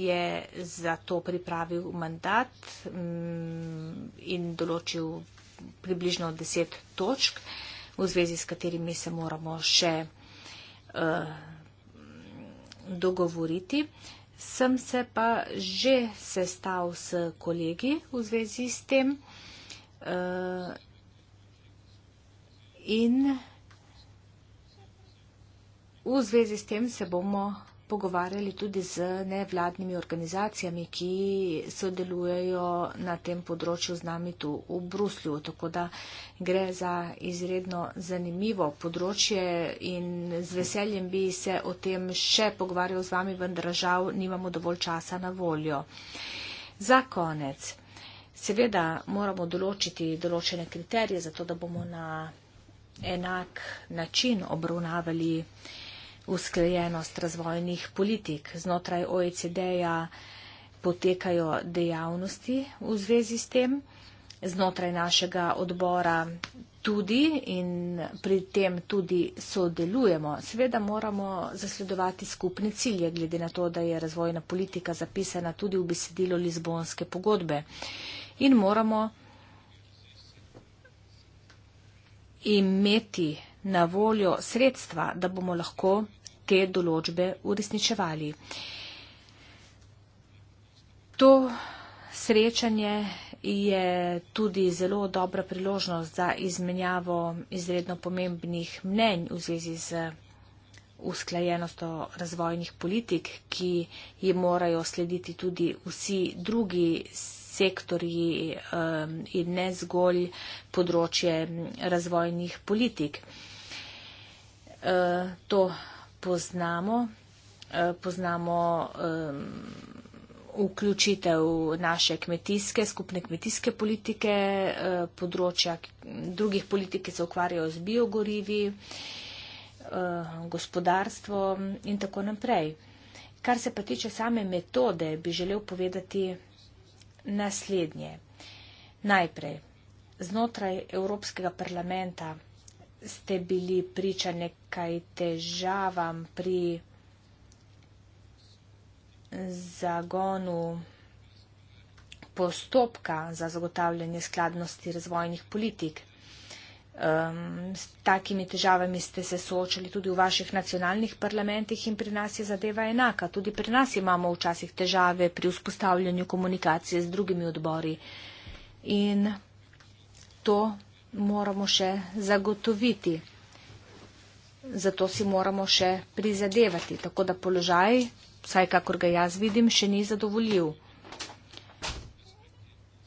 je za to pripravil mandat mm, in določil približno deset točk, v zvezi s katerimi se moramo še eh, dogovoriti. Sem se pa že sestal s kolegi v zvezi s tem eh, in v zvezi s tem se bomo pogovarjali tudi z nevladnimi organizacijami, ki sodelujejo na tem področju z nami tu v Bruslju. Tako da gre za izredno zanimivo področje in z veseljem bi se o tem še pogovarjal z vami, vendar žal nimamo dovolj časa na voljo. Za konec. Seveda moramo določiti določene kriterije, zato da bomo na enak način obravnavali usklajenost razvojnih politik. Znotraj OECD-ja potekajo dejavnosti v zvezi s tem, znotraj našega odbora tudi in pri tem tudi sodelujemo. Seveda moramo zasledovati skupne cilje, glede na to, da je razvojna politika zapisana tudi v besedilo Lizbonske pogodbe. In moramo imeti na voljo sredstva, da bomo lahko te določbe uresničevali. To srečanje je tudi zelo dobra priložnost za izmenjavo izredno pomembnih mnenj v zvezi z usklajenostjo razvojnih politik, ki ji morajo slediti tudi vsi drugi sektorji um, in ne zgolj področje razvojnih politik. Uh, to poznamo, uh, poznamo um, vključitev naše kmetijske, skupne kmetijske politike, uh, področja drugih politik, ki se ukvarjajo z biogorivi, uh, gospodarstvo in tako naprej. Kar se pa tiče same metode, bi želel povedati naslednje. Najprej, znotraj Evropskega parlamenta ste bili priča nekaj težavam pri zagonu postopka za zagotavljanje skladnosti razvojnih politik. Um, s takimi težavami ste se soočali tudi v vaših nacionalnih parlamentih in pri nas je zadeva enaka. Tudi pri nas imamo včasih težave pri vzpostavljanju komunikacije z drugimi odbori. In to moramo še zagotoviti. Zato si moramo še prizadevati. Tako da položaj, vsaj kakor ga jaz vidim, še ni zadovoljiv.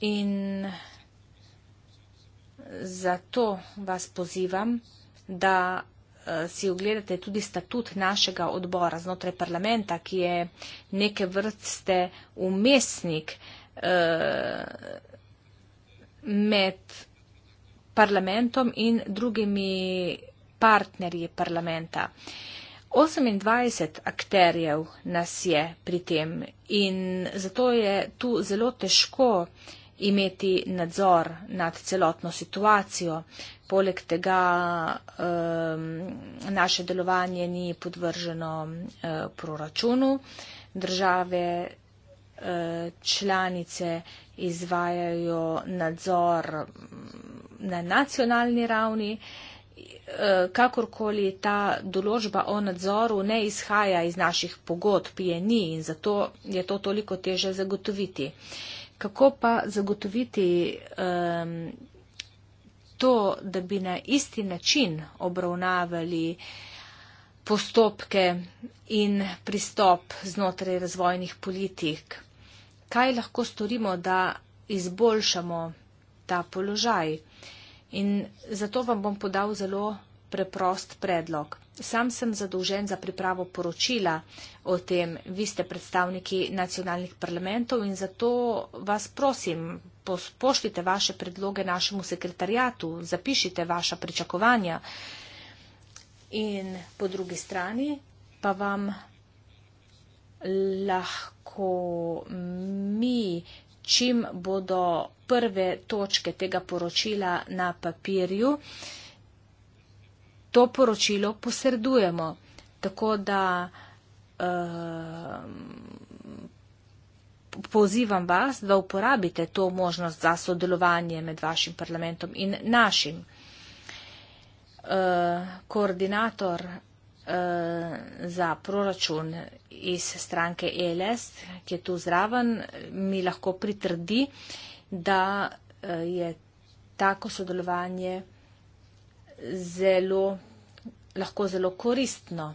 In zato vas pozivam, da eh, si ogledate tudi statut našega odbora znotraj parlamenta, ki je neke vrste umestnik eh, med parlamentom in drugimi partnerji parlamenta. 28 akterjev nas je pri tem in zato je tu zelo težko uh, imeti nadzor nad celotno situacijo. Poleg tega naše delovanje ni podvrženo eh, proračunu. Države eh, članice izvajajo nadzor mm, na nacionalni ravni. Eh, kakorkoli ta določba o nadzoru ne izhaja iz naših pogodb, je ni in zato je to toliko teže zagotoviti kako pa zagotoviti um, to, da bi na isti način obravnavali postopke in pristop znotraj razvojnih politik? Kaj lahko storimo, da izboljšamo ta položaj? In zato vam bom podal zelo preprost predlog. Sam sem zadolžen za pripravo poročila o tem. Vi ste predstavniki nacionalnih parlamentov in zato vas prosim, pošljite vaše predloge našemu sekretarjatu, zapišite vaša pričakovanja. In po drugi strani pa vam lahko mi, čim bodo prve točke tega poročila na papirju, eh, to poročilo posredujemo. Tako da uh, pozivam vas, da uporabite to možnost za sodelovanje med vašim parlamentom in našim. Uh, koordinator uh, za proračun iz stranke ELS, ki je tu zraven, mi lahko pritrdi, da uh, je tako sodelovanje zelo, lahko zelo koristno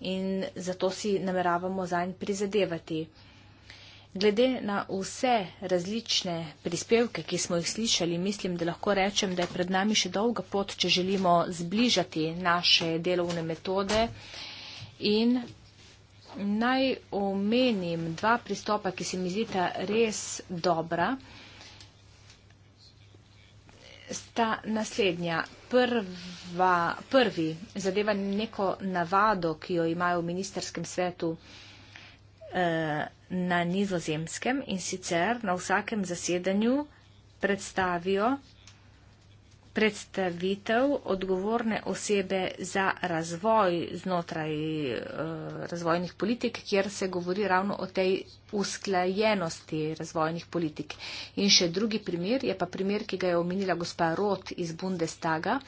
in zato si nameravamo zanj prizadevati. Glede na vse različne prispevke, ki smo jih slišali, mislim, da lahko rečem, da je pred nami še dolga pot, če želimo zbližati naše delovne metode. In naj omenim dva pristopa, ki se mi zdita res dobra sta naslednja. Prva, prvi zadeva neko navado, ki jo imajo v ministerskem svetu eh, na nizozemskem in sicer na vsakem zasedanju predstavijo predstavitev odgovorne osebe za razvoj znotraj eh, razvojnih politik, kjer se govori ravno o tej usklajenosti razvojnih politik. In še drugi primer je pa primer, ki ga je omenila gospa Rot iz Bundestaga,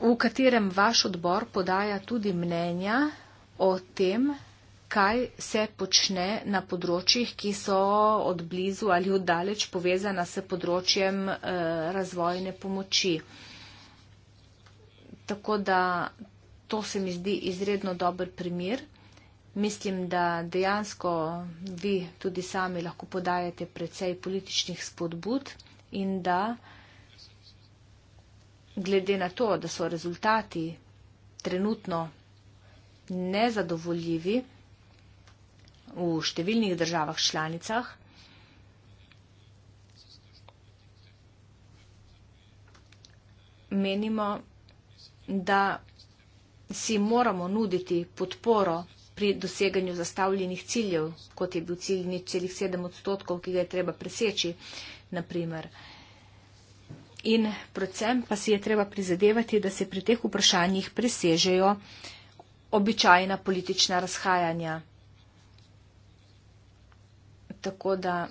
v katerem vaš odbor podaja tudi mnenja o tem, kaj se počne na področjih, ki so od blizu ali od daleč povezana s področjem eh, razvojne pomoči. Tako da to se mi zdi izredno dober primer. Mislim, da dejansko vi tudi sami lahko podajate precej političnih spodbud in da glede na to, da so rezultati trenutno nezadovoljivi, v številnih državah članicah. Menimo, da si moramo nuditi podporo pri doseganju zastavljenih ciljev, kot je bil cilj nič celih sedem odstotkov, ki ga je treba preseči, naprimer. In predvsem pa si je treba prizadevati, da se pri teh vprašanjih presežejo običajna politična razhajanja tako da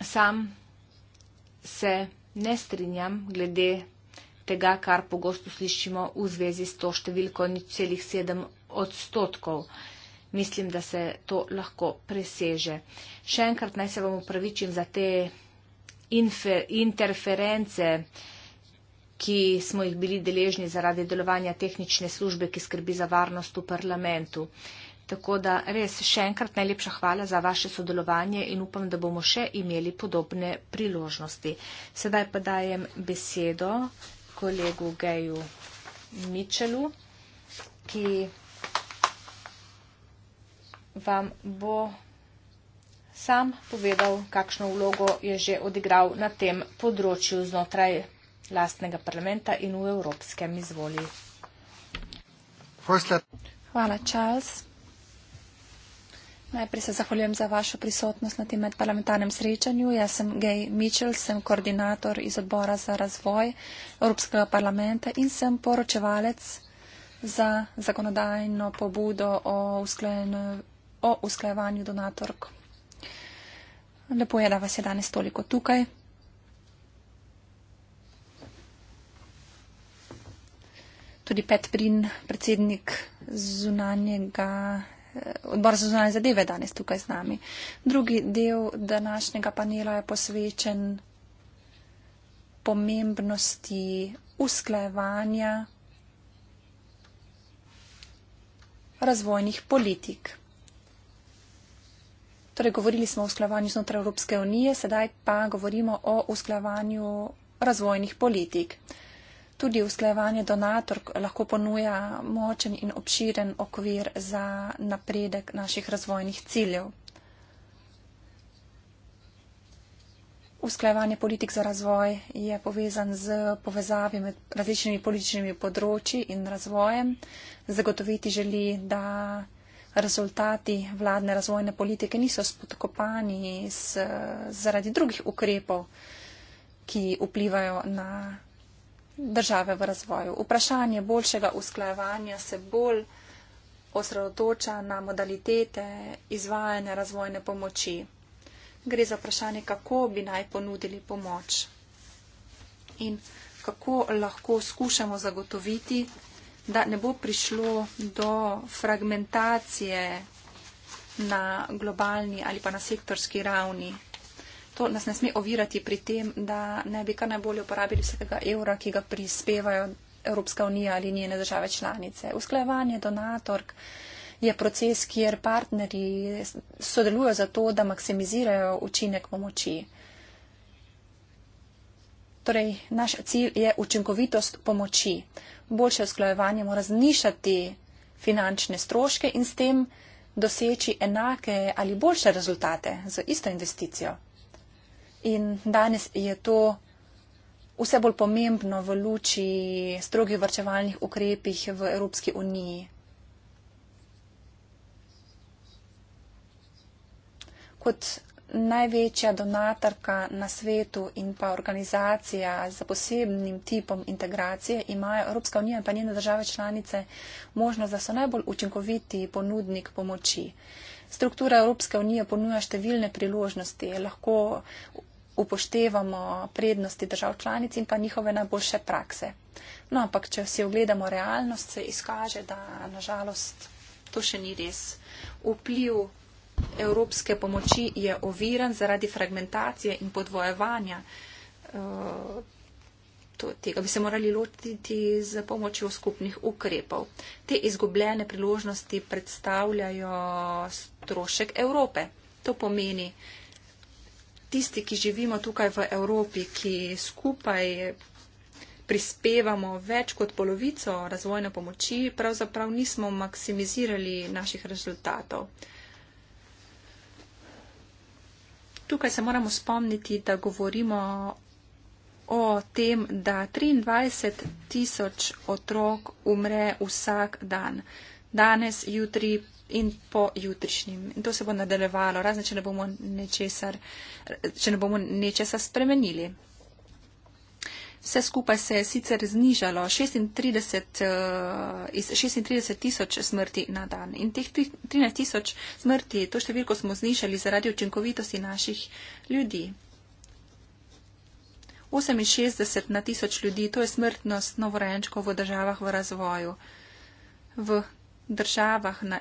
sam se ne strinjam glede tega, kar pogosto slišimo v zvezi s to številko nič celih sedem odstotkov. Mislim, da se to lahko preseže. Še enkrat naj se vam upravičim za te infer, interference, ki smo jih bili deležni zaradi delovanja tehnične službe, ki skrbi za varnost v parlamentu. Uh, Tako da res še enkrat najlepša hvala za vaše sodelovanje in upam, da bomo še imeli podobne priložnosti. Sedaj pa dajem besedo kolegu Geju Mičelu, ki vam bo sam povedal, kakšno vlogo je že odigral na tem področju znotraj lastnega parlamenta in v evropskem izvoli. Hvala, Charles. Najprej se zahvaljujem za vašo prisotnost na tem medparlamentarnem srečanju. Jaz sem Gay Mitchell, sem koordinator iz odbora za razvoj Evropskega parlamenta in sem poročevalec za zakonodajno pobudo o, o usklajevanju donatork. Lepo je, da vas je danes toliko tukaj. Tudi Petrin, predsednik zunanjega odbor za zunanje zadeve danes tukaj z nami. Drugi del današnjega panela je posvečen pomembnosti usklajevanja razvojnih politik. Torej, govorili smo o usklajevanju znotraj Evropske unije, sedaj pa govorimo o usklajevanju razvojnih politik. Uh, tudi usklajevanje donator lahko ponuja močen in obširen okvir za napredek naših razvojnih ciljev. Usklajevanje politik za razvoj je povezan z povezavi med različnimi političnimi področji in razvojem. Zagotoviti želi, da rezultati vladne razvojne politike niso spodkopani z, zaradi drugih ukrepov, ki vplivajo na države v razvoju. Vprašanje boljšega usklajevanja se bolj osredotoča na modalitete izvajanja razvojne pomoči. Gre za vprašanje, kako bi naj ponudili pomoč in kako lahko skušamo zagotoviti, da ne bo prišlo do fragmentacije na globalni ali pa na sektorski ravni to nas ne sme ovirati pri tem, da ne bi kar najbolje uporabili vsakega evra, ki ga prispevajo Evropska unija ali njene države članice. Usklajevanje donatork je proces, kjer partnerji sodelujo za to, da maksimizirajo učinek pomoči. Torej, naš cilj je učinkovitost pomoči. Boljše usklajevanje mora znišati finančne stroške in s tem doseči enake ali boljše rezultate z isto investicijo. In danes je to vse bolj pomembno v luči strogih vrčevalnih ukrepih v Evropski uniji. Kot največja donatorka na svetu in pa organizacija za posebnim tipom integracije imajo Evropska unija in pa njene države članice možnost, da so najbolj učinkoviti ponudnik pomoči. Struktura Evropske unije ponuja številne priložnosti. Lahko upoštevamo prednosti držav članic in pa njihove najboljše prakse. No, ampak če si ogledamo realnost, se izkaže, da nažalost to še ni res. Vpliv evropske pomoči je oviran zaradi fragmentacije in podvojevanja. Eh, tega bi se morali lotiti z pomočjo skupnih ukrepov. Te izgubljene priložnosti predstavljajo strošek Evrope. To pomeni, tisti, ki živimo tukaj v Evropi, ki skupaj prispevamo več kot polovico razvojne pomoči, pravzaprav nismo maksimizirali naših rezultatov. Tukaj se moramo spomniti, da govorimo o tem, da 23 tisoč otrok umre vsak dan danes, jutri in po jutrišnjem. In to se bo nadaljevalo, razne, če ne bomo nečesar, če ne bomo nečesa spremenili. Vse skupaj se je sicer znižalo 36, uh, eh, iz 36 tisoč smrti na dan. In teh 13 tisoč smrti, to številko smo znižali zaradi učinkovitosti naših ljudi. 68 na tisoč ljudi, to je smrtnost novorenčkov v državah v razvoju. V državah, na,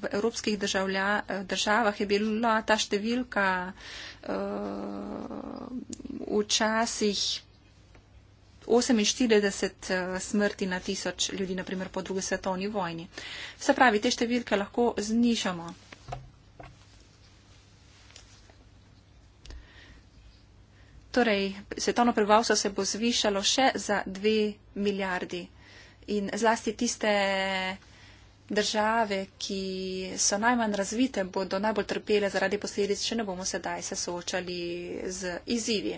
v evropskih državlja, eh, državah je bila ta številka uh, včasih 48 eh, smrti na tisoč ljudi, naprimer po drugi svetovni vojni. Se pravi, te številke lahko znižamo. Torej, svetovno prebivalstvo se bo zvišalo še za dve milijardi in zlasti tiste. Države, ki so najmanj razvite, bodo najbolj trpele zaradi posledic, če ne bomo sedaj se soočali z izzivi.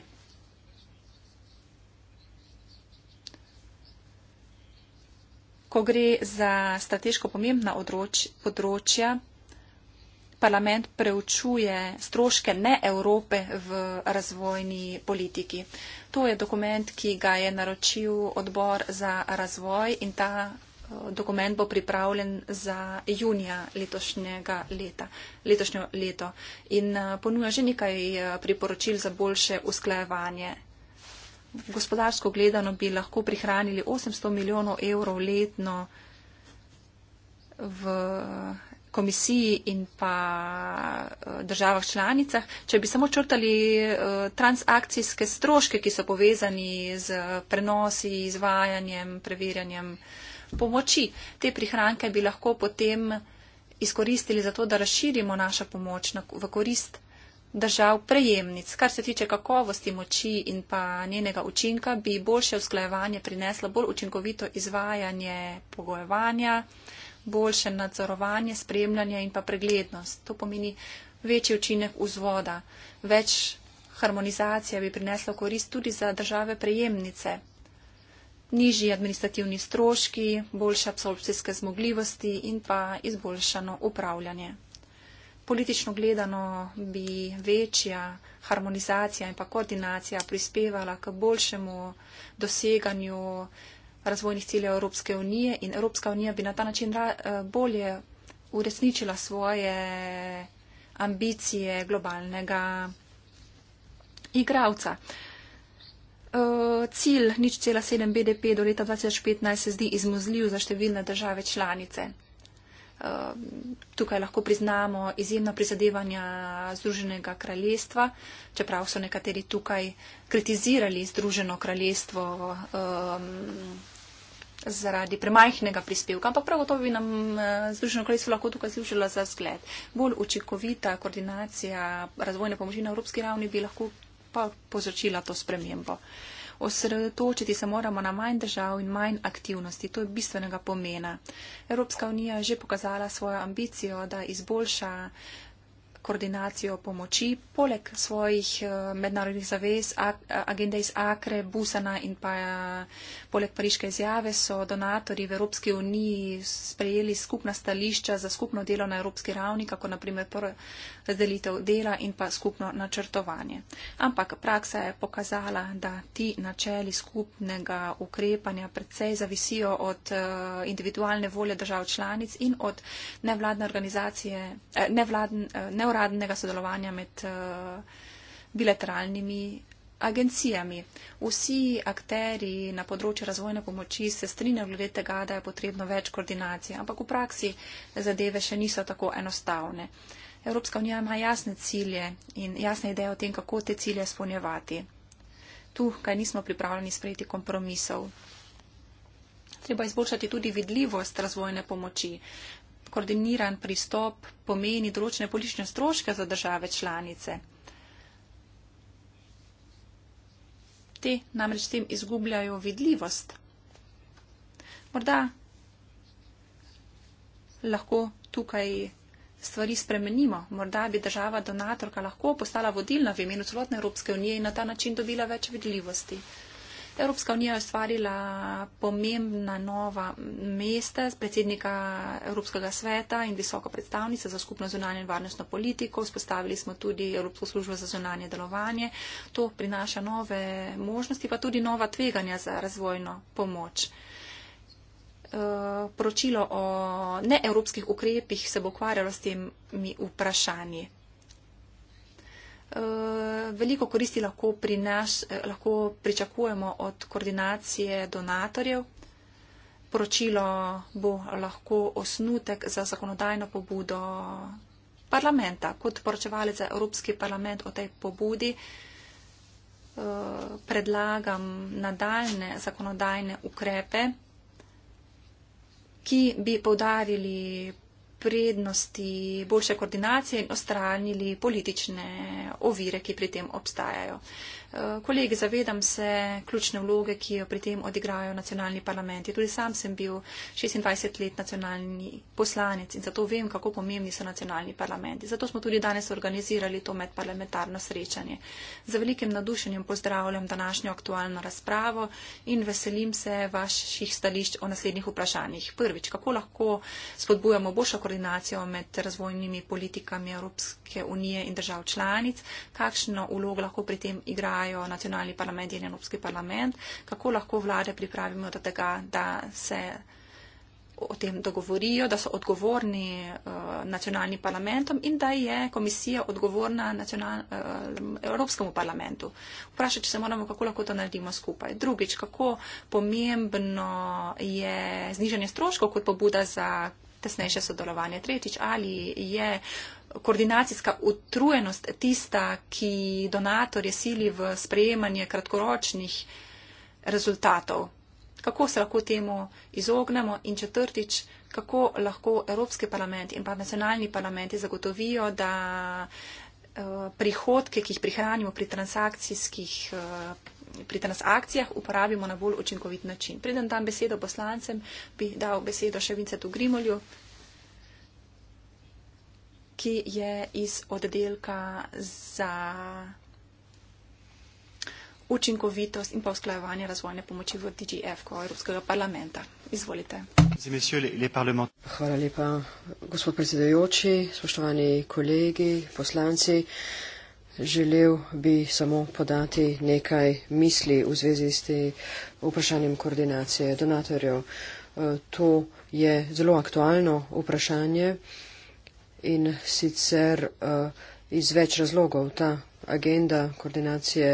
Ko gre za strateško pomembna področja, parlament preučuje stroške ne Evrope v razvojni politiki. To je dokument, ki ga je naročil odbor za razvoj in ta Dokument bo pripravljen za junija letošnjega leta, letošnjo leto in eh, ponuja že nekaj eh, priporočil za boljše usklajevanje. Gospodarsko gledano bi lahko prihranili 800 milijonov evrov letno v eh, komisiji in pa državah članicah, če bi samo črtali transakcijske stroške, ki so povezani z prenosi, izvajanjem, preverjanjem pomoči. Te prihranke bi lahko potem izkoristili za to, da razširimo našo pomoč na, v korist držav prejemnic. Kar se tiče kakovosti moči in pa njenega učinka, bi boljše usklajevanje prineslo bolj učinkovito izvajanje pogojevanja, boljše nadzorovanje, spremljanje in pa preglednost. To pomeni večji učinek vzvoda. Več harmonizacija bi prineslo korist tudi za države prejemnice nižji administrativni stroški, boljše absorpcijske zmogljivosti in pa izboljšano upravljanje. Politično gledano bi večja harmonizacija in pa koordinacija prispevala k boljšemu doseganju razvojnih ciljev Evropske unije in Evropska unija bi na ta način eh, bolje uresničila svoje ambicije globalnega igravca. Uh, uh, cilj nič cela sedem BDP do leta 2015 se zdi izmozljiv za številne države članice. Uh, tukaj lahko priznamo izjemna prizadevanja Združenega kraljestva, čeprav so nekateri tukaj kritizirali Združeno kraljestvo um, zaradi premajhnega prispevka, ampak prav to bi nam uh, Združeno kraljestvo lahko tukaj služilo za zgled. Bolj učinkovita koordinacija razvojne pomoči na evropski ravni bi lahko pa povzročila to spremembo. Osredotočiti se moramo na manj držav in manj aktivnosti. To je bistvenega pomena. Evropska unija je že pokazala svojo ambicijo, da izboljša koordinacijo pomoči. Poleg svojih eh, mednarodnih zavez, agende iz Akre, Busana in pa eh, poleg Pariške izjave so donatori v Evropski uniji sprejeli skupna stališča za skupno delo na evropski ravni, kako naprimer razdelitev dela in pa skupno načrtovanje. Ampak praksa je pokazala, da ti načeli skupnega ukrepanja predvsej zavisijo od eh, individualne volje držav članic in od nevladne organizacije, eh, nevladn, eh, neuradnega sodelovanja med bilateralnimi. Agencijami. Vsi akteri na področju razvojne pomoči se strinjajo glede tega, da je potrebno več koordinacije, ampak v praksi zadeve še niso tako enostavne. Uh, Evropska unija ima jasne cilje in jasne ideje o tem, kako te cilje spolnjevati. Tukaj nismo pripravljeni sprejeti kompromisov. Treba izboljšati tudi vidljivost razvojne pomoči. Koordiniran pristop pomeni določene politične stroške za države članice. Te namreč s tem izgubljajo vidljivost. Morda lahko tukaj stvari spremenimo. Morda bi država donatorka lahko postala vodilna v imenu celotne Evropske unije in na ta način dobila več vidljivosti. Evropska unija je ustvarila pomembna nova mesta z predsednika Evropskega sveta in visoko predstavnica za skupno zunanje in varnostno politiko. Spostavili smo tudi Evropsko službo za zunanje delovanje. To prinaša nove možnosti, pa tudi nova tveganja za razvojno pomoč. Eh, poročilo o neevropskih ukrepih se bo ukvarjalo s temi vprašanji. Eh, veliko koristi lahko, prinaš, eh, lahko pričakujemo od koordinacije donatorjev. Poročilo bo lahko osnutek za zakonodajno pobudo parlamenta. Kot poročevalec za Evropski parlament o tej pobudi predlagam nadaljne zakonodajne ukrepe ki bi povdarili prednosti boljše koordinacije in ostranili politične ovire, ki pri tem obstajajo. Eh, kolegi, zavedam se ključne vloge, ki jo pri tem odigrajo nacionalni parlamenti. Tudi sam sem bil 26 let nacionalni poslanec in zato vem, kako pomembni so nacionalni parlamenti. Zato smo tudi danes organizirali to medparlamentarno srečanje. Z velikim nadušenjem pozdravljam današnjo aktualno razpravo in veselim se vaših stališč o naslednjih vprašanjih. Prvič, kako lahko spodbujamo boljšo koordinacijo med razvojnimi politikami Evropske unije in držav članic? Kakšno vlogo lahko pri tem igrajo? izvajo nacionalni parlament in Evropski parlament, kako lahko vlade pripravimo do tega, da se o tem dogovorijo, da so odgovorni uh, nacionalnim parlamentom in da je komisija odgovorna nacional, uh, Evropskemu parlamentu. Vprašati se moramo, kako lahko to naredimo skupaj. Drugič, kako pomembno je znižanje stroškov kot pobuda za tesnejše sodelovanje. Tretjič, ali je uh, koordinacijska utrujenost tista, ki donatorje sili v sprejemanje kratkoročnih rezultatov. Kako se lahko temu izognemo in četrtič, kako lahko Evropski parlament in pa nacionalni parlamenti zagotovijo, da eh, prihodke, ki jih prihranimo pri, eh, pri transakcijah, uporabimo na bolj učinkovit način. Preden dam besedo poslancem, bi dal besedo še Vincetu Grimolju, ki je iz oddelka za učinkovitost in pa usklajevanje razvojne pomoči v DGF, ko Evropskega parlamenta. Izvolite. Hvala lepa, gospod predsedajoči, spoštovani kolegi, poslanci. Želel bi samo podati nekaj misli v zvezi s tem vprašanjem koordinacije donatorjev. E, to je zelo aktualno vprašanje in sicer uh, iz več razlogov. Ta agenda koordinacije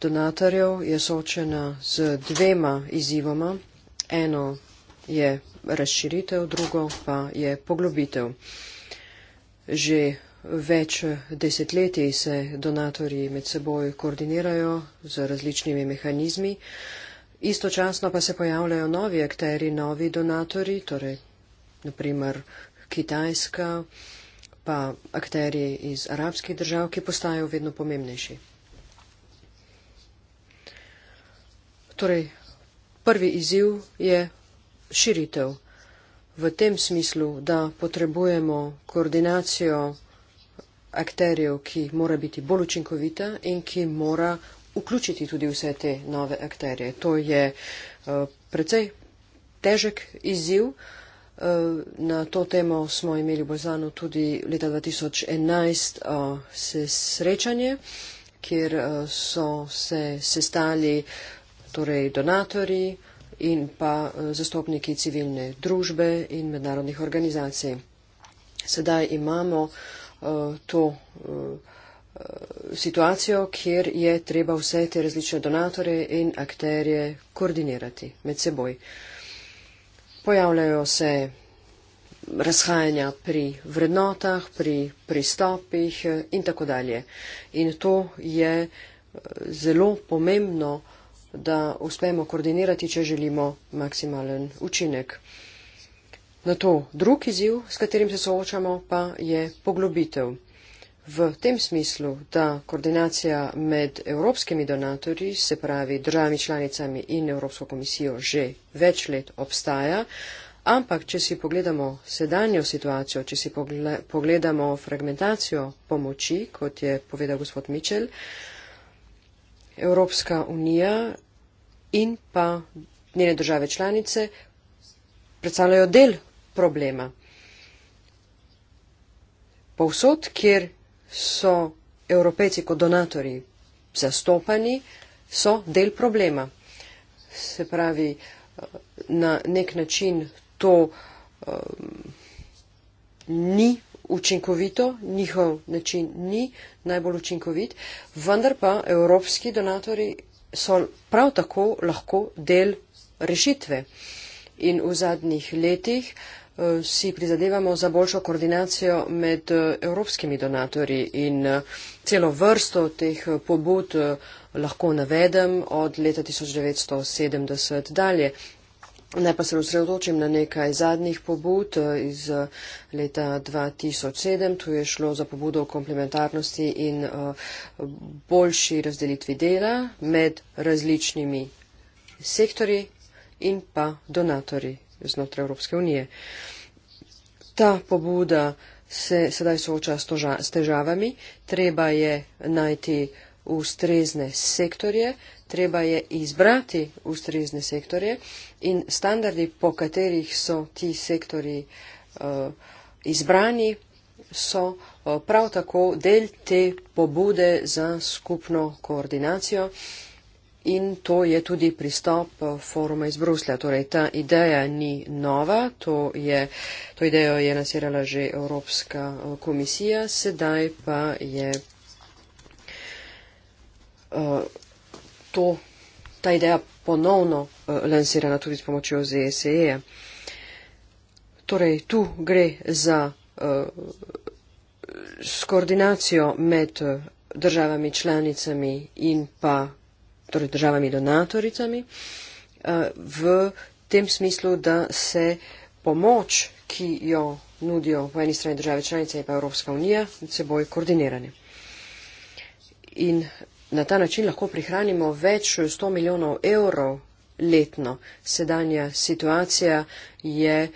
donatorjev je soočena z dvema izzivoma. Eno je razširitev, drugo pa je poglobitev. Že več desetletij se donatorji med seboj koordinirajo z različnimi mehanizmi. Istočasno pa se pojavljajo novi akteri, novi donatorji, torej naprimer Kitajska, pa akteri iz arabskih držav, ki postajajo vedno pomembnejši. Torej, prvi izziv je širitev v tem smislu, da potrebujemo koordinacijo akterjev, ki mora biti bolj učinkovita in ki mora vključiti tudi vse te nove akterje. To je uh, precej težek izziv, uh, Na to temo smo imeli v Bozanu tudi leta 2011 eh, se srečanje, kjer eh, so se sestali torej donatori in pa eh, zastopniki civilne družbe in mednarodnih organizacij. Sedaj imamo to situacijo, kjer je treba vse te različne donatore in akterje koordinirati med seboj pojavljajo se razhajanja pri vrednotah, pri pristopih eh, in tako dalje. In to je eh, zelo pomembno, da uspemo koordinirati, če želimo maksimalen učinek. Na to drugi izziv, s katerim se soočamo, pa je poglobitev v tem smislu, da koordinacija med evropskimi donatorji, se pravi državami članicami in Evropsko komisijo, že več let obstaja. Ampak, če si pogledamo sedanjo situacijo, če si pogledamo fragmentacijo pomoči, kot je povedal gospod Mičel, Evropska unija in pa njene države članice predstavljajo del problema. Povsod, kjer so evropejci kot donatori zastopani, so del problema. Se pravi, eh, na nek način to um, ni učinkovito, njihov način ni najbolj učinkovit, vendar pa evropski donatori so prav tako lahko del rešitve. In v zadnjih letih uh, si prizadevamo za boljšo koordinacijo med eh, evropskimi donatorji in eh, celo vrsto teh eh, pobud lahko navedem od leta 1970 dalje. Naj pa se osredotočim na nekaj zadnjih pobud iz leta 2007. Tu je šlo za pobudo o komplementarnosti in boljši razdelitvi dela med različnimi sektori in pa donatorji znotraj Evropske unije. Ta pobuda se sedaj sooča s, toža, s težavami, treba je najti ustrezne sektorje, treba je izbrati ustrezne sektorje in standardi, po katerih so ti sektori uh, eh, izbrani, so uh, prav tako del te pobude za skupno koordinacijo. Uh, in to je tudi pristop eh, foruma iz Bruslja. Torej, ta ideja ni nova, to, je, to idejo je nasirala že Evropska eh, komisija, sedaj pa je uh, to, ta ideja ponovno uh, lansirana tudi s pomočjo ZSE. -ja. Torej, tu gre za uh, skoordinacijo med državami članicami in pa torej državami donatoricami, eh, v tem smislu, da se pomoč, ki jo nudijo po eni strani države članice in pa Evropska unija, med seboj koordinirane. In na ta način lahko prihranimo več 100 milijonov evrov letno. Sedanja situacija je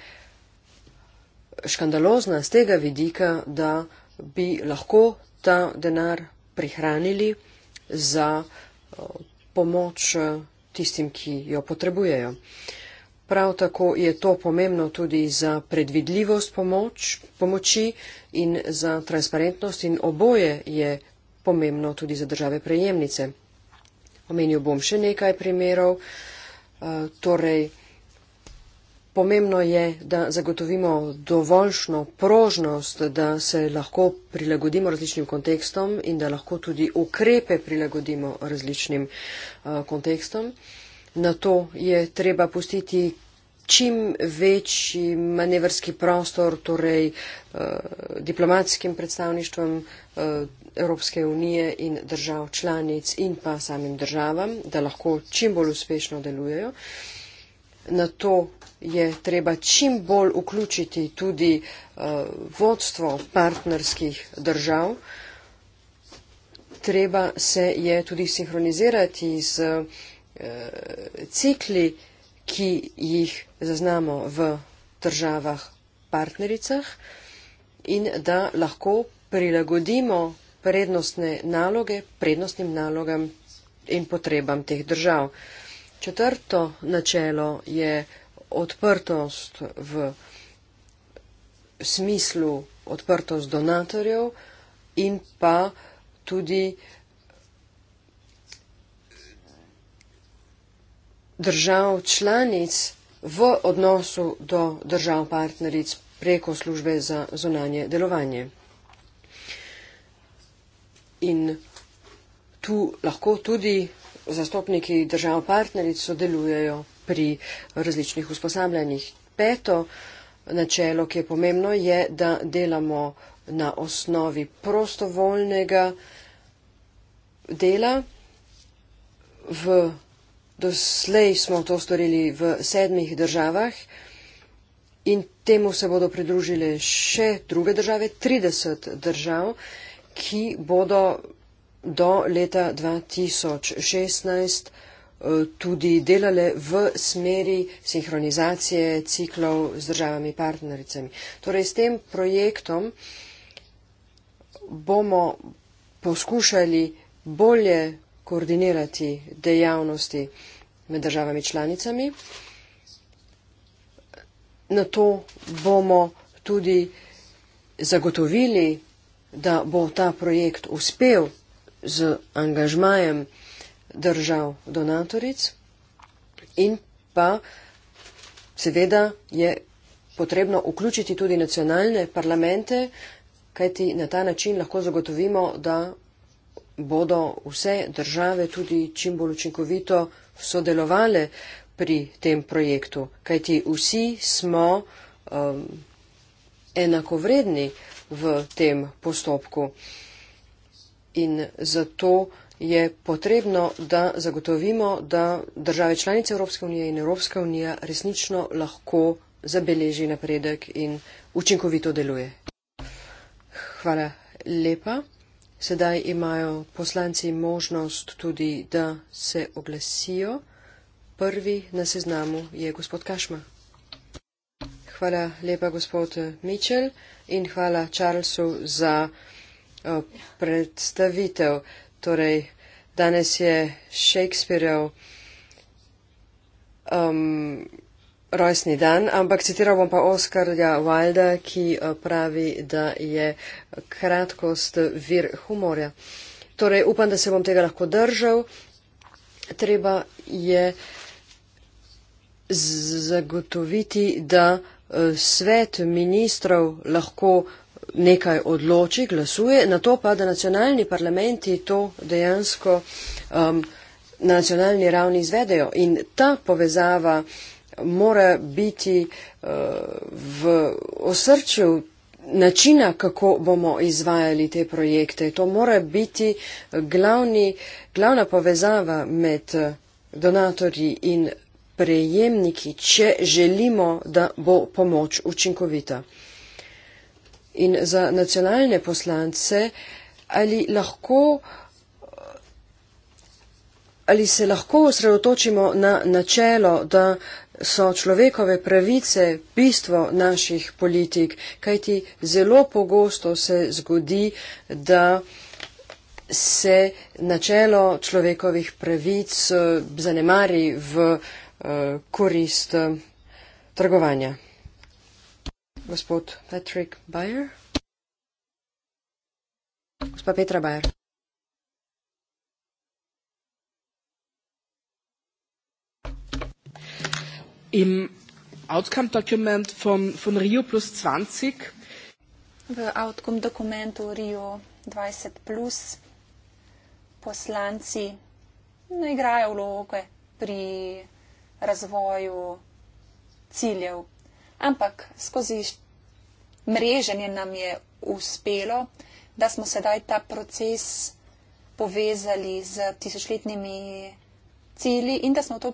škandalozna z tega vidika, da bi lahko ta denar prihranili za eh, pomoč eh, tistim, ki jo potrebujejo. Prav tako je to pomembno tudi za predvidljivost pomoč, pomoči in za transparentnost in oboje je pomembno tudi za države prejemnice. Omenil bom še nekaj primerov. Eh, torej, Pomembno je, da zagotovimo dovoljšno prožnost, da se lahko prilagodimo različnim kontekstom in da lahko tudi ukrepe prilagodimo različnim uh, kontekstom. Na to je treba pustiti čim večji manevrski prostor, torej uh, diplomatskim predstavništvom uh, Evropske unije in držav članic in pa samim državam, da lahko čim bolj uspešno delujejo. Na to je treba čim bolj vključiti tudi uh, vodstvo partnerskih držav. Treba se je tudi sinhronizirati z uh, cikli, ki jih zaznamo v državah partnericah in da lahko prilagodimo prednostne naloge prednostnim nalogam in potrebam teh držav. Četrto načelo je odprtost v smislu odprtost donatorjev in pa tudi držav članic v odnosu do držav partneric preko službe za zonanje delovanje. In tu lahko tudi zastopniki držav partneric sodelujejo pri različnih usposabljanjih. Peto načelo, ki je pomembno, je, da delamo na osnovi prostovoljnega dela. V doslej smo to storili v sedmih državah in temu se bodo pridružile še druge države, 30 držav, ki bodo do leta 2016 Eh, tudi delale v smeri sinhronizacije ciklov z državami partnericami. Torej, s tem projektom bomo poskušali bolje koordinirati dejavnosti med državami članicami. Na to bomo tudi zagotovili, da bo ta projekt uspel z angažmajem držav donatoric in pa seveda je potrebno vključiti tudi nacionalne parlamente, kajti na ta način lahko zagotovimo, da bodo vse države tudi čim bolj učinkovito sodelovale pri tem projektu, kajti vsi smo um, enakovredni v tem postopku. In zato je potrebno, da zagotovimo, da države članice Evropske unije in Evropska unija resnično lahko zabeleži napredek in učinkovito deluje. Hvala lepa. Sedaj imajo poslanci možnost tudi, da se oglasijo. Prvi na seznamu je gospod Kašma. Hvala lepa, gospod Mičel, in hvala Charlesu za eh, predstavitev torej danes je Shakespeareov um, rojstni dan, ampak citiral bom pa Oskarja Wilda, ki uh, pravi, da je kratkost vir humorja. Torej, upam, da se bom tega lahko držal. Treba je zagotoviti, da uh, svet ministrov lahko nekaj odloči, glasuje, na to pa, da nacionalni parlamenti to dejansko um, na nacionalni ravni izvedejo. In ta povezava mora biti uh, v osrčju načina, kako bomo izvajali te projekte. To mora biti glavni, glavna povezava med uh, donatorji in prejemniki, če želimo, da bo pomoč učinkovita in za nacionalne poslance, ali, lahko, ali se lahko osredotočimo na načelo, da so človekove pravice bistvo naših politik, kajti zelo pogosto se zgodi, da se načelo človekovih pravic eh, zanemari v eh, korist eh, trgovanja gospod Patrick Bayer. Gospa Petra Bayer. Im Outcome Document von, von Rio plus 20. V Outcome Dokumentu Rio 20 plus poslanci ne igrajo vloge pri razvoju ciljev ampak skozi mreženje nam je uspelo, da smo sedaj ta proces povezali z tisočletnimi cilji in da smo to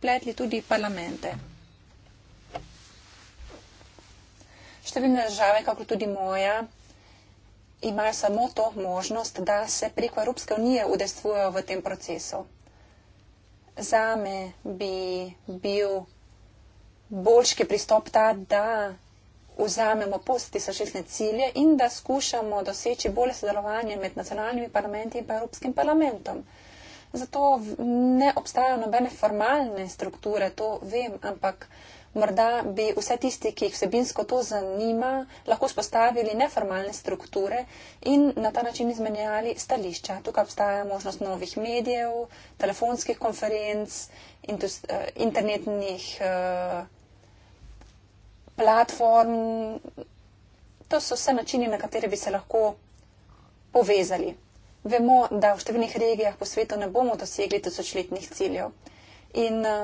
pletli tudi parlamente. Številne države, kako tudi moja, imajo samo to možnost, da se preko Evropske unije udestvujejo v tem procesu. Zame bi bil boljški pristop ta, da vzamemo post 2016 cilje in da skušamo doseči bolje sodelovanje med nacionalnimi parlamenti in pa Evropskim parlamentom. Zato ne obstajajo nobene formalne strukture, to vem, ampak morda bi vse tisti, ki jih vsebinsko to zanima, lahko spostavili neformalne strukture in na ta način izmenjali stališča. Tukaj obstaja možnost novih medijev, telefonskih konferenc, eh, internetnih eh, platform. To so vse načini, na katere bi se lahko povezali. Vemo, da v številnih regijah po svetu ne bomo dosegli tisočletnih ciljev. In uh,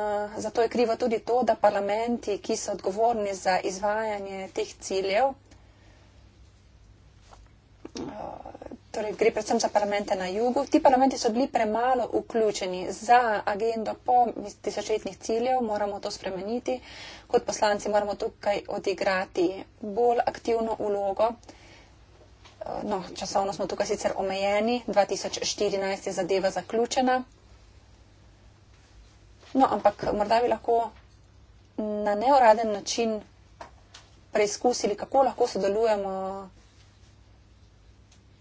zato je krivo tudi to, da parlamenti, ki so odgovorni za izvajanje teh ciljev, uh, Torej, gre predvsem za parlamente na jugu. Ti parlamenti so bili premalo vključeni za agendo po tisočletnih ciljev, moramo to spremeniti. Kot poslanci moramo tukaj odigrati bolj aktivno ulogo. No, časovno smo tukaj sicer omejeni, 2014 je zadeva zaključena. No, ampak morda bi lahko na neuraden način preizkusili, kako lahko sodelujemo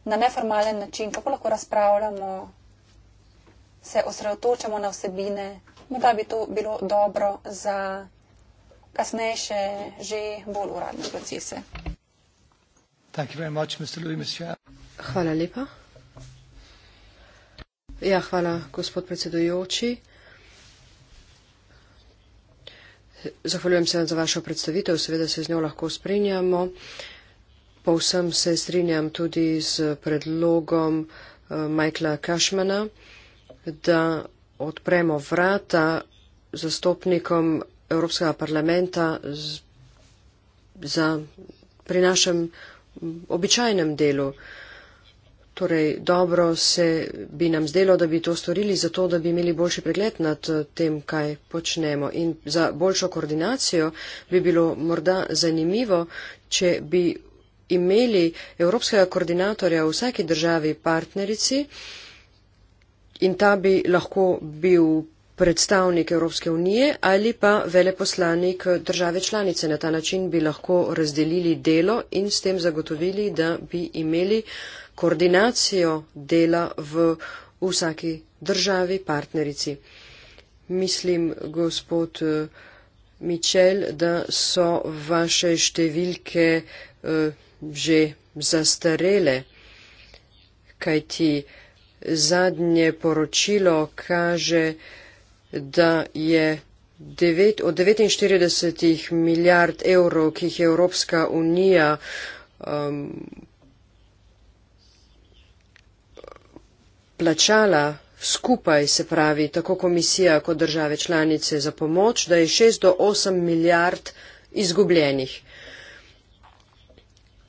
na neformalen način, kako lahko razpravljamo, se osredotočamo na vsebine. Morda bi to bilo dobro za kasnejše, že bolj uradne procese. Hvala lepa. Ja, hvala, gospod predsedujoči. Zahvaljujem se vam za vašo predstavitev, seveda se z njo lahko sprinjamo. Uh, Povsem se strinjam tudi z predlogom eh, Michaela Cashmana, da odpremo vrata zastopnikom Evropskega parlamenta za, pri našem mm, običajnem delu. Torej, dobro se bi nam zdelo, da bi to storili, zato da bi imeli boljši pregled nad eh, tem, kaj počnemo. In za boljšo koordinacijo bi bilo morda zanimivo, če bi imeli evropskega koordinatorja v vsaki državi partnerici in ta bi lahko bil predstavnik Evropske unije ali pa veleposlanik države članice. Na ta način bi lahko razdelili delo in s tem zagotovili, da bi imeli koordinacijo dela v vsaki državi partnerici. Mislim, gospod eh, Mičel, da so vaše številke eh, že zastarele, kajti zadnje poročilo kaže, da je devet, od 49 milijard evrov, ki jih je Evropska unija um, plačala skupaj, se pravi, tako komisija kot države članice za pomoč, da je 6 do 8 milijard izgubljenih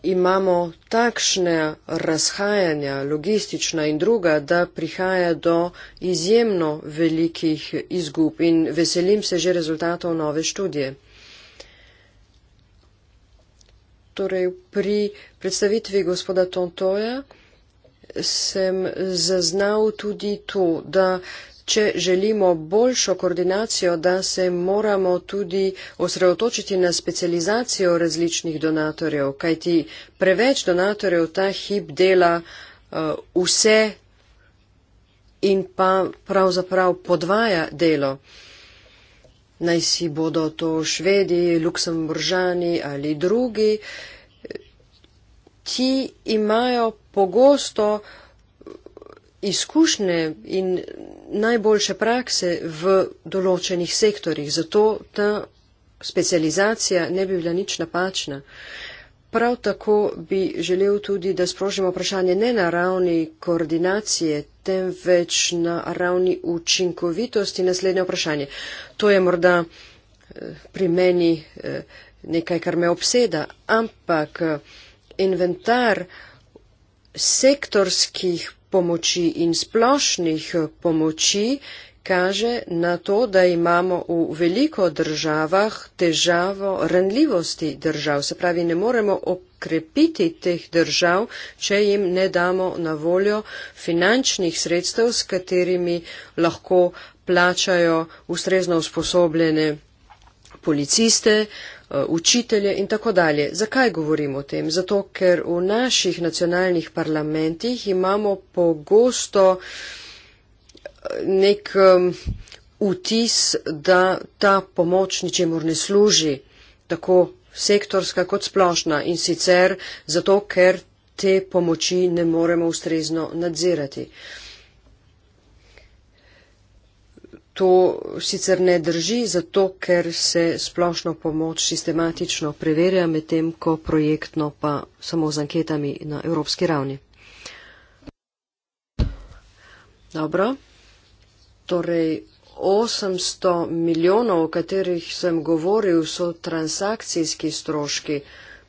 imamo takšne razhajanja, logistična in druga, da prihaja do izjemno velikih izgub in veselim se že rezultatov nove študije. Torej, pri predstavitvi gospoda Tontoja sem zaznal tudi to, da če želimo boljšo koordinacijo, da se moramo tudi osredotočiti na specializacijo različnih donatorjev, kajti preveč donatorjev ta hip dela uh, vse in pa pravzaprav podvaja delo. Naj si bodo to švedi, luksemburžani ali drugi, ti imajo pogosto uh, izkušnje in najboljše prakse v določenih sektorjih, zato ta specializacija ne bi bila nič napačna. Prav tako bi želel tudi, da sprožimo vprašanje ne na ravni koordinacije, temveč na ravni učinkovitosti. Naslednje vprašanje. To je morda eh, pri meni eh, nekaj, kar me obseda, ampak eh, inventar sektorskih pomoči in splošnih eh, pomoči kaže na to, da imamo v veliko državah težavo ranljivosti držav. Se pravi, ne moremo okrepiti teh držav, če jim ne damo na voljo finančnih sredstev, s katerimi lahko plačajo ustrezno usposobljene policiste, uh, Eh, učitelje in tako dalje. Zakaj govorim o tem? Zato, ker v naših nacionalnih parlamentih imamo pogosto eh, nek um, vtis, da ta pomoč ničemor ne služi, tako sektorska kot splošna in sicer zato, ker te pomoči ne moremo ustrezno nadzirati. Uh, To sicer ne drži, zato ker se splošno pomoč sistematično preverja, medtem ko projektno pa samo z anketami na evropski ravni. Dobro. Torej, 800 milijonov, o katerih sem govoril, so transakcijski stroški.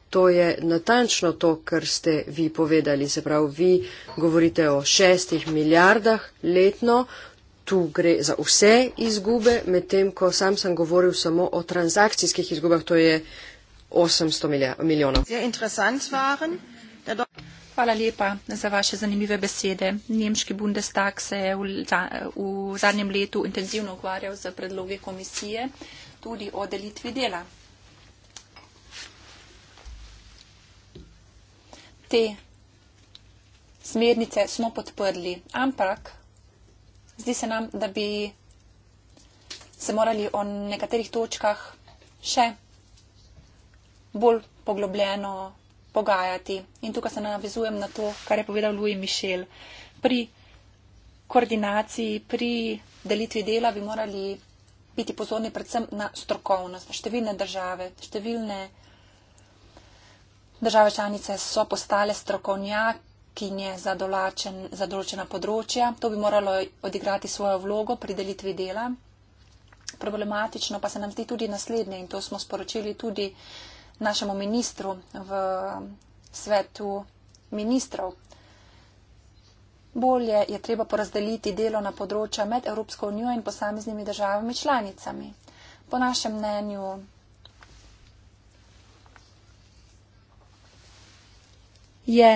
To je natančno to, kar ste vi povedali. Se pravi, vi govorite o šestih milijardah letno, tu gre za vse izgube, medtem ko sam sem govoril samo o transakcijskih izgubah, to je 800 milijonov. Hvala lepa za vaše zanimive besede. Nemški Bundestag se je v, v zadnjem letu intenzivno ukvarjal z predloge komisije tudi o delitvi dela. Te smernice smo podprli, ampak zdi se nam, da bi se morali o nekaterih točkah še bolj poglobljeno pogajati. In tukaj se navezujem na to, kar je povedal Louis Michel. Pri koordinaciji, pri delitvi dela bi morali biti pozorni predvsem na strokovnost. Številne države, številne države članice so postale strokovnjaki kinje za, določen, za določena področja. To bi moralo odigrati svojo vlogo pri delitvi dela. Problematično pa se nam zdi tudi naslednje in to smo sporočili tudi našemu ministru v svetu ministrov. Bolje je treba porazdeliti delo na področja med Evropsko unijo in posameznimi državami članicami. Po našem mnenju je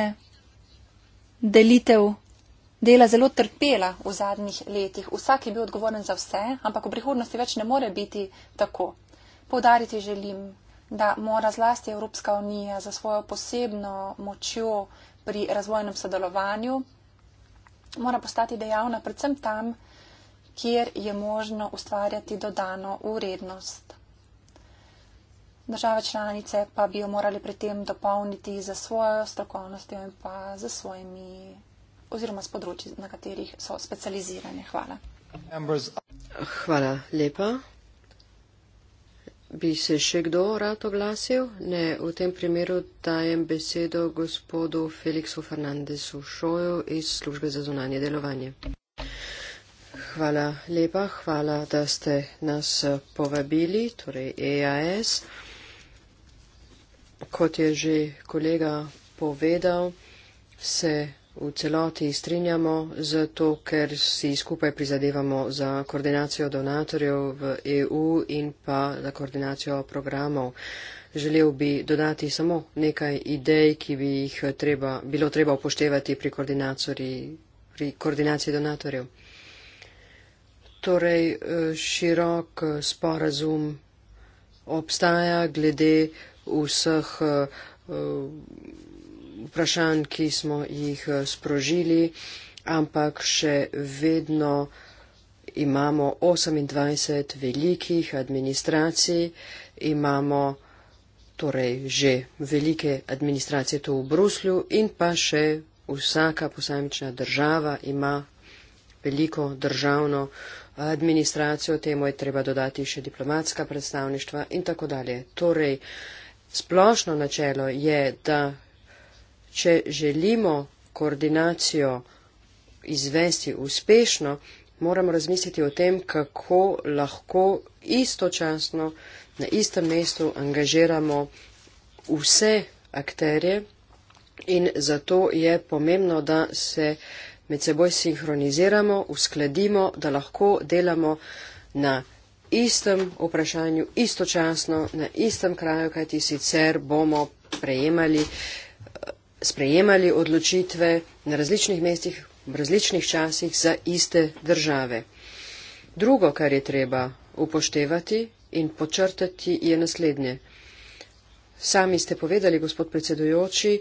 delitev dela zelo trpela v zadnjih letih. Vsak je bil odgovoren za vse, ampak v prihodnosti več ne more biti tako. Povdariti želim, da mora zlasti Evropska unija za svojo posebno močjo pri razvojnem sodelovanju mora postati dejavna predvsem tam, kjer je možno ustvarjati dodano vrednost. Države članice pa bi jo morali pri tem dopolniti za svojo strokovnostjo in pa za svojimi oziroma s področji, na katerih so specializirane. Hvala. Hvala lepa. Bi se še kdo rad oglasil? Ne, v tem primeru dajem besedo gospodu Felixu Fernandesu Šoju iz službe za zunanje delovanje. Hvala lepa, hvala, da ste nas povabili, torej EAS kot je že kolega povedal, se v celoti strinjamo, zato ker si skupaj prizadevamo za koordinacijo donatorjev v EU in pa za koordinacijo programov. Želel bi dodati samo nekaj idej, ki bi jih treba, bilo treba upoštevati pri, pri koordinaciji donatorjev. Torej, eh, širok eh, sporazum obstaja glede uh, vseh eh, eh, vprašanj, ki smo jih eh, sprožili, ampak še vedno imamo 28 velikih administracij, imamo torej že velike administracije tu v Bruslju in pa še vsaka posamična država ima veliko državno administracijo, temu je treba dodati še diplomatska predstavništva in tako dalje. Torej, Splošno načelo je, da če želimo koordinacijo izvesti uspešno, moramo razmisliti o tem, kako lahko istočasno na istem mestu angažiramo vse akterje in zato je pomembno, da se med seboj sinhroniziramo, uskladimo, da lahko delamo na istem vprašanju, istočasno, na istem kraju, kajti sicer bomo prejemali, sprejemali odločitve na različnih mestih, v različnih časih za iste države. Drugo, kar je treba upoštevati in počrtati, je naslednje. Sami ste povedali, gospod predsedujoči,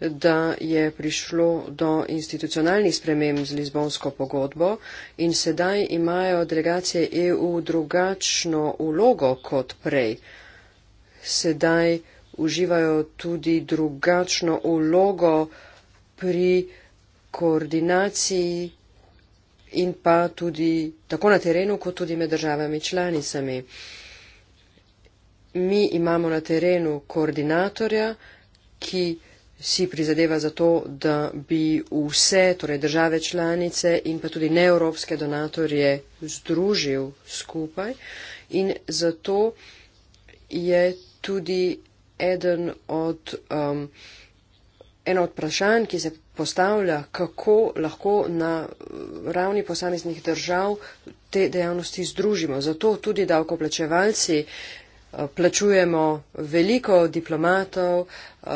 da je prišlo do institucionalnih sprememb z Lizbonsko pogodbo in sedaj imajo delegacije EU drugačno ulogo kot prej. Sedaj uživajo tudi drugačno ulogo pri koordinaciji in pa tudi tako na terenu, kot tudi med državami članicami. Mi imamo na terenu koordinatorja, ki si prizadeva za to, da bi vse, torej države članice in pa tudi neevropske donatorje združil skupaj in zato je tudi eden od, um, eno od vprašanj, ki se postavlja, kako lahko na uh, ravni posameznih držav te dejavnosti združimo. Zato tudi davkoplačevalci uh, Eh, plačujemo veliko diplomatov, eh,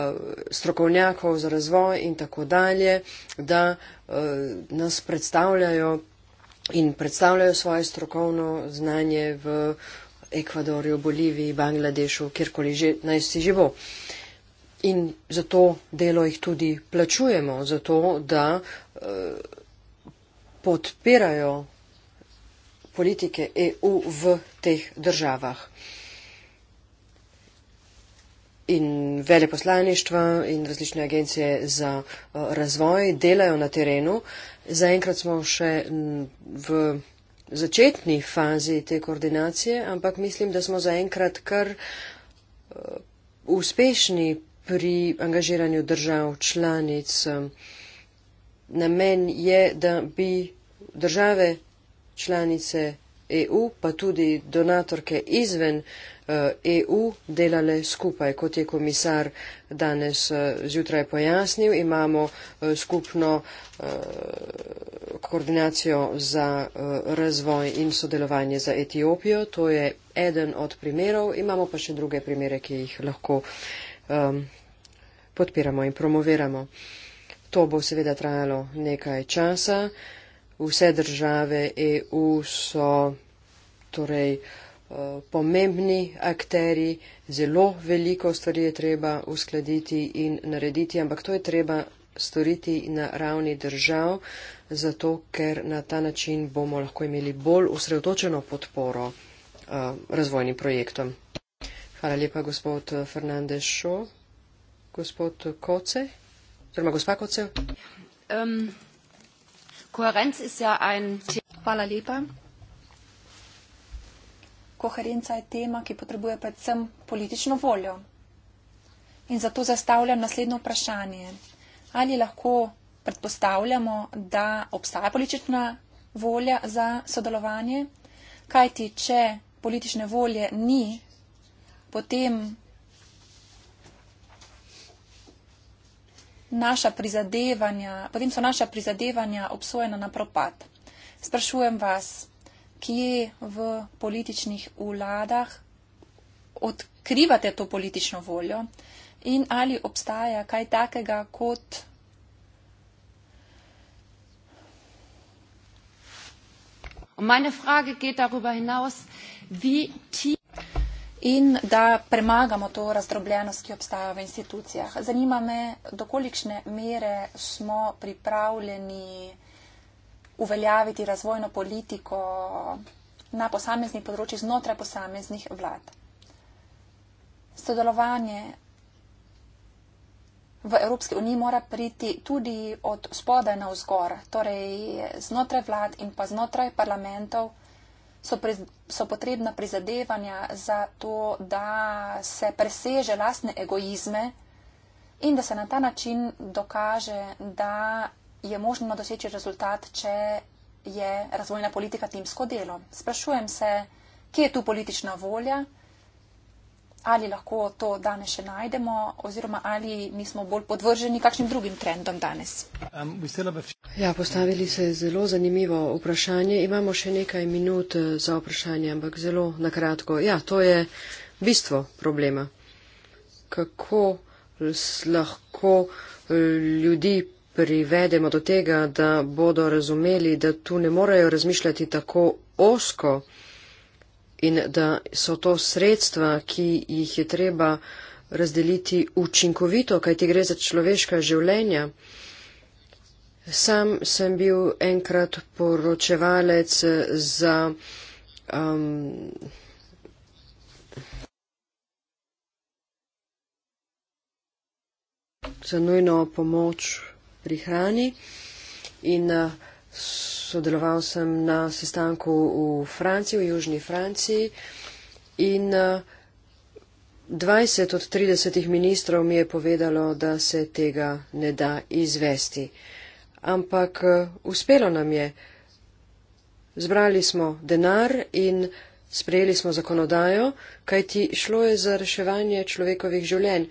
strokovnjakov za razvoj in tako dalje, da eh, nas predstavljajo in predstavljajo svoje strokovno znanje v Ekvadorju, Boliviji, Bangladešu, kjerkoli že naj si živo. In za to delo jih tudi plačujemo, zato da podpirajo politike EU v teh državah in veleposlaništva in različne agencije za uh, razvoj delajo na terenu. Zaenkrat smo še v začetni fazi te koordinacije, ampak mislim, da smo zaenkrat kar uh, uspešni pri angažiranju držav članic. Um, namen je, da bi države članice EU, pa tudi donatorke izven EU eh, e delale skupaj, kot je komisar danes eh, zjutraj pojasnil. Imamo eh, skupno koordinacijo za razvoj in sodelovanje za Etiopijo. To je eden od primerov. Imamo pa še druge primere, ki jih lahko ehm, podpiramo in promoviramo. To bo seveda trajalo nekaj časa vse države EU so torej eh, pomembni akteri, zelo veliko stvari je treba uskladiti in narediti, ampak to je treba storiti na ravni držav, zato ker na ta način bomo lahko imeli bolj usredotočeno podporo eh, razvojnim projektom. Hvala lepa, gospod Fernandez Šo. Gospod Koce, oziroma gospa Koce. Um. Kohärenz ist ja ein Hvala lepa. Koherenca je tema, ki potrebuje predvsem politično voljo. In zato zastavljam naslednjo vprašanje. Ali lahko predpostavljamo, da obstaja politična volja za sodelovanje? Kajti, če politične volje ni, potem naša prizadevanja, potem so naša prizadevanja obsojena na propad. Sprašujem vas, kje v političnih vladah odkrivate to politično voljo in ali obstaja kaj takega kot. Moja vprašanje gre darüber hinaus, kako ti in da premagamo to razdrobljenost, ki obstaja v institucijah. Zanima me, dokolikšne mere smo pripravljeni uveljaviti razvojno politiko na posameznih področjih znotraj posameznih vlad. Sodelovanje v Evropski uniji mora priti tudi od spodaj na vzgor, torej znotraj vlad in pa znotraj parlamentov so, pre, so potrebna prizadevanja za to, da se preseže lastne egoizme in da se na ta način dokaže, da je možno doseči rezultat, če je razvojna politika timsko delo. Sprašujem se, kje je tu politična volja? ali lahko to danes še najdemo, oziroma ali nismo bolj podvrženi kakšnim drugim trendom danes. Um, ja, postavili se zelo zanimivo vprašanje. Imamo še nekaj minut eh, za vprašanje, ampak zelo nakratko. Ja, to je bistvo problema. Kako lahko eh, ljudi privedemo do tega, da bodo razumeli, da tu ne morejo razmišljati tako osko, in da so to sredstva, ki jih je treba razdeliti učinkovito, kaj ti gre za človeška življenja. Sam sem bil enkrat poročevalec za. Um, za nujno pomoč pri hrani in uh, sodeloval sem na sestanku v Franciji, v Južni Franciji in 20 eh, od 30 ministrov mi je povedalo, da se tega ne da izvesti. Ampak eh, uspelo nam je. Zbrali smo denar in sprejeli smo zakonodajo, kajti šlo je za reševanje človekovih življenj.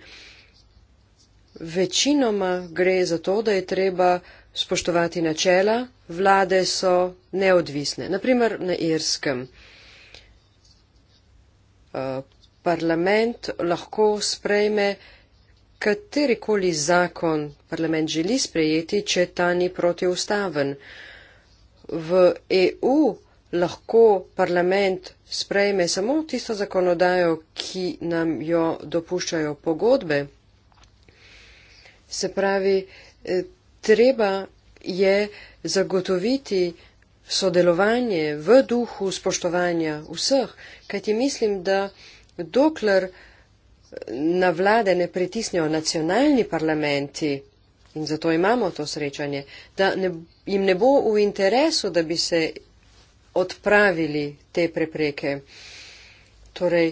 Večinoma gre za to, da je treba spoštovati načela, vlade so neodvisne. Naprimer na Irskem. Eh, parlament lahko sprejme katerikoli zakon parlament želi sprejeti, če ta ni protiustaven. V EU lahko parlament sprejme samo tisto zakonodajo, ki nam jo dopuščajo pogodbe. Se pravi, eh, treba je zagotoviti sodelovanje v duhu spoštovanja vseh, kajti mislim, da dokler na vlade ne pritisnejo nacionalni parlamenti in zato imamo to srečanje, da ne, jim ne bo v interesu, da bi se odpravili te prepreke. Torej,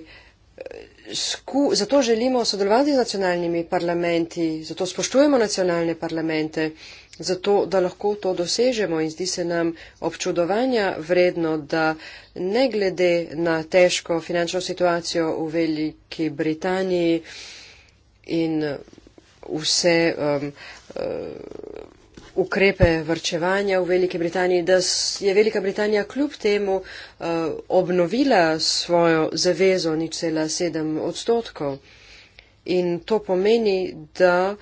sku, zato želimo sodelovati z nacionalnimi parlamenti, zato spoštujemo nacionalne parlamente, zato da lahko to dosežemo in zdi se nam občudovanja vredno, da ne glede na težko finančno situacijo v Veliki Britaniji in vse. Um, um, ukrepe vrčevanja v Veliki Britaniji, da je Velika Britanija kljub temu uh, obnovila svojo zavezo nič cela sedem odstotkov. In to pomeni, da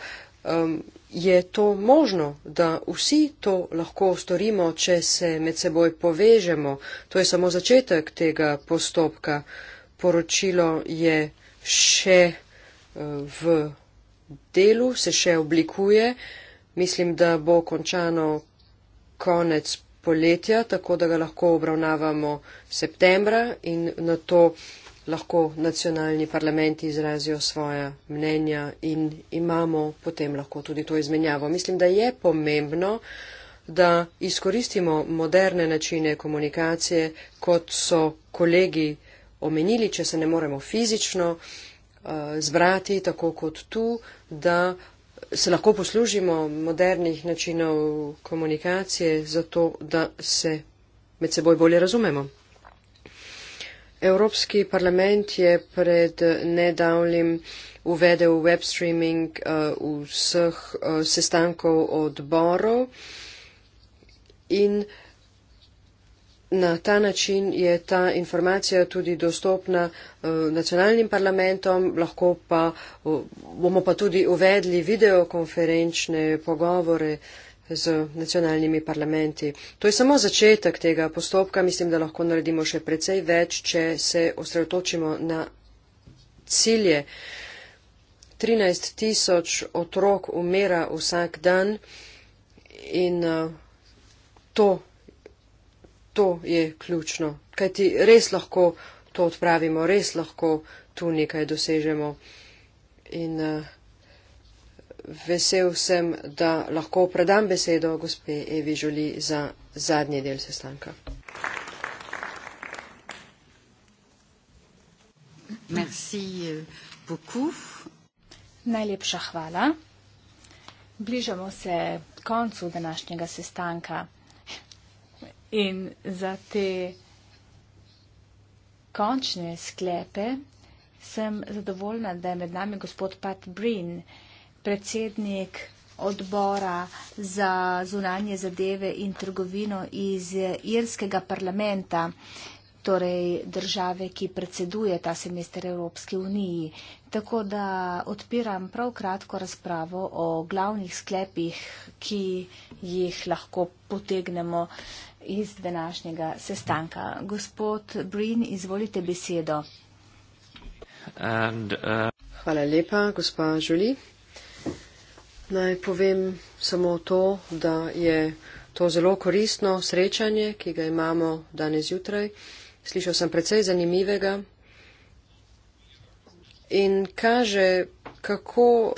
um, je to možno, da vsi to lahko storimo, če se med seboj povežemo. To je samo začetek tega postopka. Poročilo je še uh, v delu, se še oblikuje. Uh, Mislim, da bo končano konec poletja, tako da ga lahko obravnavamo v septembra in na to lahko nacionalni parlamenti izrazijo svoja mnenja in imamo potem lahko tudi to izmenjavo. Mislim, da je pomembno, da izkoristimo moderne načine komunikacije, kot so kolegi omenili, če se ne moremo fizično uh, zbrati, tako kot tu, da uh, se lahko poslužimo modernih načinov komunikacije, zato da se med seboj bolje razumemo. Evropski parlament je pred nedavnim uvedel web streaming uh, vseh uh, sestankov odborov in uh, Na ta način je ta informacija tudi dostopna eh, nacionalnim parlamentom, lahko pa eh, bomo pa tudi uvedli videokonferenčne pogovore z nacionalnimi parlamenti. To je samo začetek tega postopka. Mislim, da lahko naredimo še precej več, če se osredotočimo na cilje. 13 tisoč otrok umera vsak dan in eh, to to je ključno, kajti res lahko to odpravimo, res lahko tu nekaj dosežemo. In uh, vesel sem, da lahko predam besedo gospe Evi Žoli za zadnji del sestanka. Merci eh, beaucoup. Najlepša hvala. Bližamo se koncu današnjega sestanka. In za te končne sklepe sem zadovoljna, da je med nami gospod Pat Breen, predsednik odbora za zunanje zadeve in trgovino iz Irskega parlamenta, torej države, ki predseduje ta semester Evropske unije. Tako da odpiram prav kratko razpravo o glavnih sklepih, ki jih lahko potegnemo iz današnjega sestanka. Gospod Brin, izvolite besedo. And, uh... Hvala lepa, gospa Žuli. Naj povem samo to, da je to zelo koristno srečanje, ki ga imamo danes jutraj. Slišal sem precej zanimivega in kaže, kako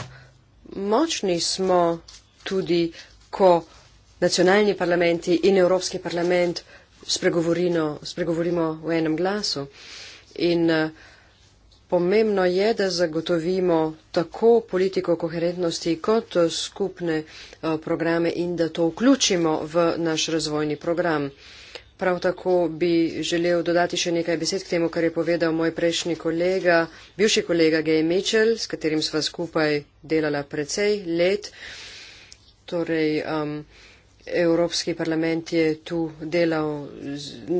močni smo tudi, ko nacionalni parlamenti in Evropski parlament spregovorimo v enem glasu. In eh, pomembno je, da zagotovimo tako politiko koherentnosti kot eh, skupne eh, programe in da to vključimo v naš razvojni program. Prav tako bi želel dodati še nekaj besed k temu, kar je povedal moj prejšnji kolega, bivši kolega Gay Mitchell, s katerim sva skupaj delala precej let. Torej, um, Evropski parlament je tu delal,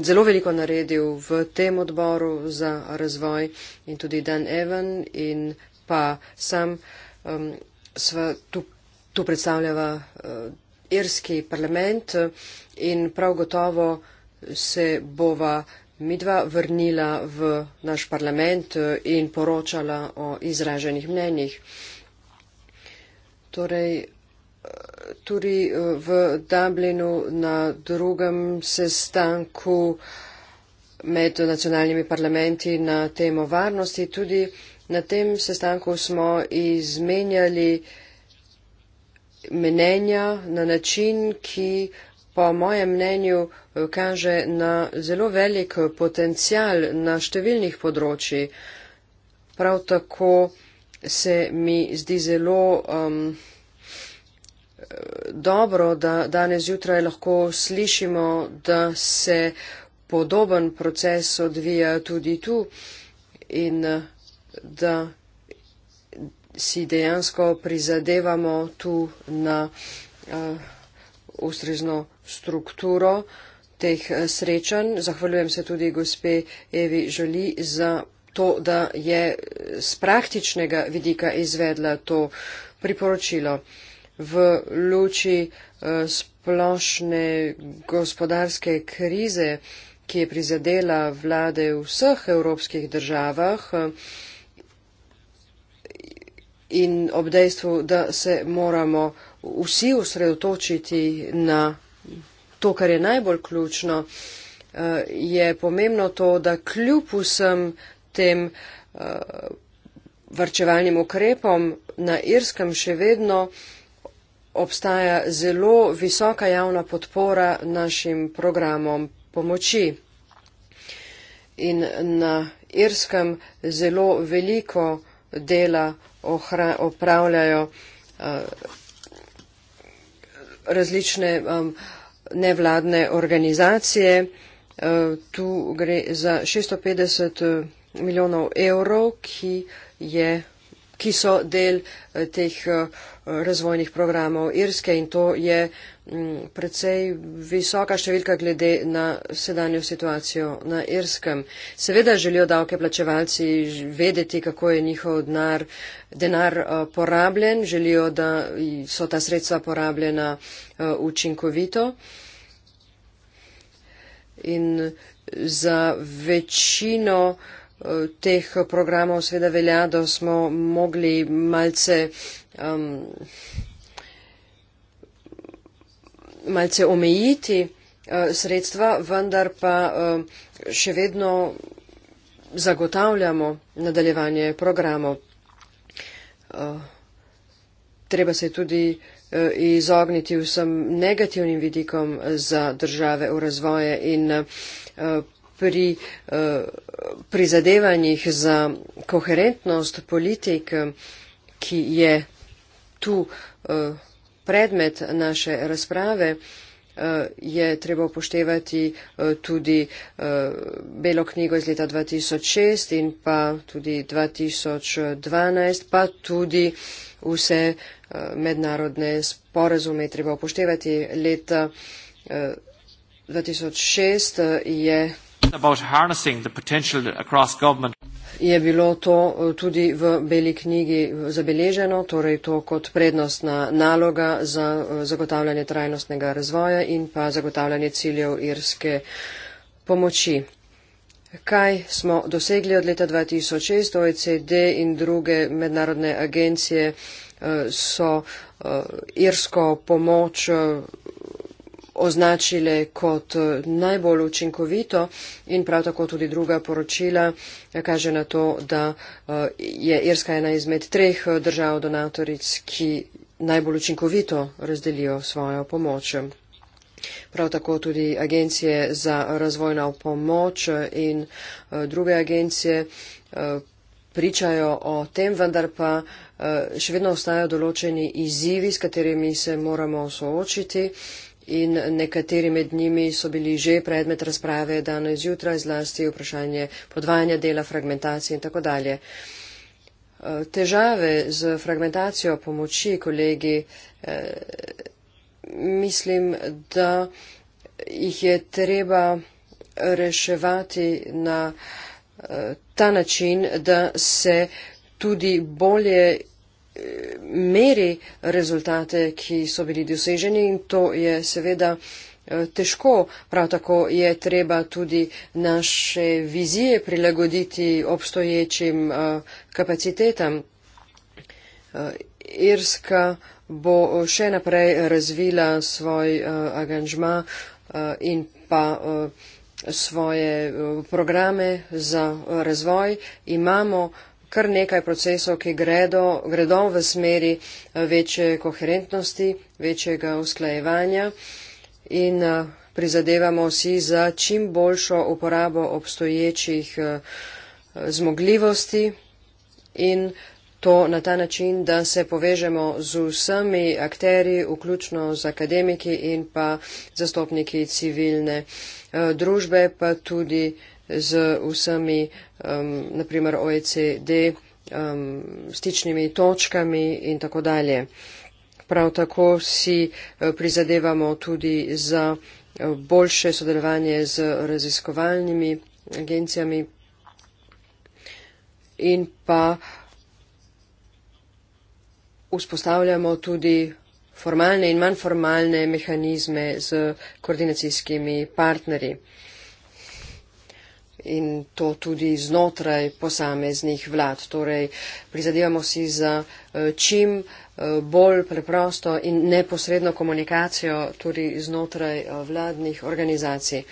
zelo veliko naredil v tem odboru za razvoj in tudi Dan Evan in pa sam um, sva tu, tu predstavljava uh, irski parlament uh, in prav gotovo se bova midva vrnila v naš parlament uh, in poročala o izraženih mnenjih. Torej, tudi eh, v Dublinu na drugem sestanku med nacionalnimi parlamenti na temo varnosti. Tudi na tem sestanku smo izmenjali mnenja na način, ki po mojem mnenju eh, kaže na zelo velik potencial na številnih področji. Prav tako se mi zdi zelo um, dobro, da danes jutraj lahko slišimo, da se podoben proces odvija tudi tu in da si dejansko prizadevamo tu na uh, ustrezno strukturo teh eh, srečanj. Zahvaljujem se tudi gospe Evi Žoli za to, da je z eh, praktičnega vidika izvedla to priporočilo. Uh, v luči eh, splošne gospodarske krize, ki je prizadela vlade v vseh evropskih državah eh, in ob dejstvu, da se moramo vsi usredotočiti na to, kar je najbolj ključno, eh, je pomembno to, da kljub vsem tem varčevalnim ukrepom na Irskem še vedno obstaja zelo visoka javna podpora našim programom pomoči. In na Irskem zelo veliko dela opravljajo eh, različne um, nevladne organizacije. Eh, tu gre za 650 eh, milijonov evrov, ki je ki so del eh, teh eh, razvojnih programov Irske in to je mm, precej visoka številka glede na sedanjo situacijo na Irskem. Seveda želijo davke plačevalci vedeti, kako je njihov denar, denar eh, porabljen, želijo, da so ta sredstva porabljena učinkovito. In za večino uh, teh programov seveda velja, da smo mogli malce, um, malce omejiti uh, sredstva, vendar pa uh, še vedno zagotavljamo nadaljevanje programov. Uh, treba se tudi uh, izogniti vsem negativnim vidikom za države v razvoje in uh, pri eh, prizadevanjih za koherentnost politik, ki je tu eh, predmet naše razprave, eh, je treba upoštevati tudi Belo knjigo iz leta 2006 in pa tudi 2012, pa tudi vse mednarodne sporazume treba upoštevati. Leta 2006 je Je bilo to eh, tudi v beli knjigi zabeleženo, torej to kot prednostna naloga za eh, zagotavljanje trajnostnega razvoja in pa zagotavljanje ciljev irske pomoči. Kaj smo dosegli od leta 2006? OECD in druge mednarodne agencije eh, so irsko pomoč označile kot eh, najbolj učinkovito in prav tako tudi druga poročila eh, kaže na to, da eh, je Irska ena izmed treh držav donatoric, ki najbolj učinkovito razdelijo svojo pomoč. Prav tako tudi agencije za razvojno pomoč in druge agencije pričajo o tem, vendar pa še vedno ostajajo določeni izzivi, s katerimi se moramo soočiti in nekateri med njimi so bili že predmet razprave danes jutra, zlasti vprašanje podvajanja dela, fragmentacije in tako dalje. Eh, težave z fragmentacijo pomoči, kolegi, eh, mislim, da jih je treba reševati na eh, ta način, da se tudi bolje meri rezultate, ki so bili doseženi in to je seveda eh, težko. Prav tako je treba tudi naše vizije prilagoditi obstoječim eh, kapacitetam. Eh, Irska bo še naprej razvila svoj aganžma in pa svoje programe za razvoj. Imamo kar nekaj procesov, ki gredo, gredo v smeri eh, večje koherentnosti, večjega usklajevanja in eh, prizadevamo si za čim boljšo uporabo obstoječih eh, zmogljivosti in to na ta način, da se povežemo z vsemi akteri, vključno z akademiki in pa zastopniki civilne družbe, pa tudi z vsemi, um, naprimer OECD, um, stičnimi točkami in tako dalje. Prav tako si uh, prizadevamo tudi za uh, boljše sodelovanje z raziskovalnimi agencijami in pa vzpostavljamo tudi formalne in manj formalne mehanizme z koordinacijskimi partnerji in to tudi znotraj posameznih vlad. Torej, prizadevamo si za eh, čim eh, bolj preprosto in neposredno komunikacijo tudi znotraj eh, vladnih organizacij.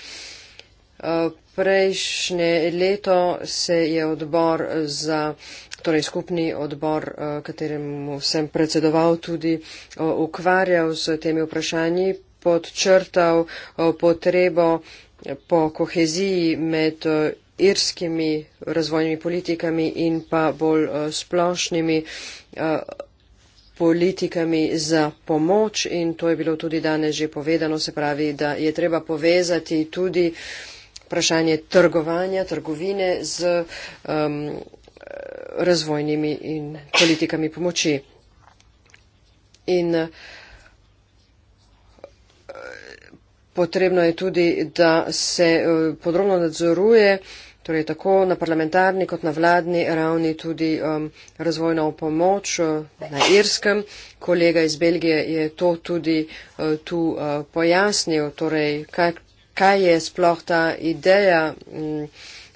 Prejšnje leto se je odbor za, torej skupni odbor, kateremu sem predsedoval, tudi ukvarjal s temi vprašanji, podčrtal potrebo po koheziji med eh, irskimi razvojnimi politikami in pa bolj eh, splošnimi eh, politikami za pomoč in to je bilo tudi danes že povedano, se pravi, da je treba povezati tudi vprašanje trgovanja, trgovine z um, razvojnimi in politikami pomoči. In uh, potrebno je tudi, da se eh, podrobno nadzoruje, torej tako na parlamentarni kot na vladni ravni tudi um, razvojna pomoč eh, na Irskem. Kolega iz Belgije je to tudi uh, tu uh, pojasnil, torej kaj, kaj je sploh ta ideja. Um,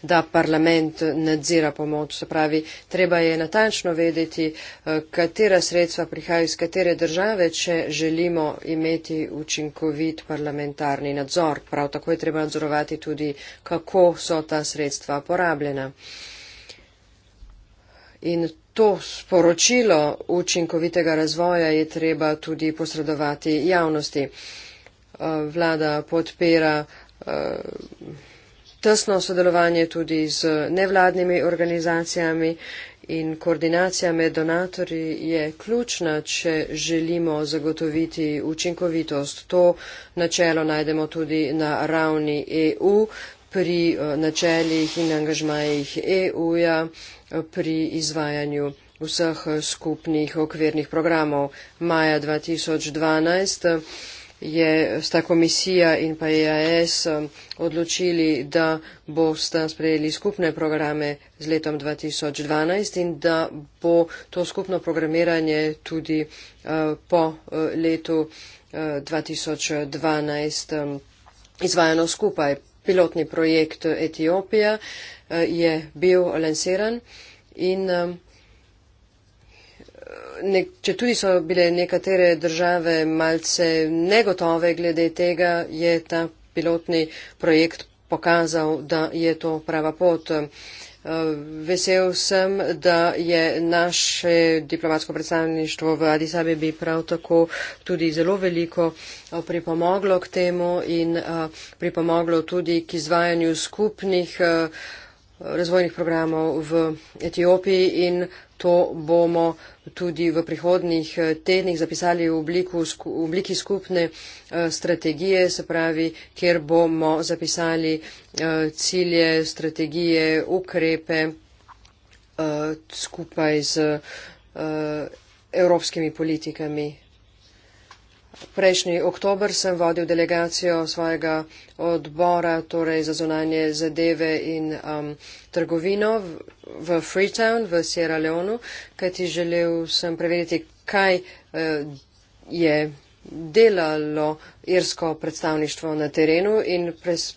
da parlament nadzira pomoč. Se pravi, treba je natančno vedeti, eh, katera sredstva prihajajo iz katere države, če želimo imeti učinkovit parlamentarni nadzor. Prav tako je treba nadzorovati tudi, kako so ta sredstva porabljena. In to sporočilo učinkovitega razvoja je treba tudi posredovati javnosti. Eh, vlada podpira eh, tesno sodelovanje tudi z nevladnimi organizacijami in koordinacija med donatorji je ključna, če želimo zagotoviti učinkovitost. To načelo najdemo tudi na ravni EU pri eh, načeljih in angažmajih EU-ja eh, pri izvajanju vseh skupnih okvirnih programov maja 2012 je sta komisija in pa EAS um, odločili, da boste sprejeli skupne programe z letom 2012 in da bo to skupno programiranje tudi uh, po uh, letu 2012 uh, um, izvajano skupaj. Pilotni projekt Etiopija je bil lansiran in um, nek, če tudi so bile nekatere države malce negotove glede tega, je ta pilotni projekt pokazal, da je to prava pot. Eh, vesel sem, da je naše diplomatsko predstavništvo v Addis Abebi prav tako tudi zelo veliko eh, pripomoglo k temu in eh, pripomoglo tudi k izvajanju skupnih razvojnih programov v Etiopiji in To bomo tudi v prihodnih eh, tednih zapisali v, obliku, v obliki skupne eh, strategije, se pravi, kjer bomo zapisali eh, cilje, strategije, ukrepe skupaj z evropskimi politikami. Prejšnji oktober sem vodil delegacijo svojega odbora, torej za zonanje zadeve in um, trgovino v Freetown, v Sierra Leonu, kaj ti želel sem preveriti, kaj uh, je delalo irsko predstavništvo na terenu in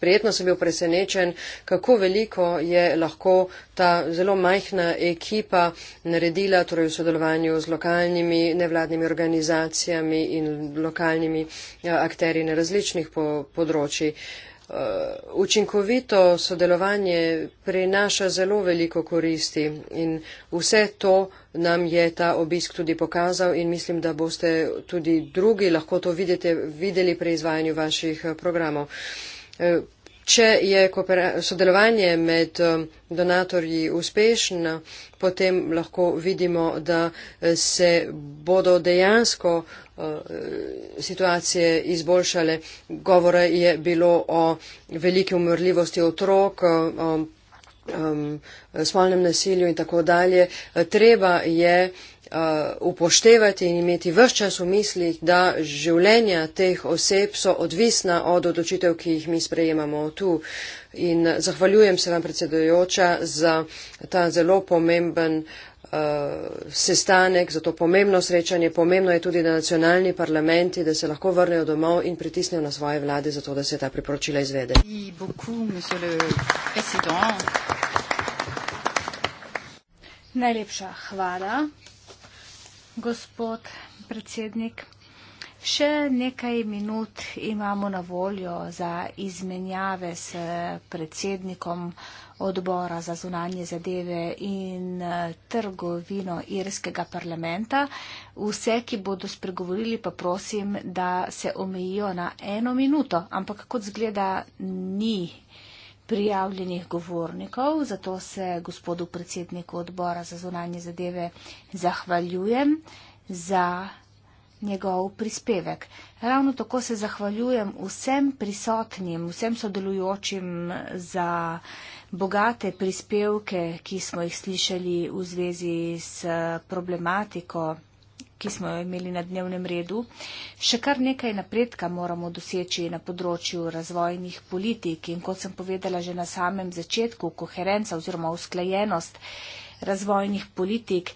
prijetno sem bil presenečen, kako veliko je lahko ta zelo majhna ekipa naredila, torej v sodelovanju z lokalnimi nevladnimi organizacijami in lokalnimi eh, akteri na različnih po področjih. Uh, Eh, učinkovito sodelovanje prinaša zelo veliko koristi in vse to nam je ta obisk tudi pokazal in mislim, da boste tudi drugi lahko to videte, videli pri izvajanju vaših eh, programov. Eh, če je sodelovanje med donatorji uspešno, potem lahko vidimo, da se bodo dejansko Eh, situacije izboljšale. Govore je bilo o veliki umrljivosti otrok. O, spolnem nasilju in tako dalje. Treba je eh, upoštevati in imeti vse čas v mislih, da življenja teh oseb so odvisna od odločitev, ki jih mi sprejemamo tu. In zahvaljujem se vam, predsedujoča, za ta zelo pomemben uh, Eh, sestanek, zato pomembno srečanje, pomembno je tudi, da nacionalni parlamenti, da se lahko vrnejo domov in pritisnejo na svoje vlade, zato da se ta priporočila izvede. Najlepša hvala, gospod predsednik. Še nekaj minut imamo na voljo za izmenjave s predsednikom odbora za zunanje zadeve in eh, trgovino irskega parlamenta. Vse, ki bodo spregovorili, pa prosim, da se omejijo na eno minuto. Ampak kot zgleda, ni prijavljenih govornikov, zato se gospodu predsedniku odbora za zunanje zadeve zahvaljujem za njegov prispevek. Ravno tako se zahvaljujem vsem prisotnim, vsem sodelujočim za bogate prispevke, ki smo jih slišali v zvezi s eh, problematiko, ki smo jo imeli na dnevnem redu. Še kar nekaj napredka moramo doseči na področju razvojnih politik in kot sem povedala že na samem začetku, koherenca oziroma usklajenost razvojnih politik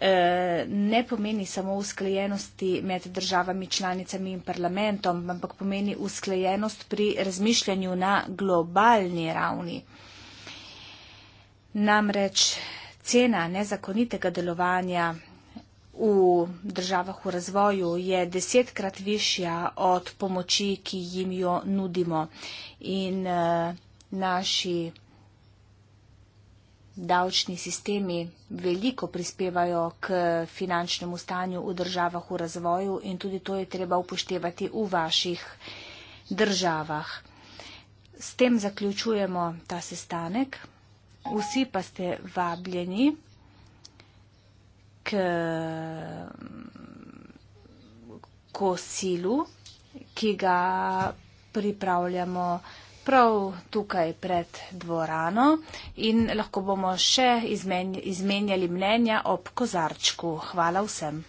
eh, ne pomeni samo usklajenosti med državami, članicami in parlamentom, ampak pomeni usklajenost pri razmišljanju na globalni ravni. Namreč cena nezakonitega delovanja v državah v razvoju je desetkrat višja od pomoči, ki jim jo nudimo. In uh, naši davčni sistemi veliko prispevajo k finančnemu stanju v državah v razvoju in tudi to je treba upoštevati v vaših državah. S tem zaključujemo ta sestanek vsi pa ste vabljeni k kosilu, ki ga pripravljamo prav tukaj pred dvorano in lahko bomo še izmenjali mnenja ob kozarčku. Hvala vsem.